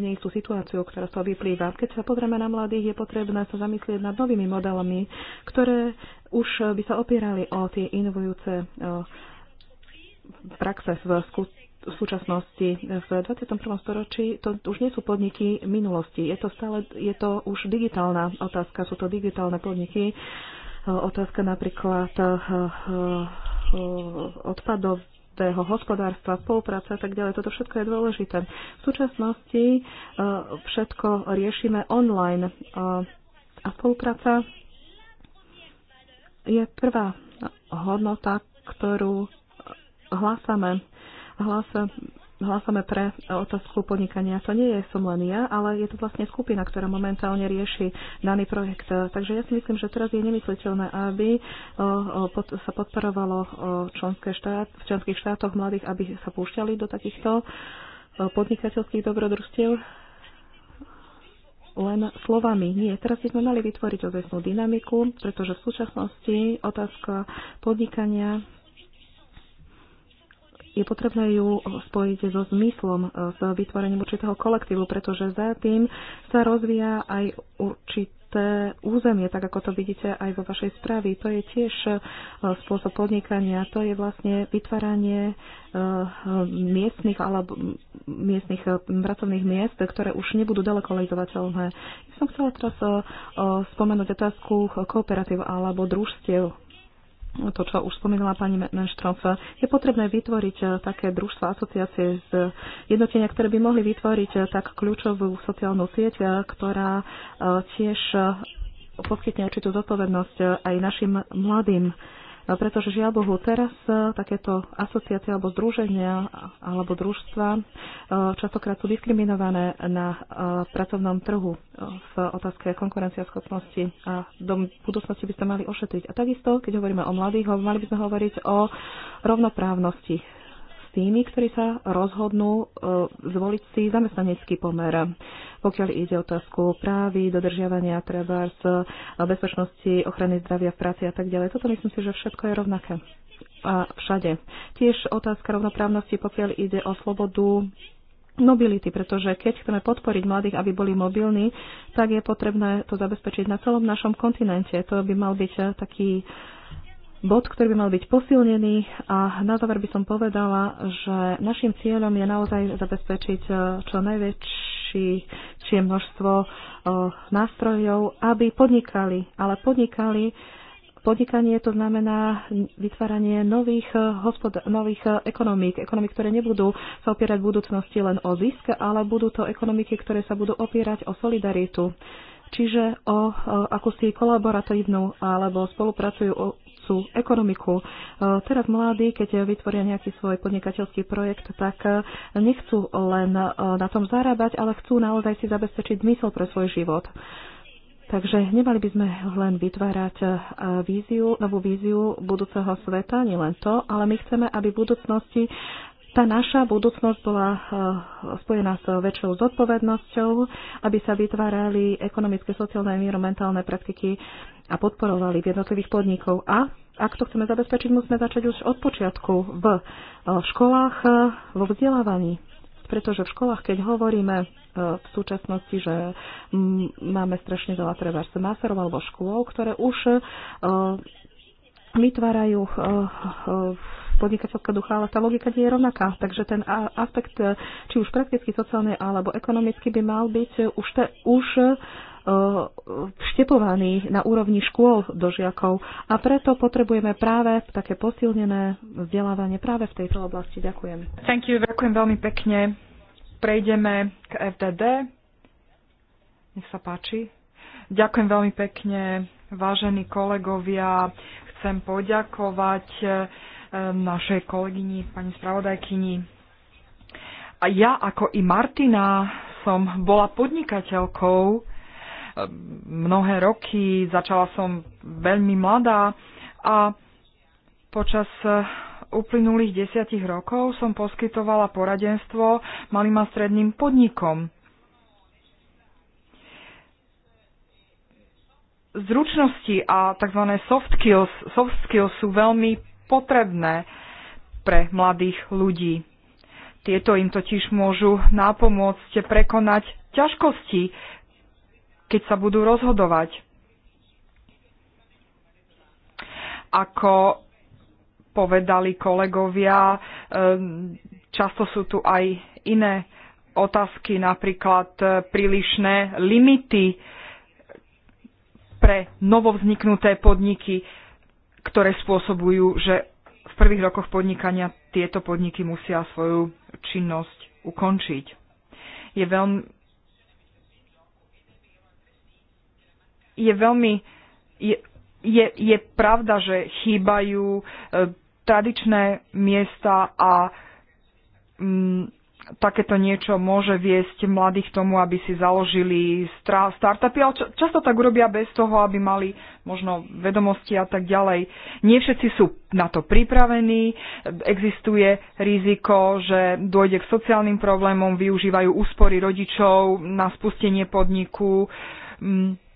neistú situáciu, ktorá z toho vyplýva. Keď sa pozrieme na mladých, je potrebné sa zamyslieť nad novými modelami, ktoré už by sa opierali o tie inovujúce praxe v skutku v súčasnosti, v 21. storočí, to už nie sú podniky minulosti. Je to stále, je to už digitálna otázka, sú to digitálne podniky. Otázka napríklad Eh, odpadového hospodárstva, spolupráca a tak ďalej. Toto všetko je dôležité. V súčasnosti eh, všetko riešime online eh, a spolupráca je prvá hodnota, ktorú hlásame. Hlásame hlasujeme pre otázku podnikania. To nie je som len ja, ale je to vlastne skupina, ktorá momentálne rieši daný projekt. Takže ja si myslím, že teraz je nemysliteľné, aby eh, sa podporovalo eh, členské štát, v členských štátoch mladých, aby sa púšťali do takýchto eh, podnikateľských dobrodružstiev len slovami. Nie, teraz by sme mali vytvoriť ozajstnú dynamiku, pretože v súčasnosti otázka podnikania je potrebné ju spojiť so zmyslom, e, s vytvorením určitého kolektívu, pretože za tým sa rozvíja aj určité územie, tak ako to vidíte aj vo vašej správe. To je tiež e, spôsob podnikania, to je vlastne vytváranie e, miestnych alebo miestnych pracovných miest, ktoré už nebudú delokalizovateľné. Ja som chcela teraz spomenúť otázku kooperatív alebo družstiev to, čo už spomínala pani Menštrof, je potrebné vytvoriť eh, také družstva, asociácie z jednotenia, ktoré by mohli vytvoriť eh, tak kľúčovú sociálnu sieť, eh, ktorá tiež poskytne určitú zodpovednosť aj našim mladým E, pretože žiaľ Bohu teraz e, takéto asociácie alebo združenia alebo družstva e, častokrát sú diskriminované na pracovnom trhu v otázke schopnosti a do budúcnosti by sme mali ošetriť. A takisto, keď hovoríme o mladých, mali by sme hovoriť o rovnoprávnosti tými, ktorí sa rozhodnú e, zvoliť si zamestnanecký pomer. Pokiaľ ide o otázku právy, dodržiavania trebárs, e, bezpečnosti, ochrany zdravia v práci a tak ďalej. Toto myslím si, že všetko je rovnaké. A všade. Tiež otázka rovnoprávnosti, pokiaľ ide o slobodu mobility, pretože keď chceme podporiť mladých, aby boli mobilní, tak je potrebné to zabezpečiť na celom našom kontinente. To by mal byť e, taký uh, bod, ktorý by mal byť posilnený a na záver by som povedala, že našim cieľom je naozaj zabezpečiť e, čo najväčšie množstvo e, nástrojov, aby podnikali, ale podnikali Podnikanie to znamená vytváranie nových, e, hospod- nových ekonomík, ekonomík, ktoré nebudú sa opierať v budúcnosti len o zisk, ale budú to ekonomiky, ktoré sa budú opierať o solidaritu čiže o, o akúsi kolaboratívnu alebo spolupracujú prácu, ekonomiku. E, teraz mladí, keď vytvoria nejaký svoj podnikateľský projekt, tak e, nechcú len e, na tom zarábať, ale chcú naozaj si zabezpečiť zmysel pre svoj život. Takže nemali by sme len vytvárať víziu, novú víziu budúceho sveta, nielen to, ale my chceme, aby v budúcnosti tá naša budúcnosť bola spojená s väčšou zodpovednosťou, aby sa vytvárali ekonomické, sociálne a environmentálne praktiky a podporovali v jednotlivých podnikov. A ak to chceme zabezpečiť, musíme začať už od počiatku v e, školách, e, vo vzdelávaní. Pretože v školách, keď hovoríme e, v súčasnosti, že máme strašne veľa treba masterov alebo škôl, ktoré už vytvárajú podnikateľská ducha, ale tá logika nie je rovnaká. Takže ten aspekt, či už prakticky, sociálny alebo ekonomicky, by mal byť už, te, už vštepovaný eh, na úrovni škôl do žiakov a preto potrebujeme práve také posilnené vzdelávanie práve v tejto oblasti. Ďakujem. Thank you, ďakujem veľmi pekne. Prejdeme k FDD. Nech sa páči. Ďakujem veľmi pekne, vážení kolegovia. Chcem poďakovať eh, našej kolegyni, pani spravodajkyni. A ja, ako i Martina, som bola podnikateľkou mnohé roky, začala som veľmi mladá a počas e, uplynulých desiatich rokov som poskytovala poradenstvo malým a stredným podnikom. Zručnosti a tzv. soft skills, soft skills sú veľmi potrebné pre mladých ľudí. Tieto im totiž môžu nápomôcť prekonať ťažkosti, keď sa budú rozhodovať. Ako povedali kolegovia, e, často sú tu aj iné otázky, napríklad e, prílišné limity pre novovzniknuté podniky, ktoré spôsobujú, že v prvých rokoch podnikania tieto podniky musia svoju činnosť ukončiť. Je veľmi, je veľmi... Je, je, je pravda, že chýbajú e, tradičné miesta a m, mm, takéto niečo môže viesť mladých tomu, aby si založili startupy, ale často tak urobia bez toho, aby mali možno vedomosti a tak ďalej. Nie všetci sú na to pripravení, existuje riziko, že dôjde k sociálnym problémom, využívajú úspory rodičov na spustenie podniku. M, mm,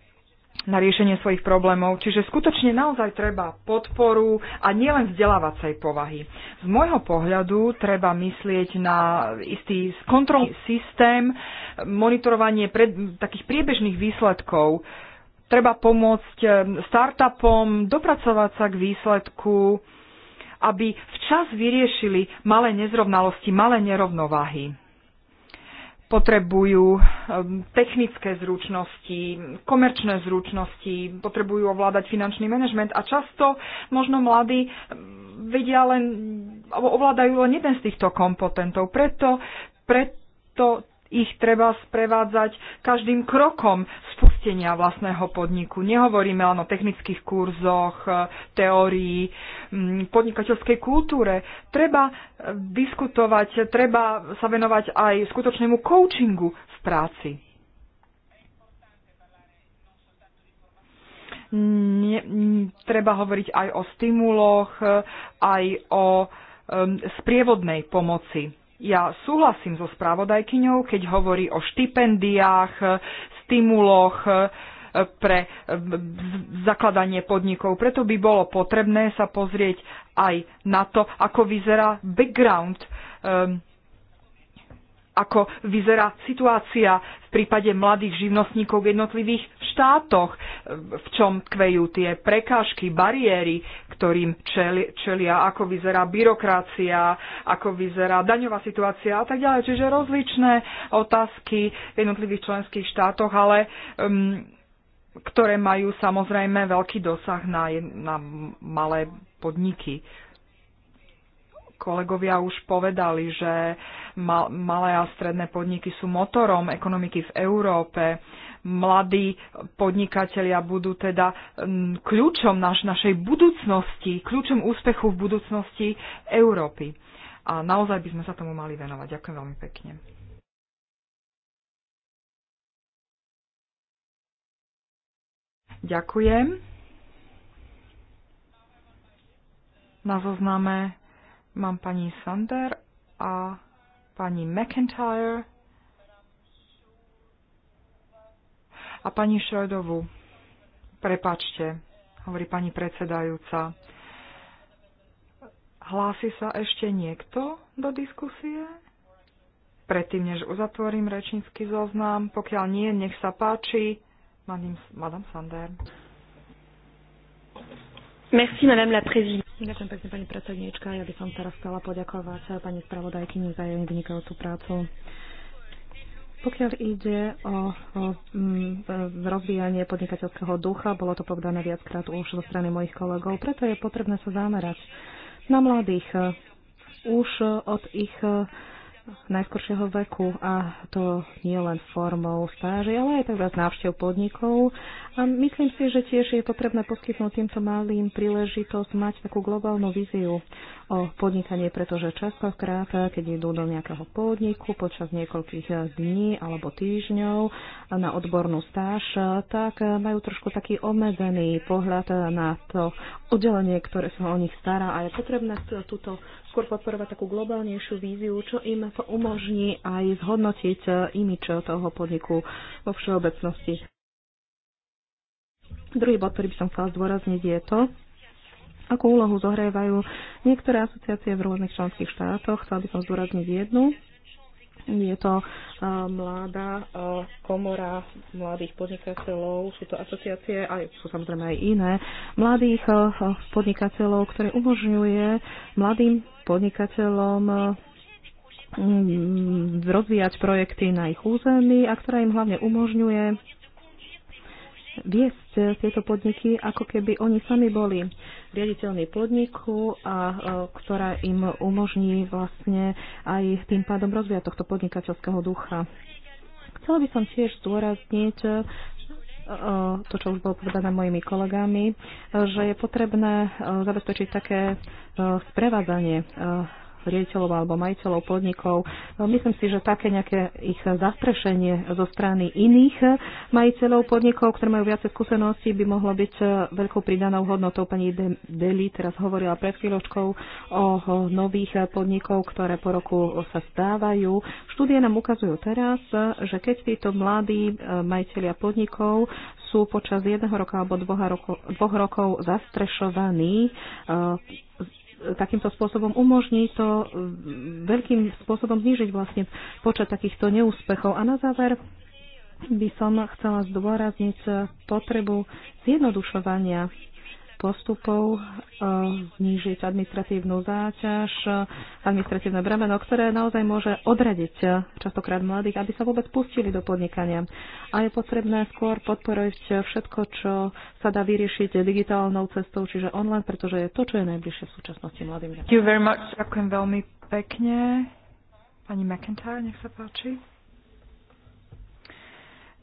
na riešenie svojich problémov. Čiže skutočne naozaj treba podporu a nielen vzdelávacej povahy. Z môjho pohľadu treba myslieť na istý kontrolný systém, monitorovanie pred, takých priebežných výsledkov. Treba pomôcť e, startupom dopracovať sa k výsledku, aby včas vyriešili malé nezrovnalosti, malé nerovnováhy potrebujú ehm, technické zručnosti, komerčné zručnosti, potrebujú ovládať finančný manažment a často možno mladí ehm, vedia len, ovládajú len jeden z týchto kompetentov. Preto, preto ich treba sprevádzať každým krokom spustenia vlastného podniku. Nehovoríme len o technických kurzoch, e, teórii, podnikateľskej kultúre. Treba e, diskutovať, treba sa venovať aj skutočnému coachingu v práci. Ne, treba hovoriť aj o stimuloch, e, aj o sprievodnej pomoci ja súhlasím so spravodajkyňou, keď hovorí o štipendiách, stimuloch e, pre e, zakladanie podnikov. Preto by bolo potrebné sa pozrieť aj na to, ako vyzerá background um, ako vyzerá situácia v prípade mladých živnostníkov v jednotlivých štátoch, v čom kvejú tie prekážky, bariéry, ktorým čelia, ako vyzerá byrokracia, ako vyzerá daňová situácia a tak ďalej. Čiže rozličné otázky v jednotlivých členských štátoch, ale um, ktoré majú samozrejme veľký dosah na, na malé podniky kolegovia už povedali, že malé a stredné podniky sú motorom ekonomiky v Európe. Mladí podnikatelia budú teda kľúčom naš, našej budúcnosti, kľúčom úspechu v budúcnosti Európy. A naozaj by sme sa tomu mali venovať. Ďakujem veľmi pekne. Ďakujem. Na zozname Mám pani Sander a pani McIntyre a pani Šerdovu. Prepačte, hovorí pani predsedajúca. Hlási sa ešte niekto do diskusie? Predtým, než uzatvorím rečnícky zoznam, pokiaľ nie, nech sa páči. Madame Sander. Merci, madame la présidente. Ďakujem pekne, pani predsedníčka. Ja by som teraz chcela poďakovať pani spravodajkyni za jej vynikajúcu prácu. Pokiaľ ide o, o m, mm, rozvíjanie podnikateľského ducha, bolo to povedané viackrát už zo strany mojich kolegov, preto je potrebné sa zamerať na mladých už od ich najskoršieho veku a to nie len formou stáže, ale aj teda z návštev podnikov. A myslím si, že tiež je potrebné poskytnúť týmto malým príležitosť mať takú globálnu víziu o podnikanie, pretože častokrát, keď idú do nejakého podniku počas niekoľkých dní alebo týždňov na odbornú stáž, tak majú trošku taký obmedzený pohľad na to oddelenie, ktoré sa o nich stará a je potrebné túto skôr podporovať takú globálnejšiu víziu, čo im to umožní aj zhodnotiť e, imič toho podniku vo všeobecnosti. Druhý bod, ktorý by som chcela zdôrazniť, je to, akú úlohu zohrávajú niektoré asociácie v rôznych členských štátoch. Chcela by som zdôrazniť jednu, je to mladá komora mladých podnikateľov, sú to asociácie, aj sú samozrejme aj iné, mladých podnikateľov, ktoré umožňuje mladým podnikateľom rozvíjať projekty na ich území a ktorá im hlavne umožňuje viesť eh, tieto podniky, ako keby oni sami boli riaditeľmi podniku, a, eh, ktorá im umožní vlastne aj tým pádom rozvíjať tohto podnikateľského ducha. Chcela by som tiež zdôrazniť eh, to, čo už bolo povedané mojimi kolegami, že je potrebné zabezpečiť také sprevádzanie riaditeľov alebo majiteľov podnikov. No, myslím si, že také nejaké ich zastrešenie zo strany iných majiteľov podnikov, ktoré majú viacej skúseností, by mohlo byť e, veľkou pridanou hodnotou. Pani Deli teraz hovorila pred chvíľočkou o nových podnikov, ktoré po roku sa stávajú. Štúdie nám ukazujú teraz, že keď títo mladí e, majiteľia podnikov sú počas jedného roka alebo dvoch rokov, dvoch rokov zastrešovaní e, takýmto spôsobom umožní to veľkým spôsobom znižiť vlastne počet takýchto neúspechov. A na záver by som chcela zdôrazniť potrebu zjednodušovania postupov eh, znižiť administratívnu záťaž, administratívne bremeno, ktoré naozaj môže odradiť eh, častokrát mladých, aby sa vôbec pustili do podnikania. A je potrebné skôr podporiť všetko, čo sa dá vyriešiť digitálnou cestou, čiže online, pretože je to, čo je najbližšie v súčasnosti mladým. Ďakujem veľmi pekne. Pani McIntyre, nech sa páči.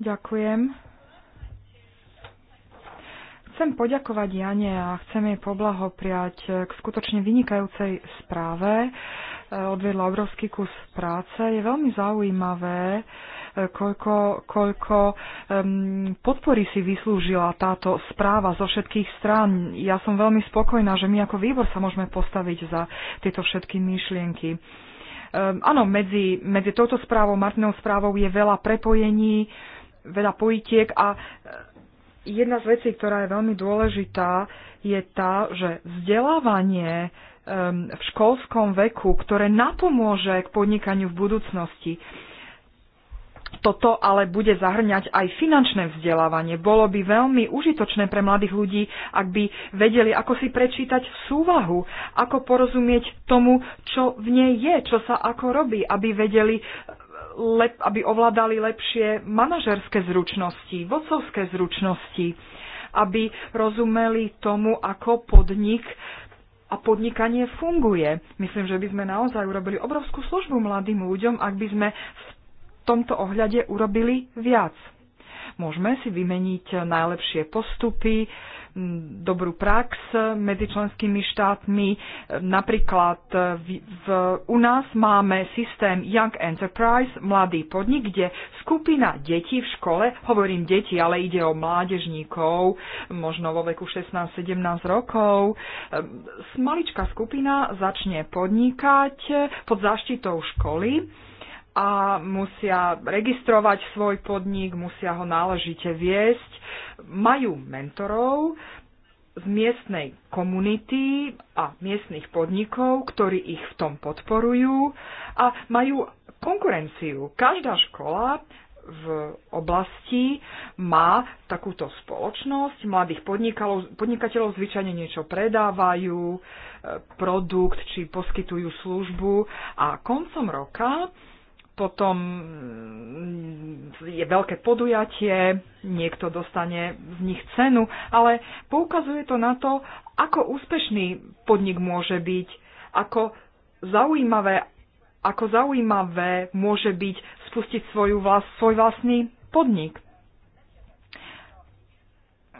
Ďakujem. Chcem poďakovať Jane a chcem jej poblahopriať k skutočne vynikajúcej správe. E, odvedla obrovský kus práce. Je veľmi zaujímavé, e, koľko, koľko um, podpory si vyslúžila táto správa zo všetkých strán. Ja som veľmi spokojná, že my ako výbor sa môžeme postaviť za tieto všetky myšlienky. Um, áno, medzi, medzi touto správou, Martinou správou je veľa prepojení, veľa pojitiek a jedna z vecí, ktorá je veľmi dôležitá, je tá, že vzdelávanie v školskom veku, ktoré napomôže k podnikaniu v budúcnosti, toto ale bude zahrňať aj finančné vzdelávanie. Bolo by veľmi užitočné pre mladých ľudí, ak by vedeli, ako si prečítať súvahu, ako porozumieť tomu, čo v nej je, čo sa ako robí, aby vedeli, lep, aby ovládali lepšie manažerské zručnosti, vodcovské zručnosti, aby rozumeli tomu, ako podnik a podnikanie funguje. Myslím, že by sme naozaj urobili obrovskú službu mladým ľuďom, ak by sme v tomto ohľade urobili viac. Môžeme si vymeniť najlepšie postupy, dobrú prax medzi členskými štátmi. Napríklad v, v, u nás máme systém Young Enterprise, mladý podnik, kde skupina detí v škole, hovorím deti, ale ide o mládežníkov, možno vo veku 16-17 rokov, maličká skupina začne podnikať pod záštitou školy a musia registrovať svoj podnik, musia ho náležite viesť. Majú mentorov z miestnej komunity a miestnych podnikov, ktorí ich v tom podporujú a majú konkurenciu. Každá škola v oblasti má takúto spoločnosť mladých podnikateľov, zvyčajne niečo predávajú, e, produkt či poskytujú službu a koncom roka potom mm, je veľké podujatie, niekto dostane z nich cenu, ale poukazuje to na to, ako úspešný podnik môže byť, ako zaujímavé, ako zaujímavé môže byť spustiť svoju vlas, svoj vlastný podnik.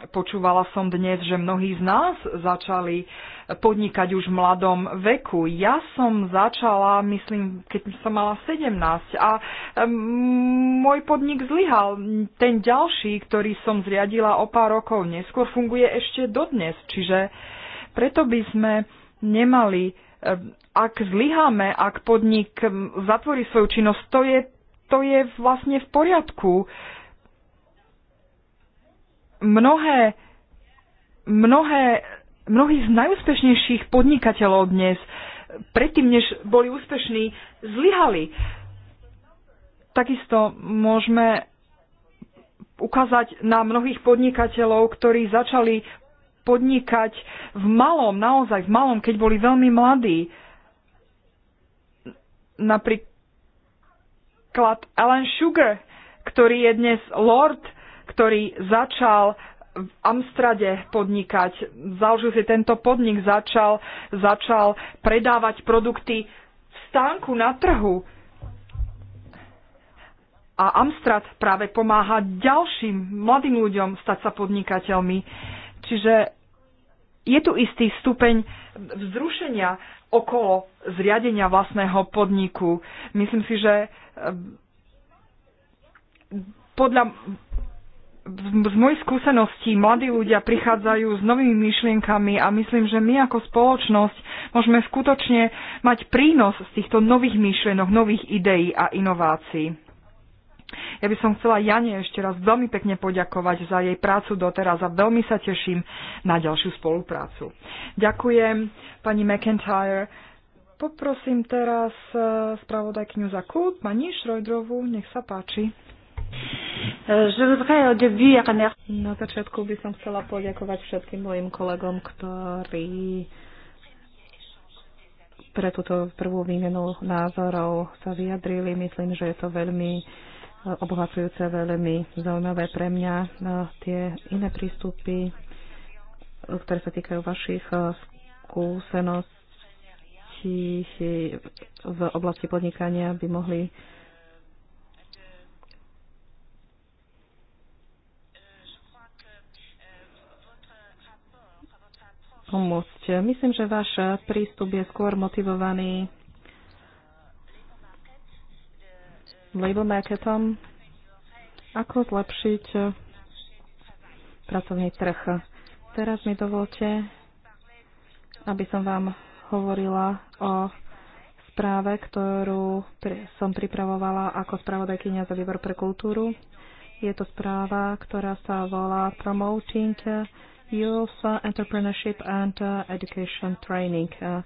Počúvala som dnes, že mnohí z nás začali uh, podnikať už v mladom veku. Ja som začala, myslím, keď som mala 17 a môj podnik zlyhal. Ten ďalší, ktorý som zriadila o pár rokov neskôr, funguje ešte dodnes. Čiže preto by sme nemali, ak zlyháme, ak podnik zatvorí svoju činnosť, to je, to je vlastne v poriadku. Mnohé, mnohé mnohí z najúspešnejších podnikateľov dnes, predtým než boli úspešní, zlyhali. Takisto môžeme ukázať na mnohých podnikateľov, ktorí začali podnikať v malom, naozaj v malom, keď boli veľmi mladí. Napríklad Alan Sugar, ktorý je dnes lord, ktorý začal v Amstrade podnikať. Založil si tento podnik, začal, začal predávať produkty v stánku na trhu. A Amstrad práve pomáha ďalším mladým ľuďom stať sa podnikateľmi. Čiže je tu istý stupeň vzrušenia okolo zriadenia vlastného podniku. Myslím si, že ehm, podľa z mojej skúseností mladí ľudia prichádzajú s novými myšlienkami a myslím, že my ako spoločnosť môžeme skutočne mať prínos z týchto nových myšlienok, nových ideí a inovácií. Ja by som chcela Jane ešte raz veľmi pekne poďakovať za jej prácu doteraz a veľmi sa teším na ďalšiu spoluprácu. Ďakujem pani McIntyre. Poprosím teraz eh, spravodajkňu za klub, pani Šrojdrovú, nech sa páči. Na začiatku by som chcela poďakovať všetkým mojim kolegom, ktorí pre túto prvú výmenu názorov sa vyjadrili. Myslím, že je to veľmi e, obohacujúce, veľmi zaujímavé pre mňa e, tie iné prístupy, e, ktoré sa týkajú vašich skúseností v oblasti podnikania by mohli pomôcť. Myslím, že váš prístup je skôr motivovaný label marketom, ako zlepšiť pracovný trh. Teraz mi dovolte, aby som vám hovorila o správe, ktorú som pripravovala ako spravodajkynia za výbor pre kultúru. Je to správa, ktorá sa volá Promoting Youth Entrepreneurship and uh, Education Training. Uh,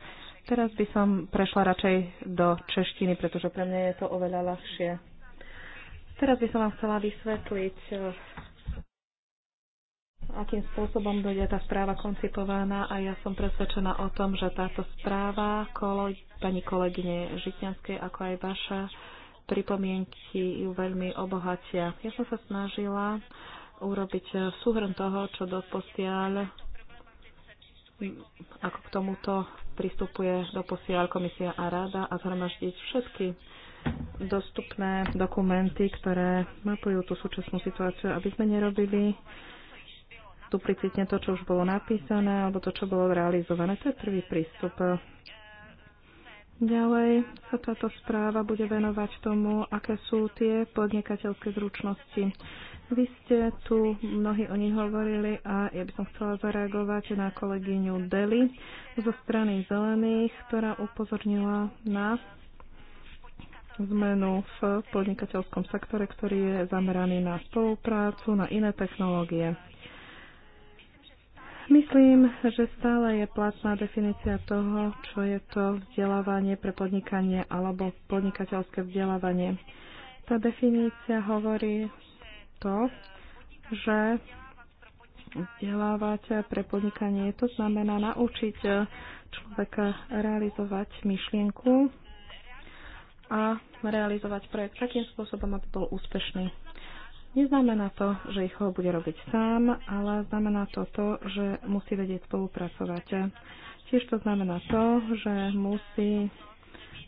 teraz by som prešla radšej do češtiny, pretože pre mňa je to oveľa ľahšie. Teraz by som vám chcela vysvetliť, uh, akým spôsobom bude tá správa koncipovaná a ja som presvedčená o tom, že táto správa kolo, pani kolegyne Žitňanskej, ako aj vaša, pripomienky ju veľmi obohatia. Ja som sa snažila uh, urobiť eh, súhrn toho, čo doposiaľ ako k tomuto pristupuje doposiaľ komisia a rada a zhromaždiť všetky dostupné dokumenty, ktoré mapujú tú súčasnú situáciu, aby sme nerobili duplicitne to, čo už bolo napísané alebo to, čo bolo realizované. To je prvý prístup. Ďalej sa táto správa bude venovať tomu, aké sú tie podnikateľské zručnosti vy ste tu, mnohí o nich hovorili a ja by som chcela zareagovať na kolegyňu Deli zo strany zelených, ktorá upozornila na zmenu v podnikateľskom sektore, ktorý je zameraný na spoluprácu, na iné technológie. Myslím, že stále je platná definícia toho, čo je to vzdelávanie pre podnikanie alebo podnikateľské vzdelávanie. Tá definícia hovorí to, že vzdelávať pre podnikanie. To znamená naučiť človeka realizovať myšlienku a realizovať projekt takým spôsobom, aby bol úspešný. Neznamená to, že ich ho bude robiť sám, ale znamená to to, že musí vedieť spolupracovať. Tiež to znamená to, že musí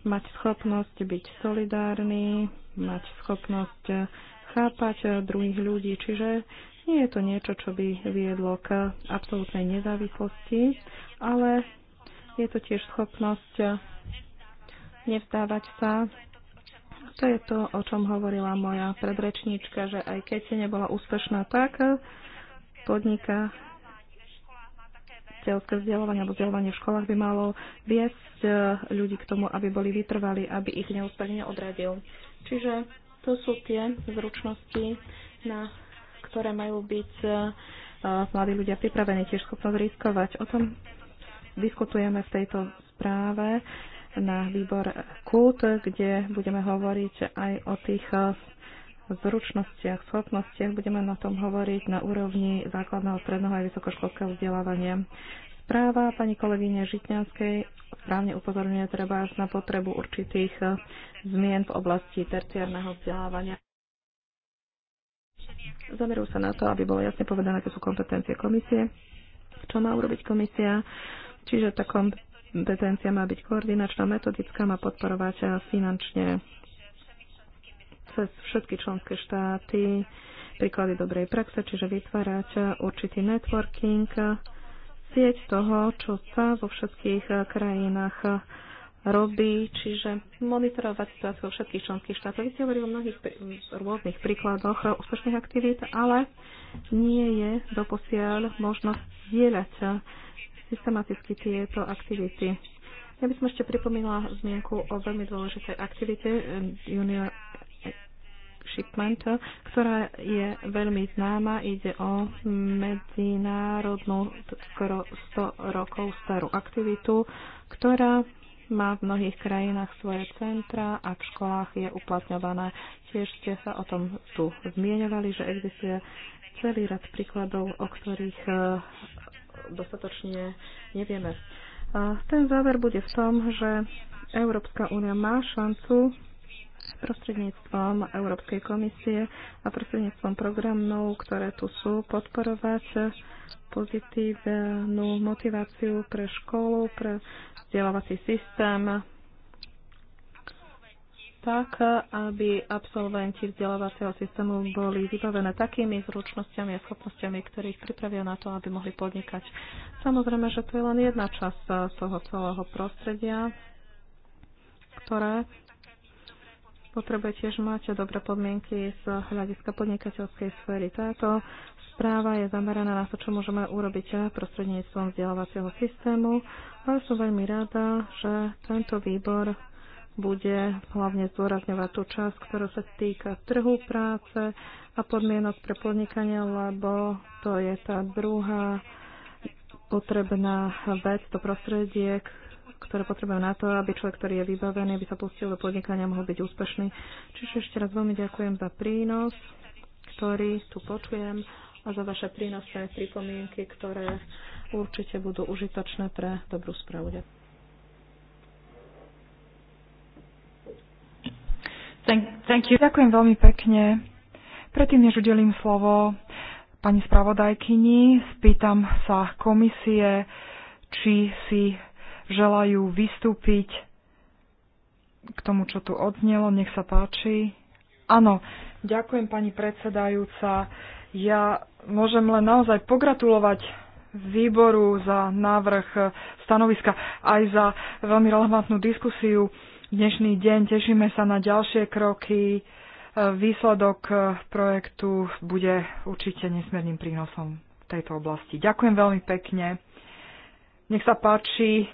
mať schopnosť byť solidárny, mať schopnosť chápať eh, druhých ľudí. Čiže nie je to niečo, čo by viedlo k absolútnej nezávislosti, ale je to tiež schopnosť eh, nevzdávať sa. To je to, o čom hovorila moja predrečníčka, že aj keď nebola úspešná tak, eh, podniká celské vzdelávanie alebo vzdelávanie v školách by malo viesť ľudí k tomu, aby boli vytrvali, aby ich neúspešne odradil. Čiže to sú tie zručnosti, na ktoré majú byť e, mladí ľudia pripravení, tiež schopnosť riskovať. O tom diskutujeme v tejto správe na výbor KUT, kde budeme hovoriť aj o tých e, zručnostiach, schopnostiach. Budeme na tom hovoriť na úrovni základného, stredného a vysokoškolského vzdelávania. Správa pani kolegyne Žitňanskej správne upozorňuje treba až na potrebu určitých eh, zmien v oblasti terciárneho vzdelávania. Zamerujú sa na to, aby bolo jasne povedané, aké sú kompetencie komisie, čo má urobiť komisia, čiže tá kompetencia má byť koordinačná, metodická, má podporovať eh, finančne cez všetky členské štáty, príklady dobrej praxe, čiže vytvárať eh, určitý networking, sieť toho, čo sa vo všetkých eh, krajinách eh, robí, čiže monitorovať situáciu vo všetkých členských štátoch. Vy ste hovorili o mnohých rôznych príkladoch eh, úspešných aktivít, ale nie je doposiaľ možnosť zdieľať systematicky tieto aktivity. Ja by som ešte pripomínala zmienku o veľmi dôležitej aktivite Junior Shipment, ktorá je veľmi známa. Ide o medzinárodnú skoro 100 rokov starú aktivitu, ktorá má v mnohých krajinách svoje centra a v školách je uplatňovaná. Tiež ste sa o tom tu zmieňovali, že existuje celý rad príkladov, o ktorých e, dostatočne nevieme. Ten záver bude v tom, že Európska únia má šancu prostredníctvom Európskej komisie a prostredníctvom programov, ktoré tu sú, podporovať pozitívnu motiváciu pre školu, pre vzdelávací systém, tak, aby absolventi vzdelávacieho systému boli vybavené takými zručnosťami a schopnosťami, ktoré ich pripravia na to, aby mohli podnikať. Samozrejme, že to je len jedna časť toho celého prostredia, ktoré potrebuje tiež mať dobré podmienky z hľadiska podnikateľskej sféry. Táto správa je zameraná na to, čo môžeme urobiť prostredníctvom vzdelávacieho systému, A som veľmi rada, že tento výbor bude hlavne zdôrazňovať tú časť, ktorá sa týka trhu práce a podmienok pre podnikanie, lebo to je tá druhá potrebná vec, to prostredie, ktoré potrebujú na to, aby človek, ktorý je vybavený, aby sa pustil do podnikania, mohol byť úspešný. Čiže ešte raz veľmi ďakujem za prínos, ktorý tu počujem a za vaše prínosné pripomienky, ktoré určite budú užitočné pre dobrú správu. Thank, thank you. Ďakujem veľmi pekne. Predtým, než udelím slovo pani spravodajkyni, spýtam sa komisie, či si želajú vystúpiť k tomu, čo tu odznelo. Nech sa páči. Áno, ďakujem pani predsedajúca. Ja môžem len naozaj pogratulovať výboru za návrh stanoviska aj za veľmi relevantnú diskusiu. Dnešný deň tešíme sa na ďalšie kroky. Výsledok projektu bude určite nesmierným prínosom v tejto oblasti. Ďakujem veľmi pekne. Nech sa páči,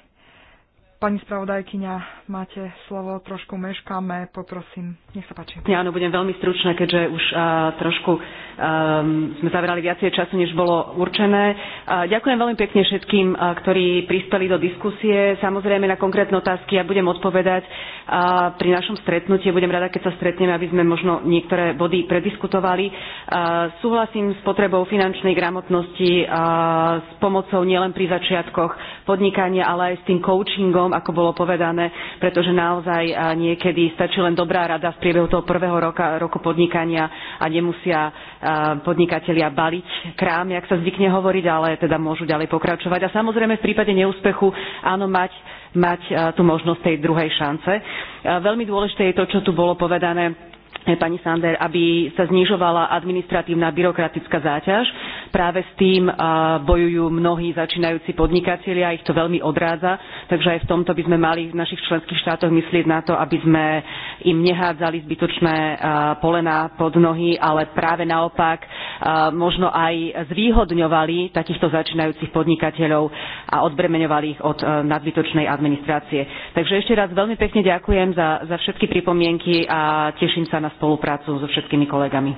Pani spravodajkyňa, máte slovo, trošku meškáme, poprosím, nech sa páči. Ja, áno, budem veľmi stručná, keďže už a, trošku a, sme zavrali viacej času, než bolo určené. A, ďakujem veľmi pekne všetkým, a, ktorí prispeli do diskusie. Samozrejme na konkrétne otázky ja budem odpovedať a, pri našom stretnutí. Budem rada, keď sa stretneme, aby sme možno niektoré body prediskutovali. A, súhlasím s potrebou finančnej gramotnosti, a, s pomocou nielen pri začiatkoch podnikania, ale aj s tým coachingom ako bolo povedané, pretože naozaj niekedy stačí len dobrá rada v priebehu toho prvého roka, roku podnikania a nemusia podnikatelia baliť krám, jak sa zvykne hovoriť, ale teda môžu ďalej pokračovať. A samozrejme v prípade neúspechu áno mať mať tú možnosť tej druhej šance. Veľmi dôležité je to, čo tu bolo povedané pani Sander, aby sa znižovala administratívna byrokratická záťaž. Práve s tým bojujú mnohí začínajúci podnikatelia, ich to veľmi odrádza, takže aj v tomto by sme mali v našich členských štátoch myslieť na to, aby sme im nehádzali zbytočné polená pod nohy, ale práve naopak možno aj zvýhodňovali takýchto začínajúcich podnikateľov a odbremeňovali ich od nadbytočnej administrácie. Takže ešte raz veľmi pekne ďakujem za, za všetky pripomienky a teším sa na spoluprácu so všetkými kolegami.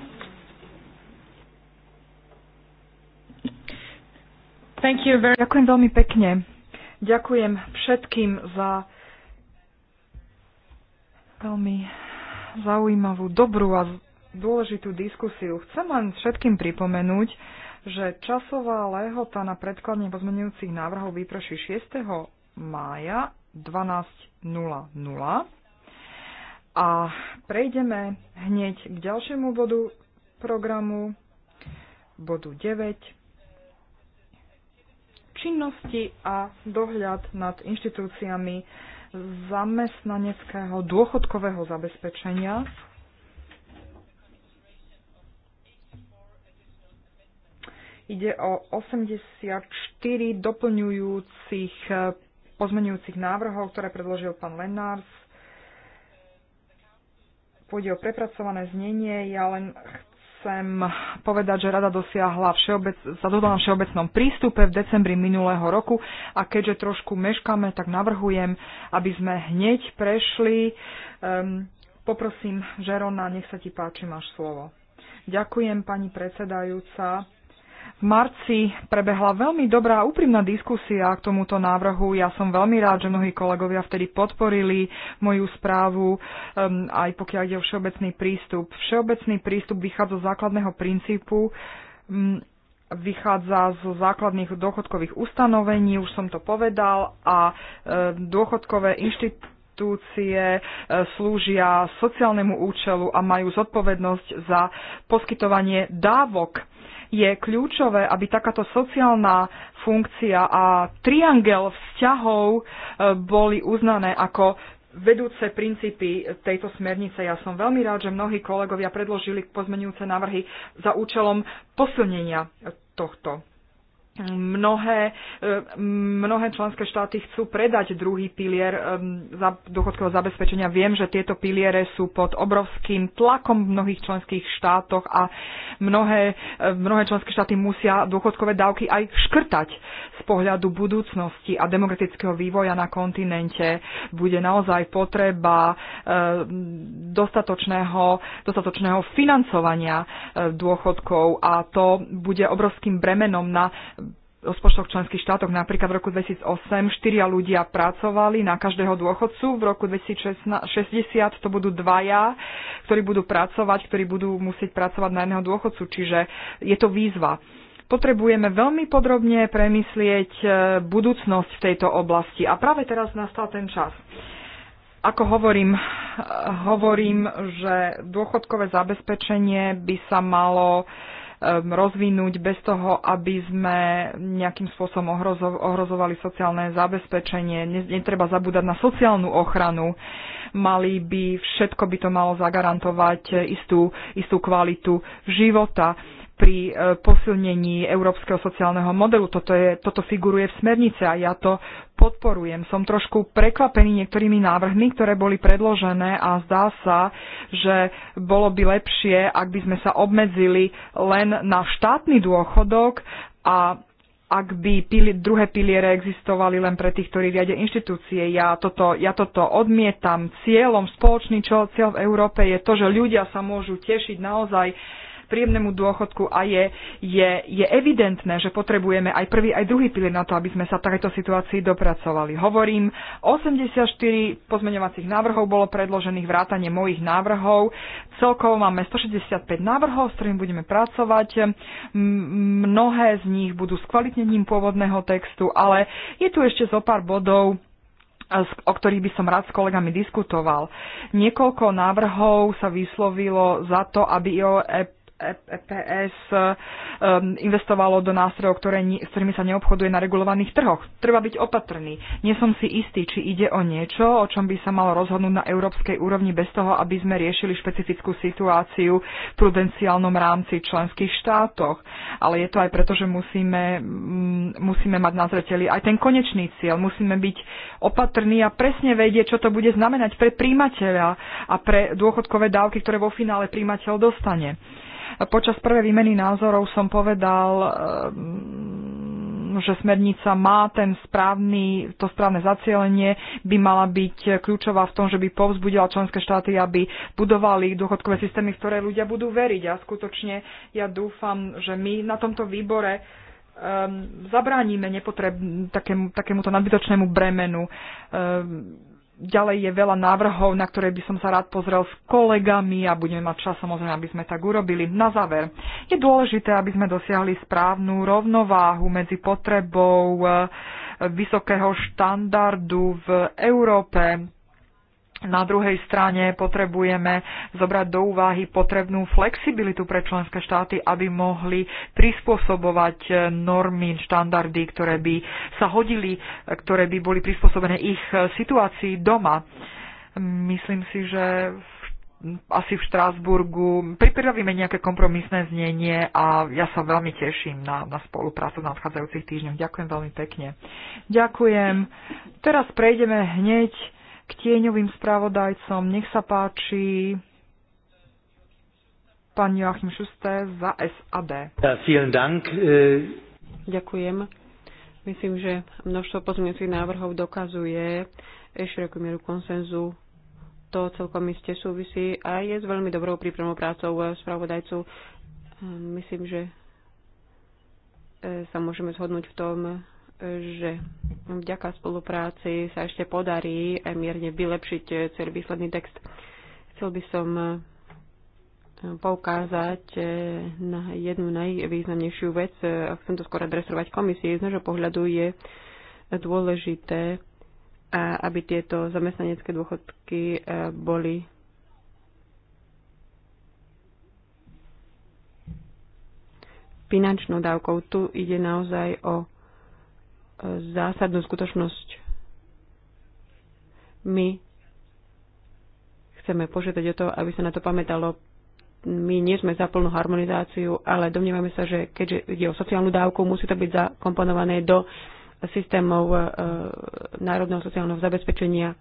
Thank you very... Ďakujem veľmi pekne. Ďakujem všetkým za veľmi zaujímavú, dobrú a dôležitú diskusiu. Chcem len všetkým pripomenúť, že časová lehota na predkladne pozmenujúcich návrhov vyprší 6. mája 12.00. A prejdeme hneď k ďalšiemu bodu programu, bodu 9. Činnosti a dohľad nad inštitúciami zamestnaneckého dôchodkového zabezpečenia. Ide o 84 doplňujúcich pozmenujúcich návrhov, ktoré predložil pán Lenárs pôjde o prepracované znenie. Ja len chcem povedať, že rada dosiahla všeobec, sa dohodla na všeobecnom prístupe v decembri minulého roku a keďže trošku meškáme, tak navrhujem, aby sme hneď prešli. Um, poprosím, Žerona, nech sa ti páči, máš slovo. Ďakujem, pani predsedajúca. V marci prebehla veľmi dobrá úprimná diskusia k tomuto návrhu. Ja som veľmi rád, že mnohí kolegovia vtedy podporili moju správu, um, aj pokiaľ ide o všeobecný prístup. Všeobecný prístup vychádza z základného princípu, um, vychádza zo základných dôchodkových ustanovení, už som to povedal, a um, dôchodkové inštitúcie uh, slúžia sociálnemu účelu a majú zodpovednosť za poskytovanie dávok je kľúčové, aby takáto sociálna funkcia a triangel vzťahov e, boli uznané ako vedúce princípy tejto smernice. Ja som veľmi rád, že mnohí kolegovia predložili pozmenujúce návrhy za účelom posilnenia tohto mnohé, e, mnohé členské štáty chcú predať druhý pilier e, dochodkového zabezpečenia. Viem, že tieto piliere sú pod obrovským tlakom v mnohých členských štátoch a mnohé, e, mnohé členské štáty musia dôchodkové dávky aj škrtať z pohľadu budúcnosti a demokratického vývoja na kontinente. Bude naozaj potreba dostatočného, dostatočného financovania dôchodkov a to bude obrovským bremenom na rozpočtoch členských štátoch. Napríklad v roku 2008 štyria ľudia pracovali na každého dôchodcu, v roku 2060 to budú dvaja, ktorí budú pracovať, ktorí budú musieť pracovať na jedného dôchodcu, čiže je to výzva potrebujeme veľmi podrobne premyslieť e, budúcnosť v tejto oblasti. A práve teraz nastal ten čas. Ako hovorím, e, hovorím, že dôchodkové zabezpečenie by sa malo Um, rozvinúť bez toho, aby sme nejakým spôsobom ohrozo- ohrozovali sociálne zabezpečenie. Netreba zabúdať na sociálnu ochranu. Mali by, všetko by to malo zagarantovať istú, istú kvalitu života pri e, posilnení európskeho sociálneho modelu. Toto, je, toto figuruje v smernice a ja to podporujem. Som trošku prekvapený niektorými návrhmi, ktoré boli predložené a zdá sa, že bolo by lepšie, ak by sme sa obmedzili len na štátny dôchodok a ak by pili, druhé piliere existovali len pre tých, ktorí riade inštitúcie. Ja toto, ja toto odmietam. Cieľom, spoločný čo, cieľ v Európe je to, že ľudia sa môžu tešiť naozaj príjemnému dôchodku a je, je, je evidentné, že potrebujeme aj prvý, aj druhý pilier na to, aby sme sa v takéto situácii dopracovali. Hovorím, 84 pozmeňovacích návrhov bolo predložených, vrátane mojich návrhov. Celkovo máme 165 návrhov, s ktorými budeme pracovať. Mnohé z nich budú skvalitnením pôvodného textu, ale je tu ešte zo pár bodov, o ktorých by som rád s kolegami diskutoval. Niekoľko návrhov sa vyslovilo za to, aby IOEP EPS um, investovalo do nástrojov, ktoré, s ktorými sa neobchoduje na regulovaných trhoch. Treba byť opatrný. Nie som si istý, či ide o niečo, o čom by sa malo rozhodnúť na európskej úrovni bez toho, aby sme riešili špecifickú situáciu v prudenciálnom rámci členských štátoch. Ale je to aj preto, že musíme, mm, musíme mať na zreteli aj ten konečný cieľ. Musíme byť opatrní a presne vedieť, čo to bude znamenať pre príjmateľa a pre dôchodkové dávky, ktoré vo finále príjmateľ dostane. Počas prvej výmeny názorov som povedal, ehm, že smernica má ten správny, to správne zacielenie, by mala byť kľúčová v tom, že by povzbudila členské štáty, aby budovali dôchodkové systémy, v ktoré ľudia budú veriť. A skutočne ja dúfam, že my na tomto výbore um, zabránime nepotreb, takému, takémuto nadbytočnému bremenu. Um, ďalej je veľa návrhov, na ktoré by som sa rád pozrel s kolegami a budeme mať čas samozrejme, aby sme tak urobili. Na záver, je dôležité, aby sme dosiahli správnu rovnováhu medzi potrebou eh, vysokého štandardu v Európe, na druhej strane potrebujeme zobrať do úvahy potrebnú flexibilitu pre členské štáty, aby mohli prispôsobovať e, normy, štandardy, ktoré by sa hodili, e, ktoré by boli prispôsobené ich e, situácii doma. Myslím si, že asi v Štrásburgu pripravíme nejaké kompromisné znenie a ja sa veľmi teším na, na spoluprácu v nadchádzajúcich týždňoch. Ďakujem veľmi pekne. Ďakujem. Teraz prejdeme hneď k tieňovým spravodajcom. Nech sa páči pán Joachim Šusté za SAD. Ja, äh, Ďakujem. Myslím, že množstvo pozmeňujúcich návrhov dokazuje širokú mieru konsenzu. To celkom iste súvisí a je s veľmi dobrou prípravnou prácou spravodajcu. Myslím, že e, sa môžeme zhodnúť v tom, že vďaka spolupráci sa ešte podarí mierne vylepšiť celý výsledný text. Chcel by som eh, poukázať eh, na jednu najvýznamnejšiu vec, eh, a chcem to skôr adresovať komisii, z nášho pohľadu je dôležité, aby tieto zamestnanecké dôchodky boli finančnou dávkou. Tu ide naozaj o zásadnú skutočnosť. My chceme požiadať o to, aby sa na to pamätalo. My nie sme za plnú harmonizáciu, ale domnievame sa, že keďže ide o sociálnu dávku, musí to byť zakomponované do systémov e, národného sociálneho zabezpečenia.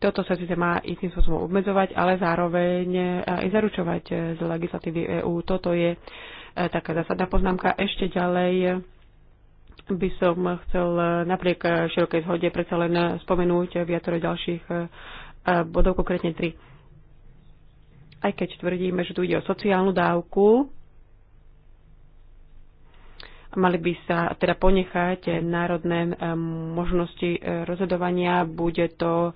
Toto sa síce má istým spôsobom obmedzovať, ale zároveň e, aj zaručovať e, z legislatívy EÚ. Toto je E, taká zásadná poznámka. Ešte ďalej by som chcel napriek širokej zhode predsa len spomenúť viacero ďalších e, bodov, konkrétne tri. Aj keď tvrdíme, že tu ide o sociálnu dávku, mali by sa teda ponechať národné e, možnosti rozhodovania, bude to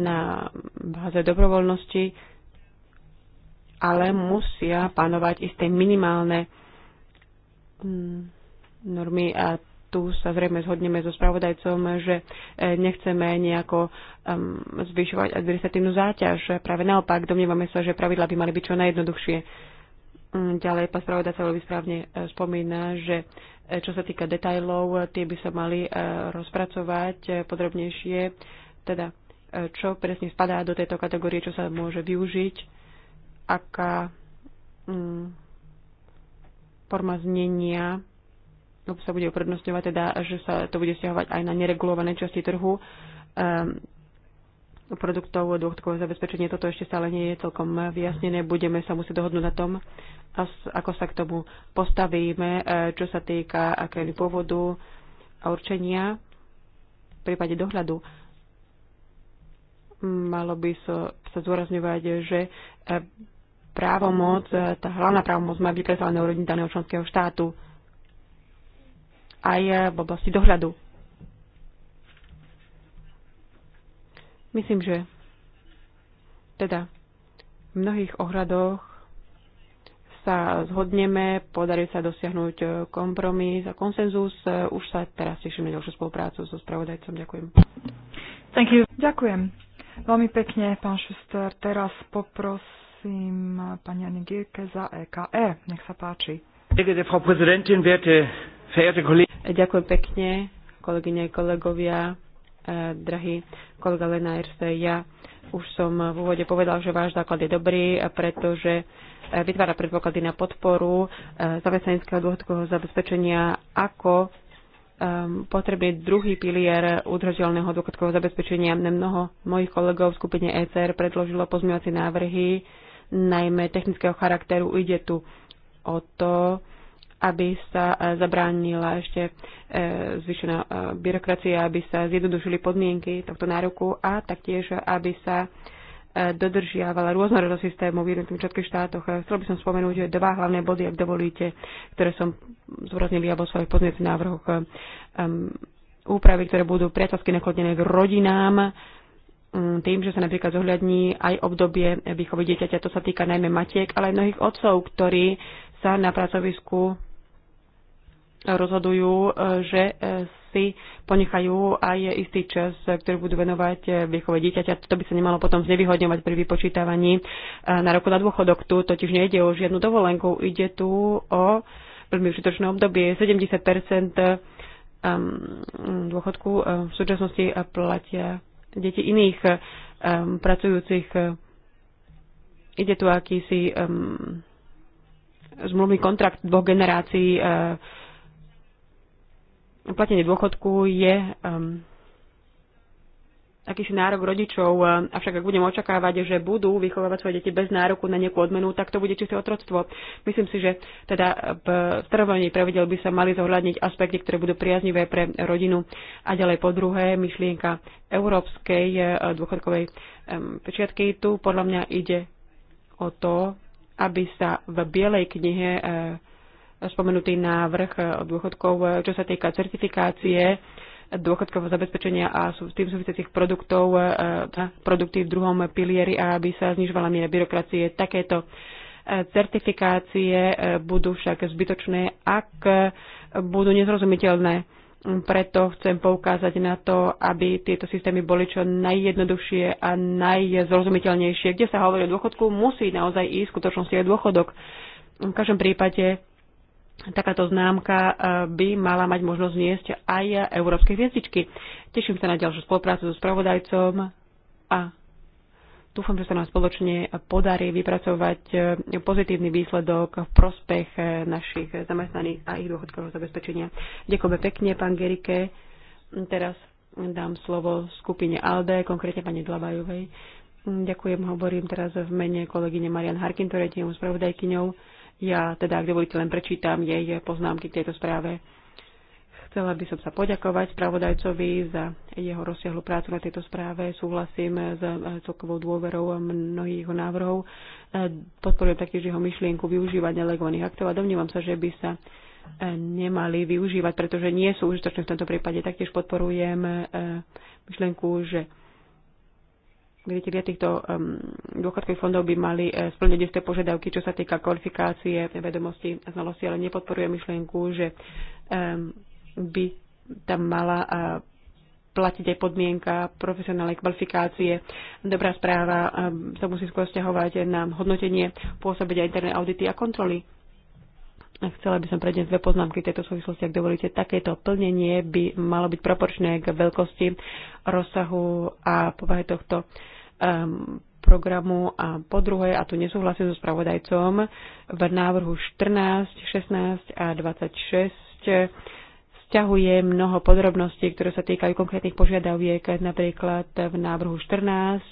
na báze dobrovoľnosti ale musia panovať isté minimálne mm, normy a tu sa zrejme zhodneme so spravodajcom, že e, nechceme nejako um, zvyšovať administratívnu záťaž. Práve naopak, domnievame sa, že pravidla by mali byť čo najjednoduchšie. Mm, ďalej, pán spravodajca veľmi správne e, spomína, že e, čo sa týka detajlov, tie by sa mali rozpracovať podrobnejšie, teda čo presne spadá do tejto kategórie, čo sa môže využiť aká mm, forma znenia sa bude uprednostňovať, teda, že sa to bude stiahovať aj na neregulované časti trhu um, produktov dôchodkového zabezpečenia. Toto ešte stále nie je celkom vyjasnené. Budeme sa musieť dohodnúť na tom, ako sa k tomu postavíme, e, čo sa týka akého pôvodu a určenia v prípade dohľadu malo by sa, sa zdôrazňovať, že e, právomoc, e, tá hlavná právomoc má byť predsa na úrovni daného členského štátu aj e, v oblasti dohľadu. Myslím, že teda v mnohých ohľadoch sa zhodneme, podarí sa dosiahnuť e, kompromis a konsenzus. Už sa teraz teším na ďalšiu spoluprácu so spravodajcom. Ďakujem. Thank you. Ďakujem. Veľmi pekne, pán Šuster. Teraz poprosím Prosím, pani Anigirke za EKE. E. Nech sa páči. Ďakujem pekne, kolegyne, kolegovia, e, drahý kolega Lena Erste. Ja už som v úvode povedal, že váš základ je dobrý, pretože e, vytvára predpoklady na podporu zamestnaneckého dôchodkového zabezpečenia ako potrebný druhý pilier udržateľného dôchodkového zabezpečenia. Mnoho mojich kolegov v skupine ECR predložilo pozmývacie návrhy, najmä technického charakteru. Ide tu o to, aby sa e, zabránila ešte e, zvyšená e, byrokracia, aby sa zjednodušili podmienky tohto nároku a taktiež, aby sa dodržiavala rôznorodosť systémov v jednotlivých všetkých štátoch. Chcel by som spomenúť dva hlavné body, ak dovolíte, ktoré som zvraznil ja vo svojich pozniecich návrhoch. Úpravy, ktoré budú priateľsky naklonené k rodinám, Mm, tým, že sa napríklad zohľadní aj obdobie výchovy dieťaťa. To sa týka najmä matiek, ale aj mnohých otcov, ktorí sa na pracovisku rozhodujú, e, že e, si ponechajú aj istý čas, ktorý budú venovať e, výchove dieťaťa. To by sa nemalo potom znevýhodňovať pri vypočítavaní na roku na dôchodok. Tu totiž nejde o žiadnu dovolenku, ide tu o veľmi užitočné obdobie. 70 ehm, dôchodku v súčasnosti platia deti iných um, pracujúcich. Eh, ide tu akýsi um, zmluvný kontrakt dvoch generácií. Uh, eh, platenie dôchodku je um, akýsi nárok rodičov, avšak ak budem očakávať, že budú vychovávať svoje deti bez nároku na nejakú odmenu, tak to bude čisté otroctvo. Myslím si, že teda v stanovení pravidel by sa mali zohľadniť aspekty, ktoré budú priaznivé pre rodinu. A ďalej po druhé, myšlienka európskej e, dôchodkovej pečiatky. Tu podľa mňa ide o to, aby sa v Bielej knihe e, spomenutý návrh e, dôchodkov, čo sa týka certifikácie, dôchodkového zabezpečenia a sú tým súvisiacich produktov e, e, produkty v druhom pilieri a aby sa znižovala miera byrokracie. Takéto e, certifikácie budú však zbytočné, ak budú nezrozumiteľné. Preto chcem poukázať na to, aby tieto systémy boli čo najjednoduchšie a najzrozumiteľnejšie. Kde sa hovorí o dôchodku, musí naozaj ísť v skutočnosti aj dôchodok. V každom prípade takáto známka eh, by mala mať možnosť niesť aj európske hviezdičky. Teším sa na ďalšiu spoluprácu so spravodajcom a dúfam, že sa nám spoločne podarí vypracovať eh, pozitívny výsledok v prospech eh, našich zamestnaných a ich dôchodkového zabezpečenia. Ďakujem pekne, pán Gerike. Teraz dám slovo skupine ALDE, konkrétne pani Dlabajovej. Ďakujem, hovorím teraz v mene kolegyne Marian Harkin, ktorá je tým spravodajkyňou ja teda, ak dovolíte, len prečítam jej poznámky k tejto správe. Chcela by som sa poďakovať spravodajcovi za jeho rozsiahlu prácu na tejto správe. Súhlasím s e, celkovou dôverou mnohých jeho návrhov. E, podporujem taktiež jeho myšlienku využívať nelegovaných aktov a domnívam sa, že by sa e, nemali využívať, pretože nie sú užitočné v tomto prípade. Taktiež podporujem myšlienku, že riaditeľia týchto um, dôchodkových fondov by mali uh, splniť isté požiadavky, čo sa týka kvalifikácie, vedomosti a znalosti, ale nepodporujem myšlienku, že um, by tam mala uh, platiť aj podmienka profesionálnej kvalifikácie. Dobrá správa um, sa musí skôr stiahovať na hodnotenie, pôsobenia interné audity a kontroly Chcela by som prednes dve poznámky tejto súvislosti, ak dovolíte. Takéto plnenie by malo byť proporčné k veľkosti, rozsahu a povahe tohto um, programu. A po druhé, a tu nesúhlasím so spravodajcom, v návrhu 14, 16 a 26 vzťahuje mnoho podrobností, ktoré sa týkajú konkrétnych požiadaviek, napríklad v návrhu 14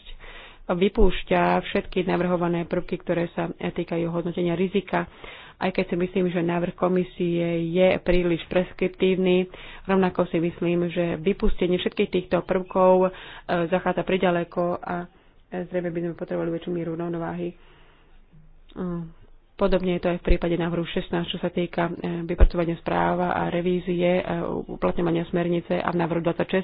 vypúšťa všetky navrhované prvky, ktoré sa týkajú hodnotenia rizika aj keď si myslím, že návrh komisie je príliš preskriptívny. Rovnako si myslím, že vypustenie všetkých týchto prvkov e, zachádza priďaleko a e, zrejme by sme potrebovali väčšiu mieru rovnováhy. E, podobne je to aj v prípade návrhu 16, čo sa týka vypracovania správa a revízie uplatňovania smernice a v návrhu 26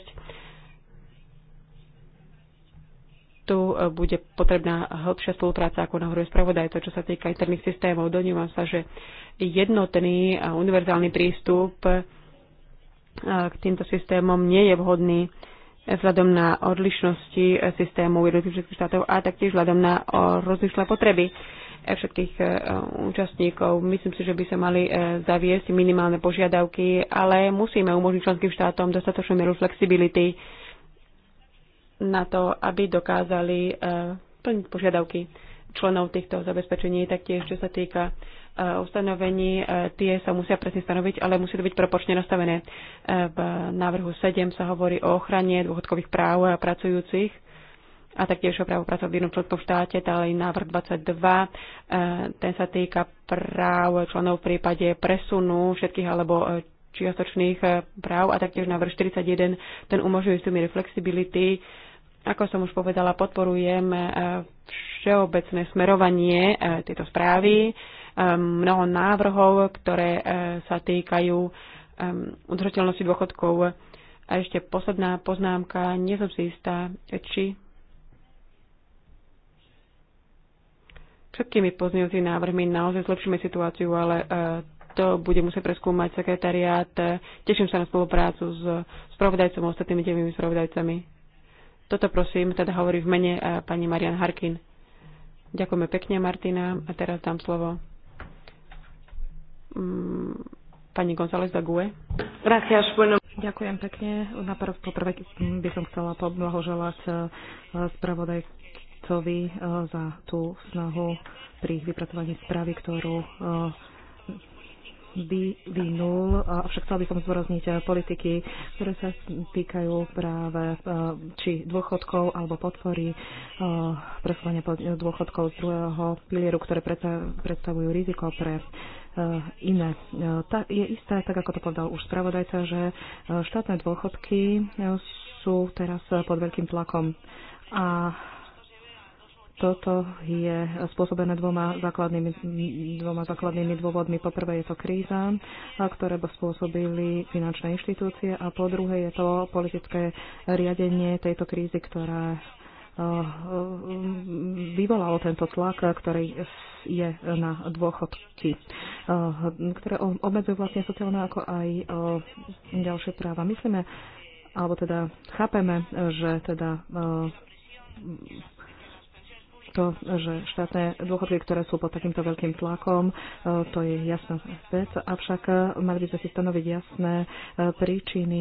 tu e, bude potrebná hĺbšia spolupráca, ako navrhuje to, čo sa týka interných systémov. Donívam sa, že jednotný a univerzálny prístup e, k týmto systémom nie je vhodný vzhľadom na odlišnosti e, systémov jednotlivých štátov a taktiež vzhľadom na rozlišné potreby všetkých účastníkov. Myslím si, že by sa mali zaviesť minimálne požiadavky, ale musíme umožniť členským štátom dostatočnú mieru flexibility na to, aby dokázali eh, plniť požiadavky členov týchto zabezpečení. Taktiež, čo sa týka eh, ustanovení, eh, tie sa musia presne stanoviť, ale musí to byť proporčne nastavené. V návrhu 7 sa hovorí o ochrane dôchodkových práv pracujúcich a taktiež o právo pracov v jednom členskom štáte, ale návrh 22, ten sa týka práv členov v prípade presunu všetkých alebo čiastočných práv a taktiež návrh 41, ten umožňuje istú reflexibility, flexibility ako som už povedala, podporujem e, všeobecné smerovanie e, tejto správy, e, mnoho návrhov, ktoré sa týkajú udržateľnosti dôchodkov. A ešte posledná poznámka, nie som si istá, či všetkými pozmeňujúcimi návrhmi naozaj zlepšíme situáciu, ale to bude musieť preskúmať sekretariát. Teším sa na spoluprácu s spravodajcom a ostatnými devými spravodajcami. Toto prosím, teda hovorí v mene eh, pani Marian Harkin. Ďakujeme pekne, Martina. A teraz dám slovo mm, pani González Dague. Gracias, bueno. Ďakujem pekne. Naprv, poprvé by som chcela poblahoželať eh, spravodajcovi eh, za tú snahu pri vypracovaní správy, ktorú vyvinul, avšak chcel by som zdôrazniť eh, politiky, ktoré sa týkajú práve eh, či dôchodkov alebo podpory eh, presúvania dôchodkov z druhého pilieru, ktoré predstavujú riziko pre iné. Tá, je isté, tak ako to povedal už spravodajca, že štátne dôchodky sú teraz pod veľkým tlakom a toto je spôsobené dvoma základnými, dvoma základnými dôvodmi. Po prvé je to kríza, ktoré spôsobili finančné inštitúcie a po druhé je to politické riadenie tejto krízy, ktoré eh, eh, vyvolalo tento tlak, ktorý je na dôchodky, eh, ktoré obmedzujú vlastne sociálne ako aj ďalšie práva. Myslíme, alebo teda chápeme, že teda to, že štátne dôchodky, ktoré sú pod takýmto veľkým tlakom, e, to je jasná vec, avšak e, mali by sme si stanoviť jasné e, príčiny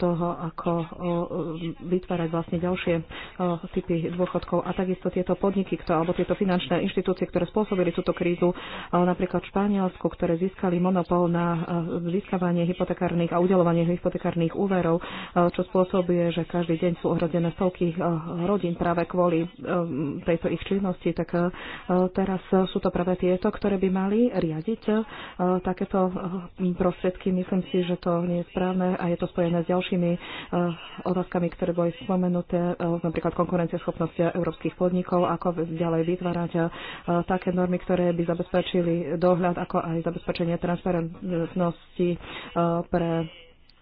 toho, ako vytvárať vlastne ďalšie typy dôchodkov a takisto tieto podniky, kto, alebo tieto finančné inštitúcie, ktoré spôsobili túto krízu, napríklad v Španielsku, ktoré získali monopol na získavanie hypotekárnych a udelovanie hypotekárnych úverov, čo spôsobuje, že každý deň sú ohrozené stovky rodín práve kvôli tejto ich činnosti, tak eh, teraz sú to práve tieto, ktoré by mali riadiť eh, takéto eh, prostriedky. Myslím si, že to nie je správne a je to spojené s ďalšími otázkami, ktoré boli spomenuté, napríklad konkurencieschopnosť európskych podnikov, ako ďalej vytvárať také normy, ktoré by zabezpečili dohľad, ako aj zabezpečenie transparentnosti pre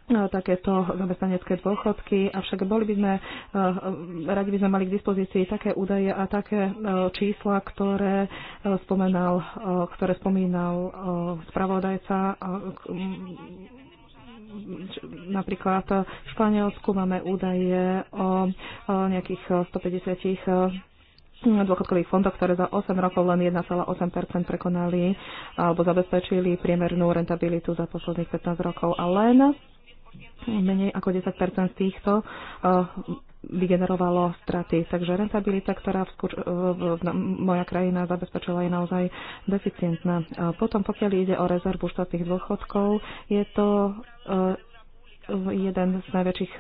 No, takéto zamestnanecké dôchodky, avšak boli by sme, eh, radi by sme mali k dispozícii také údaje a také eh, čísla, ktoré eh, spomenal, ktoré spomínal spravodajca napríklad v Španielsku máme údaje o nejakých 150 dôchodkových fondoch, ktoré za 8 rokov len 1,8 prekonali alebo zabezpečili priemernú rentabilitu za posledných 15 rokov a len menej ako 10 z týchto eh, vygenerovalo straty. Takže rentabilita, ktorá v, skuč- eh, v, v, moja krajina zabezpečila, je naozaj deficientná. Potom, pokiaľ ide o rezervu štátnych dôchodkov, je to eh, jeden z najväčších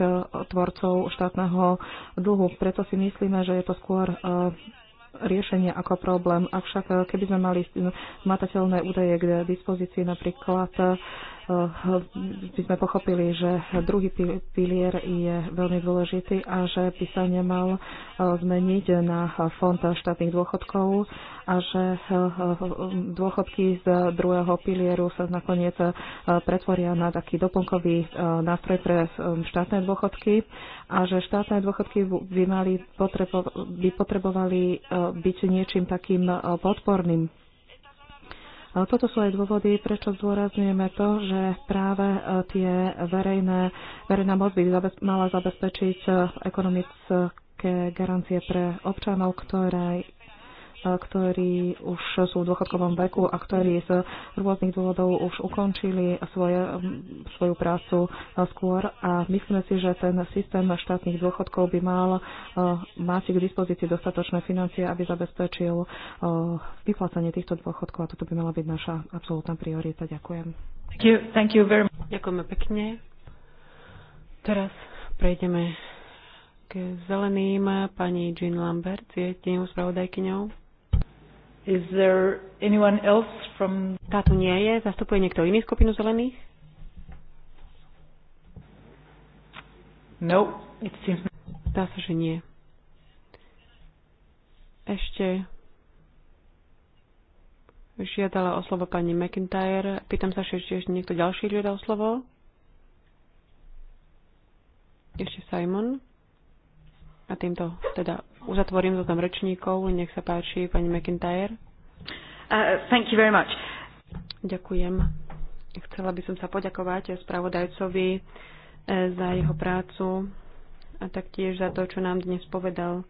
tvorcov štátneho dlhu. Preto si myslíme, že je to skôr riešenie ako problém. Avšak keby sme mali matateľné údaje k dispozícii, napríklad by sme pochopili, že druhý pilier je veľmi dôležitý a že by sa nemal e, zmeniť na fond štátnych dôchodkov a že e, e, dôchodky z druhého pilieru sa nakoniec pretvoria na taký doplnkový nástroj pre štátne dôchodky a že štátne dôchodky by, mali potrebo- by potrebovali byť niečím takým podporným toto sú aj dôvody, prečo zdôrazňujeme to, že práve e, tie verejné, verejná moc by mala zabezpečiť e, ekonomické garancie pre občanov, ktoré ktorí už sú v dôchodkovom veku a ktorí z rôznych dôvodov už ukončili svoje, svoju prácu skôr. A myslíme si, že ten systém štátnych dôchodkov by mal eh, mať k dispozícii dostatočné financie, aby zabezpečil eh, vyplácanie týchto dôchodkov a toto by mala byť naša absolútna priorita. Ďakujem. Thank you, thank you very much. Ďakujeme pekne. Teraz prejdeme k zeleným. Pani Jean Lambert je tým spravodajkyňou. Is there anyone else from... Táto nie je. Zastupuje niekto iný skupinu zelených? No, it seems... Dá sa, že nie. Ešte žiadala o slovo pani McIntyre. Pýtam sa, či ešte niekto ďalší žiadal o slovo. Ešte Simon. A týmto teda uzatvorím zoznam rečníkov. Nech sa páči, pani McIntyre. Uh, thank you very much. Ďakujem. Chcela by som sa poďakovať spravodajcovi eh, za jeho prácu a taktiež za to, čo nám dnes povedal,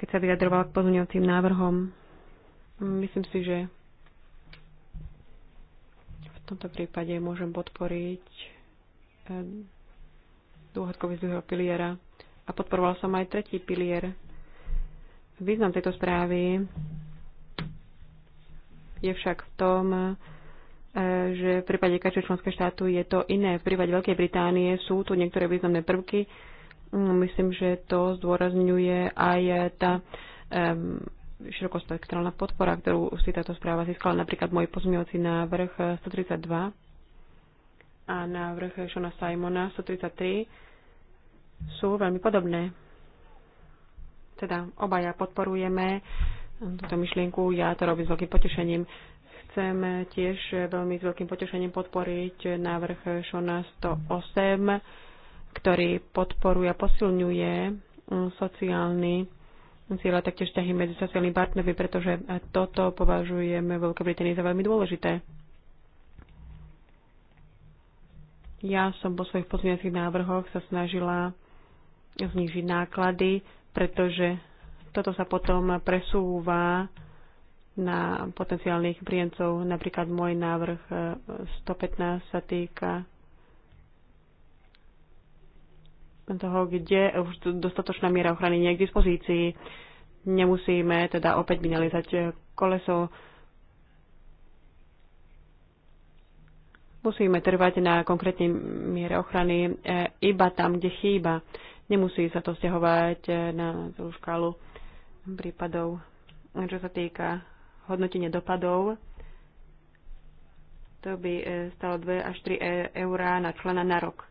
keď sa vyjadroval k pozmeňovacím návrhom. Myslím si, že v tomto prípade môžem podporiť eh, dôchodkový z druhého piliera a podporoval som aj tretí pilier. Význam tejto správy je však v tom, e, že v prípade každého členského štátu je to iné. V prípade Veľkej Británie sú tu niektoré významné prvky. Mm, myslím, že to zdôrazňuje aj tá um, širokospektrálna podpora, ktorú si táto správa získala. Napríklad môj pozmiovací návrh 132 a návrh Šona Simona 133 sú veľmi podobné. Teda obaja podporujeme túto myšlienku, ja to robím s veľkým potešením. Chcem tiež veľmi s veľkým potešením podporiť návrh Šona 108, ktorý podporuje a posilňuje sociálny a taktiež ťahy medzi sociálnymi partnermi, pretože toto považujeme v Veľkej Británii za veľmi dôležité. Ja som po svojich pozmeňacích návrhoch sa snažila znižiť náklady, pretože toto sa potom presúva na potenciálnych príjemcov. Napríklad môj návrh 115 e, sa týka toho, kde už dostatočná miera ochrany nie je k dispozícii. Nemusíme teda opäť minalizať e, koleso. Musíme trvať na konkrétnej miere ochrany e, iba tam, kde chýba. Nemusí sa to stiahovať eh, na celú škálu prípadov. Čo sa týka hodnotenia dopadov, to by eh, stalo 2 až 3 eh, eurá na člena na rok.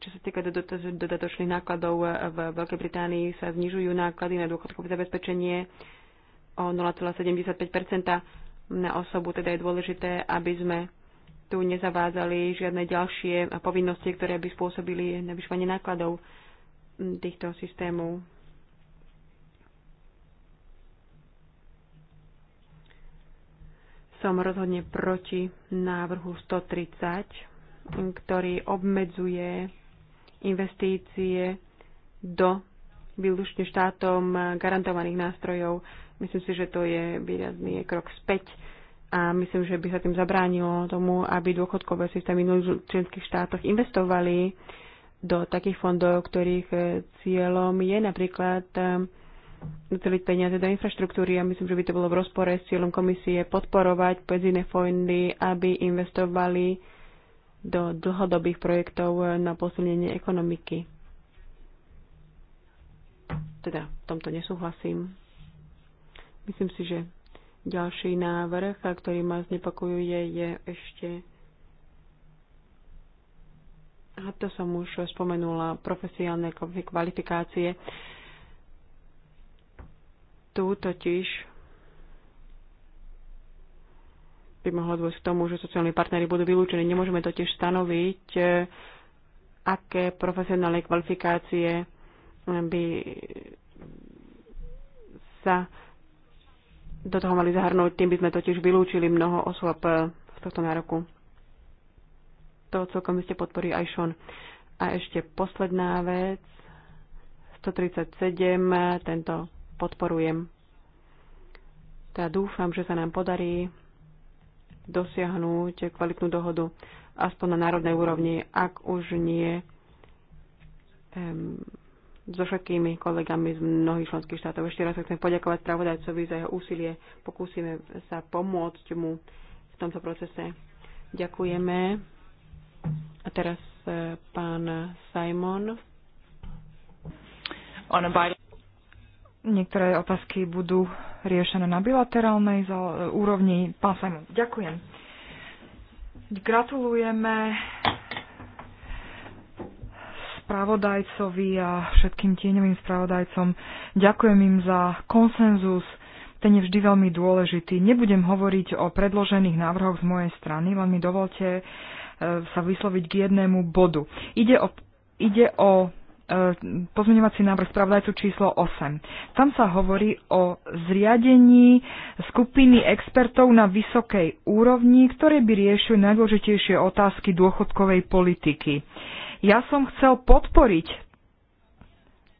Čo sa týka dodatočných nákladov, v Veľkej Británii sa znižujú náklady na dôchodkové zabezpečenie o 0,75 na osobu, teda je dôležité, aby sme tu nezavázali žiadne ďalšie povinnosti, ktoré by spôsobili navyšovanie nákladov mm, týchto systémov. Som rozhodne proti návrhu 130, ktorý obmedzuje investície do výlučne štátom garantovaných nástrojov. Myslím si, že to je výrazný krok späť a myslím, že by sa tým zabránilo tomu, aby dôchodkové systémy v členských štátoch investovali do takých fondov, ktorých eh, cieľom je napríklad eh, doceliť peniaze do infraštruktúry a myslím, že by to bolo v rozpore s cieľom komisie podporovať penzíne fondy, aby investovali do dlhodobých projektov eh, na posilnenie ekonomiky. Teda v tomto nesúhlasím. Myslím si, že ďalší návrh, ktorý ma znepokojuje, je ešte a to som už spomenula, profesionálne kvalifikácie. Tu totiž by mohlo dôjsť k tomu, že sociálni partnery budú vylúčení. Nemôžeme totiž stanoviť, e, aké profesionálne kvalifikácie by sa do toho mali zahrnúť, tým by sme totiž vylúčili mnoho osôb z eh, tohto nároku. To celkom ste podporí aj Sean. A ešte posledná vec, 137, eh, tento podporujem. Teda dúfam, že sa nám podarí dosiahnuť kvalitnú dohodu aspoň na národnej úrovni, ak už nie um, so všetkými kolegami z mnohých členských štátov. Ešte raz chcem poďakovať spravodajcovi za jeho úsilie. Pokúsime sa pomôcť mu v tomto procese. Ďakujeme. A teraz e, pán Simon. Niektoré otázky budú riešené na bilaterálnej úrovni. Pán Simon, ďakujem. Gratulujeme spravodajcovi a všetkým tieňovým spravodajcom. Ďakujem im za konsenzus, ten je vždy veľmi dôležitý. Nebudem hovoriť o predložených návrhoch z mojej strany, len mi dovolte e, sa vysloviť k jednému bodu. Ide o, ide o e, pozmeňovací návrh spravodajcu číslo 8. Tam sa hovorí o zriadení skupiny expertov na vysokej úrovni, ktoré by riešili najdôležitejšie otázky dôchodkovej politiky. Ja som chcel podporiť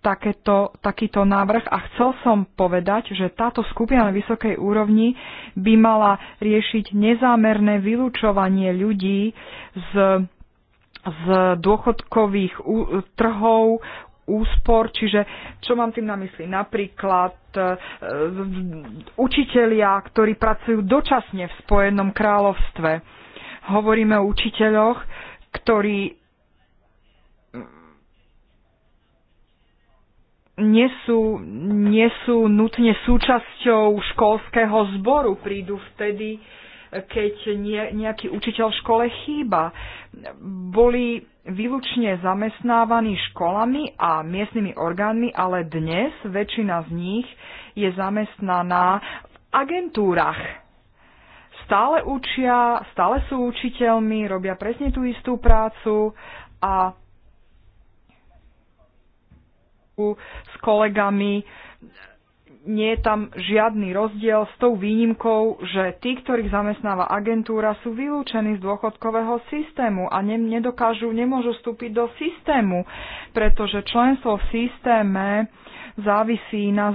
takéto, takýto návrh a chcel som povedať, že táto skupina na vysokej úrovni by mala riešiť nezámerné vylúčovanie ľudí z, z dôchodkových trhov, úspor, čiže čo mám tým na mysli? Napríklad e, učitelia, ktorí pracujú dočasne v Spojenom kráľovstve. Hovoríme o učiteľoch, ktorí nie sú, nie sú nutne súčasťou školského zboru. Prídu vtedy, keď nie, nejaký učiteľ v škole chýba. Boli výlučne zamestnávaní školami a miestnymi orgánmi, ale dnes väčšina z nich je zamestnaná v agentúrach stále učia, stále sú učiteľmi, robia presne tú istú prácu a Facebooku s kolegami. Nie je tam žiadny rozdiel s tou výnimkou, že tí, ktorých zamestnáva agentúra, sú vylúčení z dôchodkového systému a ne, nedokážu, nemôžu vstúpiť do systému, pretože členstvo v systéme závisí na,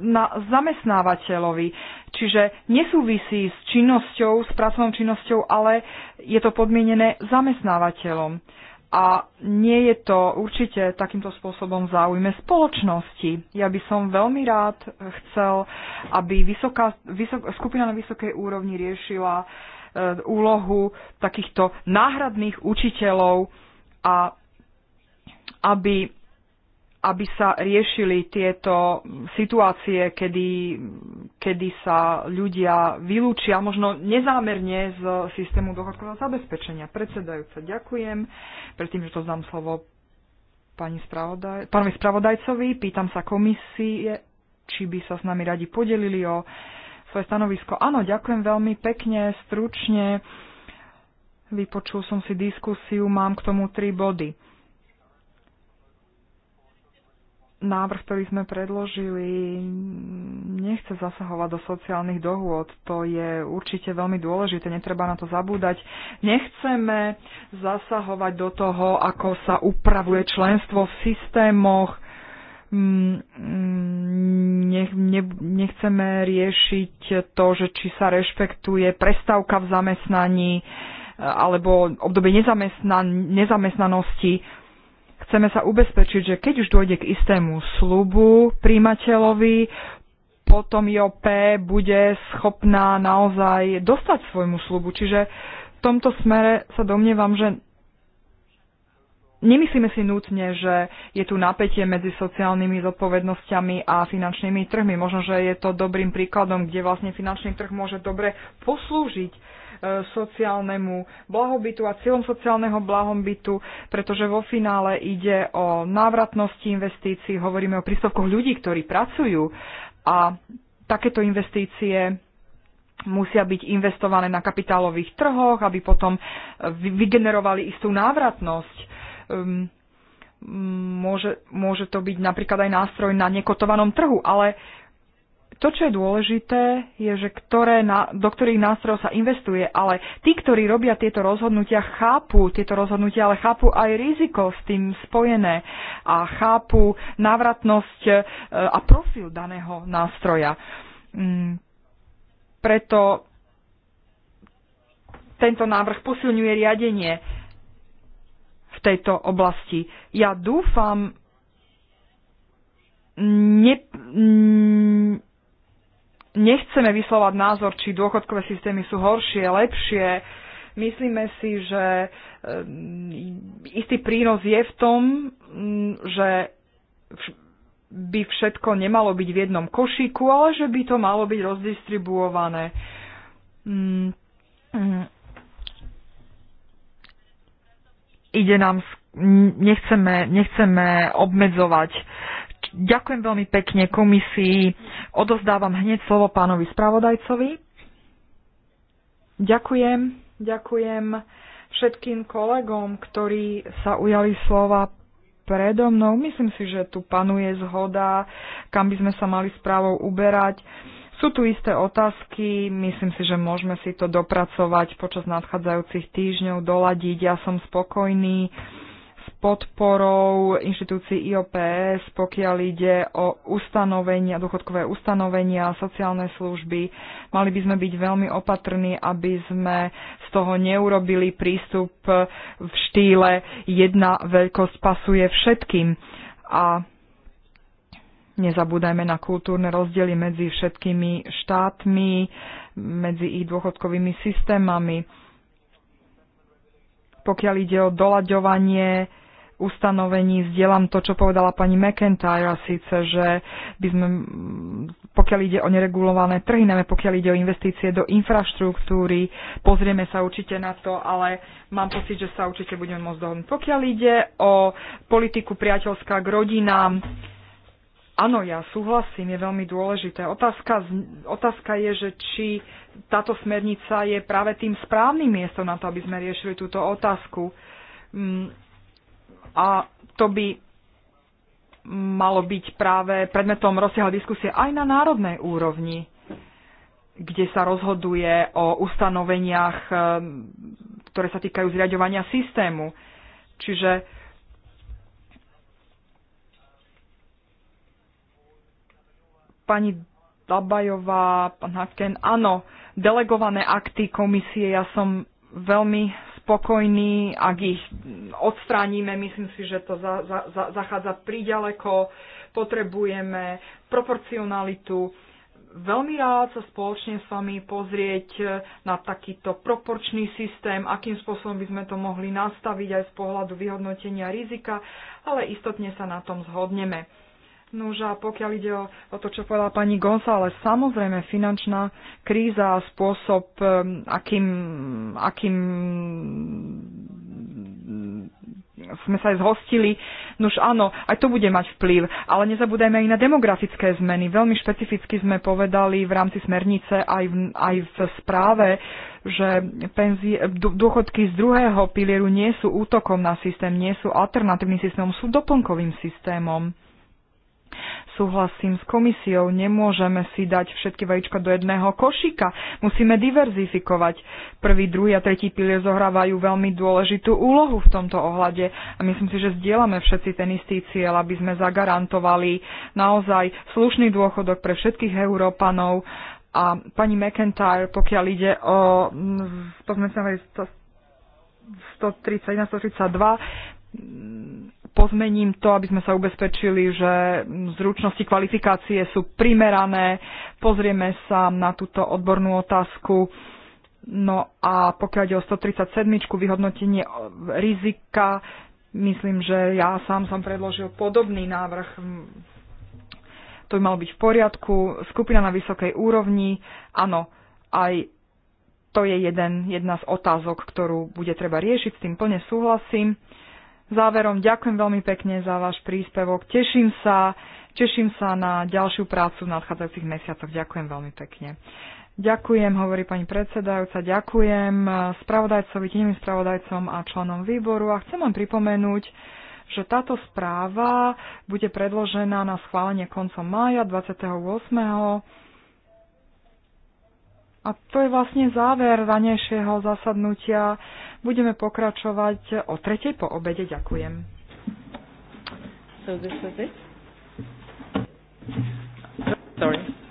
na zamestnávateľovi. Čiže nesúvisí s činnosťou, s pracovnou činnosťou, ale je to podmienené zamestnávateľom a nie je to určite takýmto spôsobom v záujme spoločnosti. Ja by som veľmi rád chcel, aby vysoká, vysok, skupina na vysokej úrovni riešila e, úlohu takýchto náhradných učiteľov a aby aby sa riešili tieto situácie, kedy, kedy sa ľudia vylúčia možno nezámerne z systému dochodkového zabezpečenia. Predsedajúca, ďakujem. Predtým, že to dám slovo pani spravodaj, pánovi spravodajcovi, pýtam sa komisie, či by sa s nami radi podelili o svoje stanovisko. Áno, ďakujem veľmi pekne, stručne. Vypočul som si diskusiu, mám k tomu tri body návrh, ktorý sme predložili, nechce zasahovať do sociálnych dohôd. To je určite veľmi dôležité, netreba na to zabúdať. Nechceme zasahovať do toho, ako sa upravuje členstvo v systémoch. Mm, mm, nech, ne, nechceme riešiť to, že či sa rešpektuje prestávka v zamestnaní alebo obdobie nezamestnan- nezamestnanosti Chceme sa ubezpečiť, že keď už dôjde k istému slubu príjimateľovi, potom IOP bude schopná naozaj dostať svojmu slubu. Čiže v tomto smere sa domnievam, že nemyslíme si nutne, že je tu napätie medzi sociálnymi zodpovednosťami a finančnými trhmi. Možno, že je to dobrým príkladom, kde vlastne finančný trh môže dobre poslúžiť E, sociálnemu blahobytu a cieľom sociálneho blahobytu, pretože vo finále ide o návratnosti investícií, hovoríme o príspevkoch ľudí, ktorí pracujú a takéto investície musia byť investované na kapitálových trhoch, aby potom vygenerovali istú návratnosť. Ehm, môže, môže to byť napríklad aj nástroj na nekotovanom trhu, ale to, čo je dôležité, je, že ktoré na, do ktorých nástrojov sa investuje, ale tí, ktorí robia tieto rozhodnutia, chápu tieto rozhodnutia, ale chápu aj riziko s tým spojené a chápu návratnosť e, a profil daného nástroja. Mm, preto tento návrh posilňuje riadenie v tejto oblasti. Ja dúfam, ne, nechceme vyslovať názor, či dôchodkové systémy sú horšie, lepšie. Myslíme si, že eh, istý prínos je v tom, mm, že by všetko nemalo byť v jednom košíku, ale že by to malo byť rozdistribuované. Mm, mm. Ide nám, nechceme, nechceme obmedzovať Ďakujem veľmi pekne komisii. Odozdávam hneď slovo pánovi spravodajcovi. Ďakujem, ďakujem všetkým kolegom, ktorí sa ujali slova predo mnou. Myslím si, že tu panuje zhoda, kam by sme sa mali správou uberať. Sú tu isté otázky, myslím si, že môžeme si to dopracovať počas nadchádzajúcich týždňov, doladiť. Ja som spokojný podporou inštitúcií IOPS, pokiaľ ide o ustanovenia, dôchodkové ustanovenia, sociálne služby. Mali by sme byť veľmi opatrní, aby sme z toho neurobili prístup v štýle jedna veľkosť pasuje všetkým. A Nezabúdajme na kultúrne rozdiely medzi všetkými štátmi, medzi ich dôchodkovými systémami. Pokiaľ ide o doľaďovanie ustanovení vzdielam to, čo povedala pani McIntyre, a síce, že by sme, pokiaľ ide o neregulované trhy, najmä pokiaľ ide o investície do infraštruktúry, pozrieme sa určite na to, ale mám pocit, že sa určite budeme môcť dohodnúť. Pokiaľ ide o politiku priateľská k rodinám, Áno, ja súhlasím, je veľmi dôležité. Otázka, otázka je, že či táto smernica je práve tým správnym miestom na to, aby sme riešili túto otázku. Mm, a to by malo byť práve predmetom rozsiahlej diskusie aj na národnej úrovni, kde sa rozhoduje o ustanoveniach, e, ktoré sa týkajú zriadovania systému. Čiže pani Dabajová, pán Haken, áno, delegované akty komisie, ja som veľmi spokojní, ak ich odstránime, myslím si, že to za, za, za, zachádza príďaleko, potrebujeme proporcionalitu. Veľmi rád sa spoločne s vami pozrieť na takýto proporčný systém, akým spôsobom by sme to mohli nastaviť aj z pohľadu vyhodnotenia rizika, ale istotne sa na tom zhodneme už a pokiaľ ide o, o to, čo povedala pani González, samozrejme finančná kríza a spôsob, um, akým, akým sme sa aj zhostili. Nuž áno, aj to bude mať vplyv, ale nezabúdajme aj na demografické zmeny. Veľmi špecificky sme povedali v rámci smernice aj v, aj v správe, že penzi- dôchodky z druhého pilieru nie sú útokom na systém, nie sú alternatívnym systémom, sú doplnkovým systémom Súhlasím s komisiou, nemôžeme si dať všetky vajíčka do jedného košíka. Musíme diverzifikovať. Prvý, druhý a tretí pilier zohrávajú veľmi dôležitú úlohu v tomto ohľade a myslím si, že zdieľame všetci ten istý cieľ, aby sme zagarantovali naozaj slušný dôchodok pre všetkých Európanov. A pani McIntyre, pokiaľ ide o mm, pozmeňovací 131-132, pozmením to, aby sme sa ubezpečili, že zručnosti kvalifikácie sú primerané. Pozrieme sa na túto odbornú otázku. No a pokiaľ ide o 137. vyhodnotenie rizika, myslím, že ja sám som predložil podobný návrh. To by malo byť v poriadku. Skupina na vysokej úrovni, áno, aj to je jeden, jedna z otázok, ktorú bude treba riešiť, s tým plne súhlasím. Záverom ďakujem veľmi pekne za váš príspevok. Teším sa, teším sa na ďalšiu prácu v nadchádzajúcich mesiacoch. Ďakujem veľmi pekne. Ďakujem, hovorí pani predsedajúca, ďakujem spravodajcovi, tým spravodajcom a členom výboru a chcem vám pripomenúť, že táto správa bude predložená na schválenie koncom mája 28 a to je vlastne záver ranejšieho zasadnutia. Budeme pokračovať o tretej po obede. Ďakujem. So this is it? Sorry.